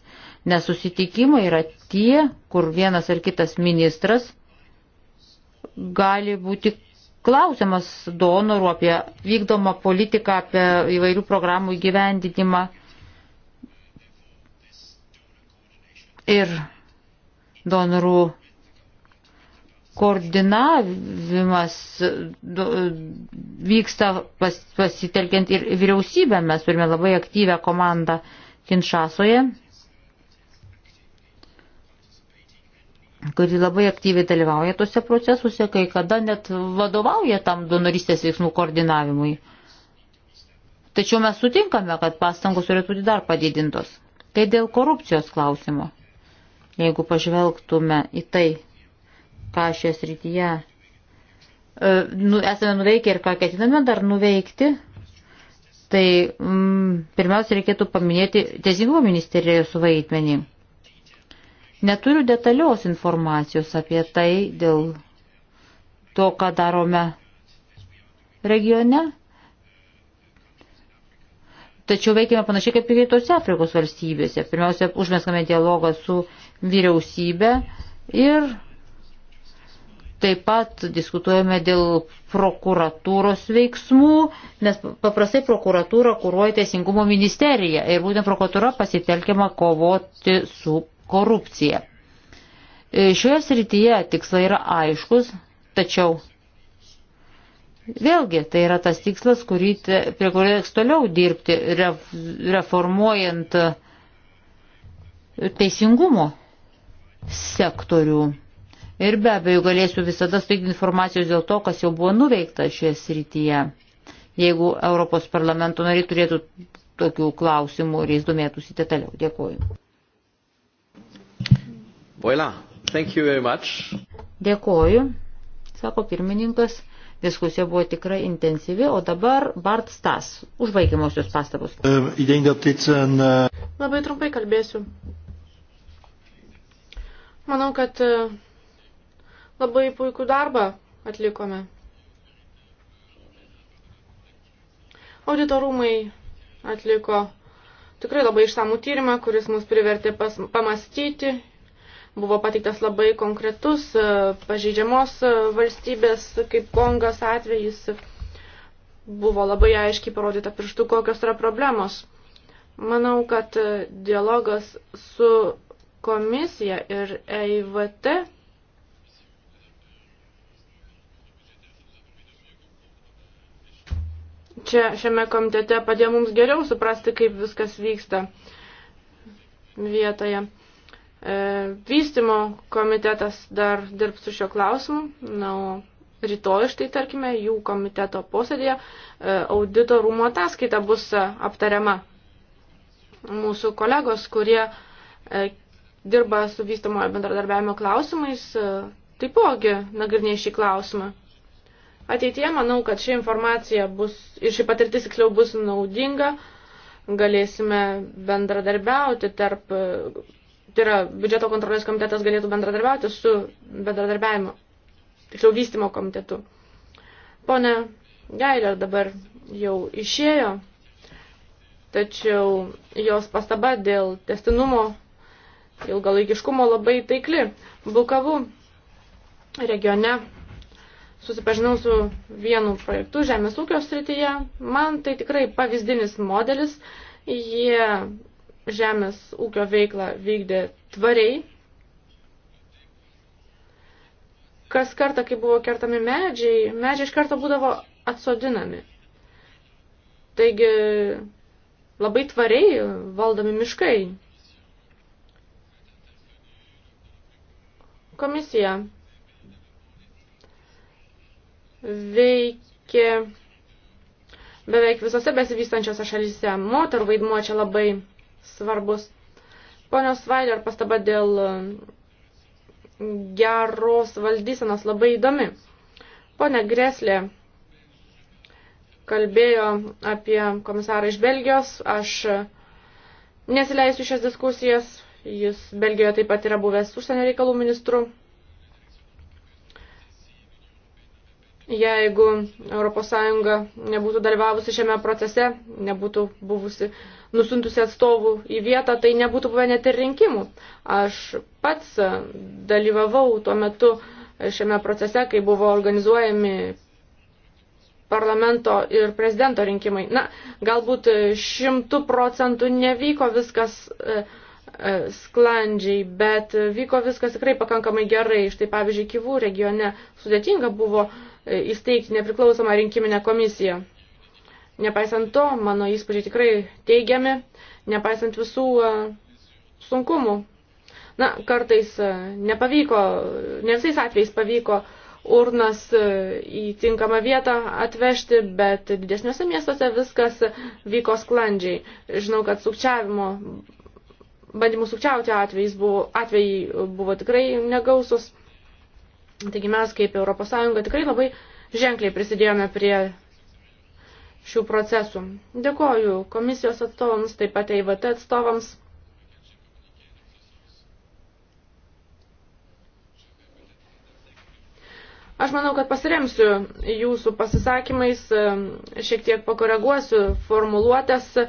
nes susitikimai yra tie, kur vienas ar kitas ministras gali būti klausimas donorų apie vykdomą politiką, apie įvairių programų įgyvendinimą. Ir donorų koordinavimas vyksta pas, pasitelkiant ir vyriausybę. Mes turime labai aktyvę komandą Kinšasoje. kuri labai aktyviai dalyvauja tose procesuose, kai kada net vadovauja tam donoristės veiksmų koordinavimui. Tačiau mes sutinkame, kad pastangos turėtų būti dar padidintos. Tai dėl korupcijos klausimo. Jeigu pažvelgtume į tai, ką šią srityje e, nu, esame nuveikę ir ką ketiname dar nuveikti, tai mm, pirmiausia reikėtų paminėti Teisingumo ministerijos vaidmenį. Neturiu detalios informacijos apie tai dėl to, ką darome regione. Tačiau veikime panašiai kaip ir rytuose Afrikos valstybėse. Pirmiausia, užmeskame dialogą su vyriausybė ir taip pat diskutuojame dėl prokuratūros veiksmų, nes paprastai prokuratūra kūruoja Teisingumo ministerija ir būtent prokuratūra pasitelkiama kovoti su korupciją. E, šioje srityje tikslai yra aiškus, tačiau vėlgi tai yra tas tikslas, kurį, prie kurio reiks toliau dirbti, reformuojant teisingumo sektorių. Ir be abejo galėsiu visada suteikti informacijos dėl to, kas jau buvo nuveikta šioje srityje. Jeigu Europos parlamento nariai turėtų tokių klausimų ir jais domėtųsi detaliau. Dėkuoju. Voilà. Thank you very much. Dėkoju, sako pirmininkas. Diskusija buvo tikrai intensyvi, o dabar Bart Stas, užbaigiamosios pastabos. E, labai trumpai kalbėsiu. Manau, kad e, labai puikų darbą atlikome. Auditorumai atliko tikrai labai išsamų tyrimą, kuris mus privertė pas, pamastyti Buvo pateiktas labai konkretus e, pažeidžiamos e, valstybės, kaip Kongas atvejis. Buvo labai aiškiai parodyta pirštų, kokios yra problemos. Manau, kad e, dialogas su komisija ir EIVT čia šiame komitete padėjo mums geriau suprasti, kaip viskas vyksta vietoje. E, vystimo komitetas dar dirbs su šio klausimu. Na, o rytoj štai, tarkime, jų komiteto posėdėje e, audito rūmo ataskaita bus e, aptariama. Mūsų kolegos, kurie dirba su vystamojo bendradarbiavimo klausimais, taipogi nagrinėja šį klausimą. Ateityje manau, kad ši informacija bus ir ši patirtis tiksliau bus naudinga, galėsime bendradarbiauti tarp tai yra biudžeto kontrolės komitetas galėtų bendradarbiauti su bendradarbiavimo, tiksliau vystimo komitetu. Pone Gailer dabar jau išėjo, tačiau jos pastaba dėl testinumo ilgalaikiškumo labai taikli. Bukavu regione susipažinau su vienu projektu žemės ūkio srityje. Man tai tikrai pavyzdinis modelis. Jie žemės ūkio veiklą vykdė tvariai. Kas kartą, kai buvo kertami medžiai, medžiai iš karto būdavo atsodinami. Taigi labai tvariai valdomi miškai. Komisija veikė beveik visose besivystančiose šalyse. Moterų vaidmuo čia labai svarbus. Ponios Vailer pastaba dėl um, geros valdysenos labai įdomi. Pone Greslė kalbėjo apie komisarą iš Belgijos. Aš nesileisiu šias diskusijas. Jis Belgijoje taip pat yra buvęs užsienio reikalų ministru. jeigu ES nebūtų dalyvavusi šiame procese, nebūtų buvusi nusintusi atstovų į vietą, tai nebūtų buvę net ir rinkimų. Aš pats dalyvavau tuo metu šiame procese, kai buvo organizuojami parlamento ir prezidento rinkimai. Na, galbūt šimtų procentų nevyko viskas e, e, sklandžiai, bet vyko viskas tikrai pakankamai gerai. Štai pavyzdžiui, Kivų regione sudėtinga buvo uh, įsteigti nepriklausomą rinkiminę komisiją. Nepaisant to, mano įspūdžiai tikrai teigiami, nepaisant visų e, sunkumų. Na, kartais e, nepavyko, ne visais atvejais pavyko urnas e, į tinkamą vietą atvežti, bet didesniuose miestuose viskas vyko sklandžiai. Žinau, kad sukčiavimo, bandymų sukčiauti atvejais buvo, atvejai buvo tikrai negausus. Taigi mes kaip ES tikrai labai ženkliai prisidėjome prie šių procesų. Dėkoju komisijos atstovams, taip pat EIVT atstovams. Aš manau, kad pasiremsiu jūsų pasisakymais, e, šiek tiek pakoreguosiu formuluotės e,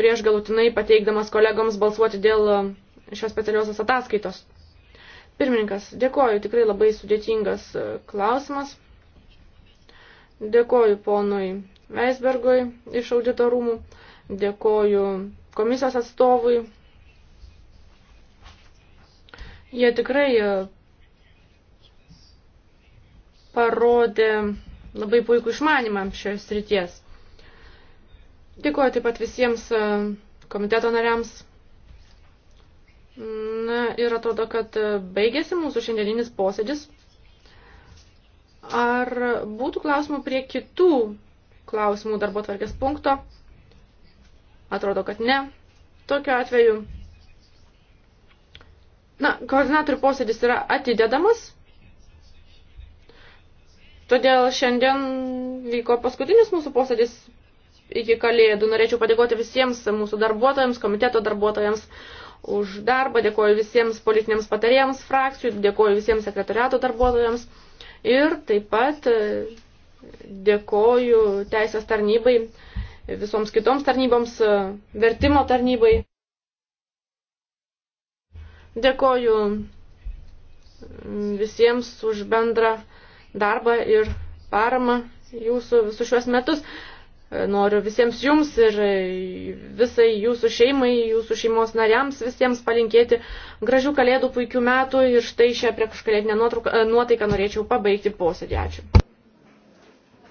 prieš galutinai pateikdamas kolegoms balsuoti dėl e, šios specialiosios ataskaitos. Pirmininkas, dėkoju, tikrai labai sudėtingas e, klausimas. Dėkoju ponui Meisbergui iš audito rūmų, dėkoju komisijos atstovui. Jie tikrai e, parodė labai puikų išmanimą šios srities. Dėkoju taip pat visiems e, komiteto nariams. Na ir atrodo, kad e, baigėsi mūsų šiandieninis posėdis. Ar būtų klausimų prie kitų klausimų darbo tvarkės punkto? Atrodo, kad ne. Tokiu atveju. Na, koordinatorių posėdis yra atidedamas. Todėl šiandien vyko paskutinis mūsų posėdis iki kalėdų. Norėčiau padėkoti visiems mūsų darbuotojams, komiteto darbuotojams už darbą, dėkoju visiems politiniams patarėjams frakcijų, dėkoju visiems sekretariato darbuotojams ir taip pat e, dėkoju teisės tarnybai, visoms kitoms tarnyboms, e, vertimo tarnybai. Dėkoju visiems už bendrą darbą ir paramą jūsų visus šiuos metus. Noriu visiems jums ir visai jūsų šeimai, jūsų šeimos nariams visiems palinkėti gražių kalėdų, puikių metų ir štai šią prieš kalėdinę nuotaiką norėčiau pabaigti posėdį. Ačiū.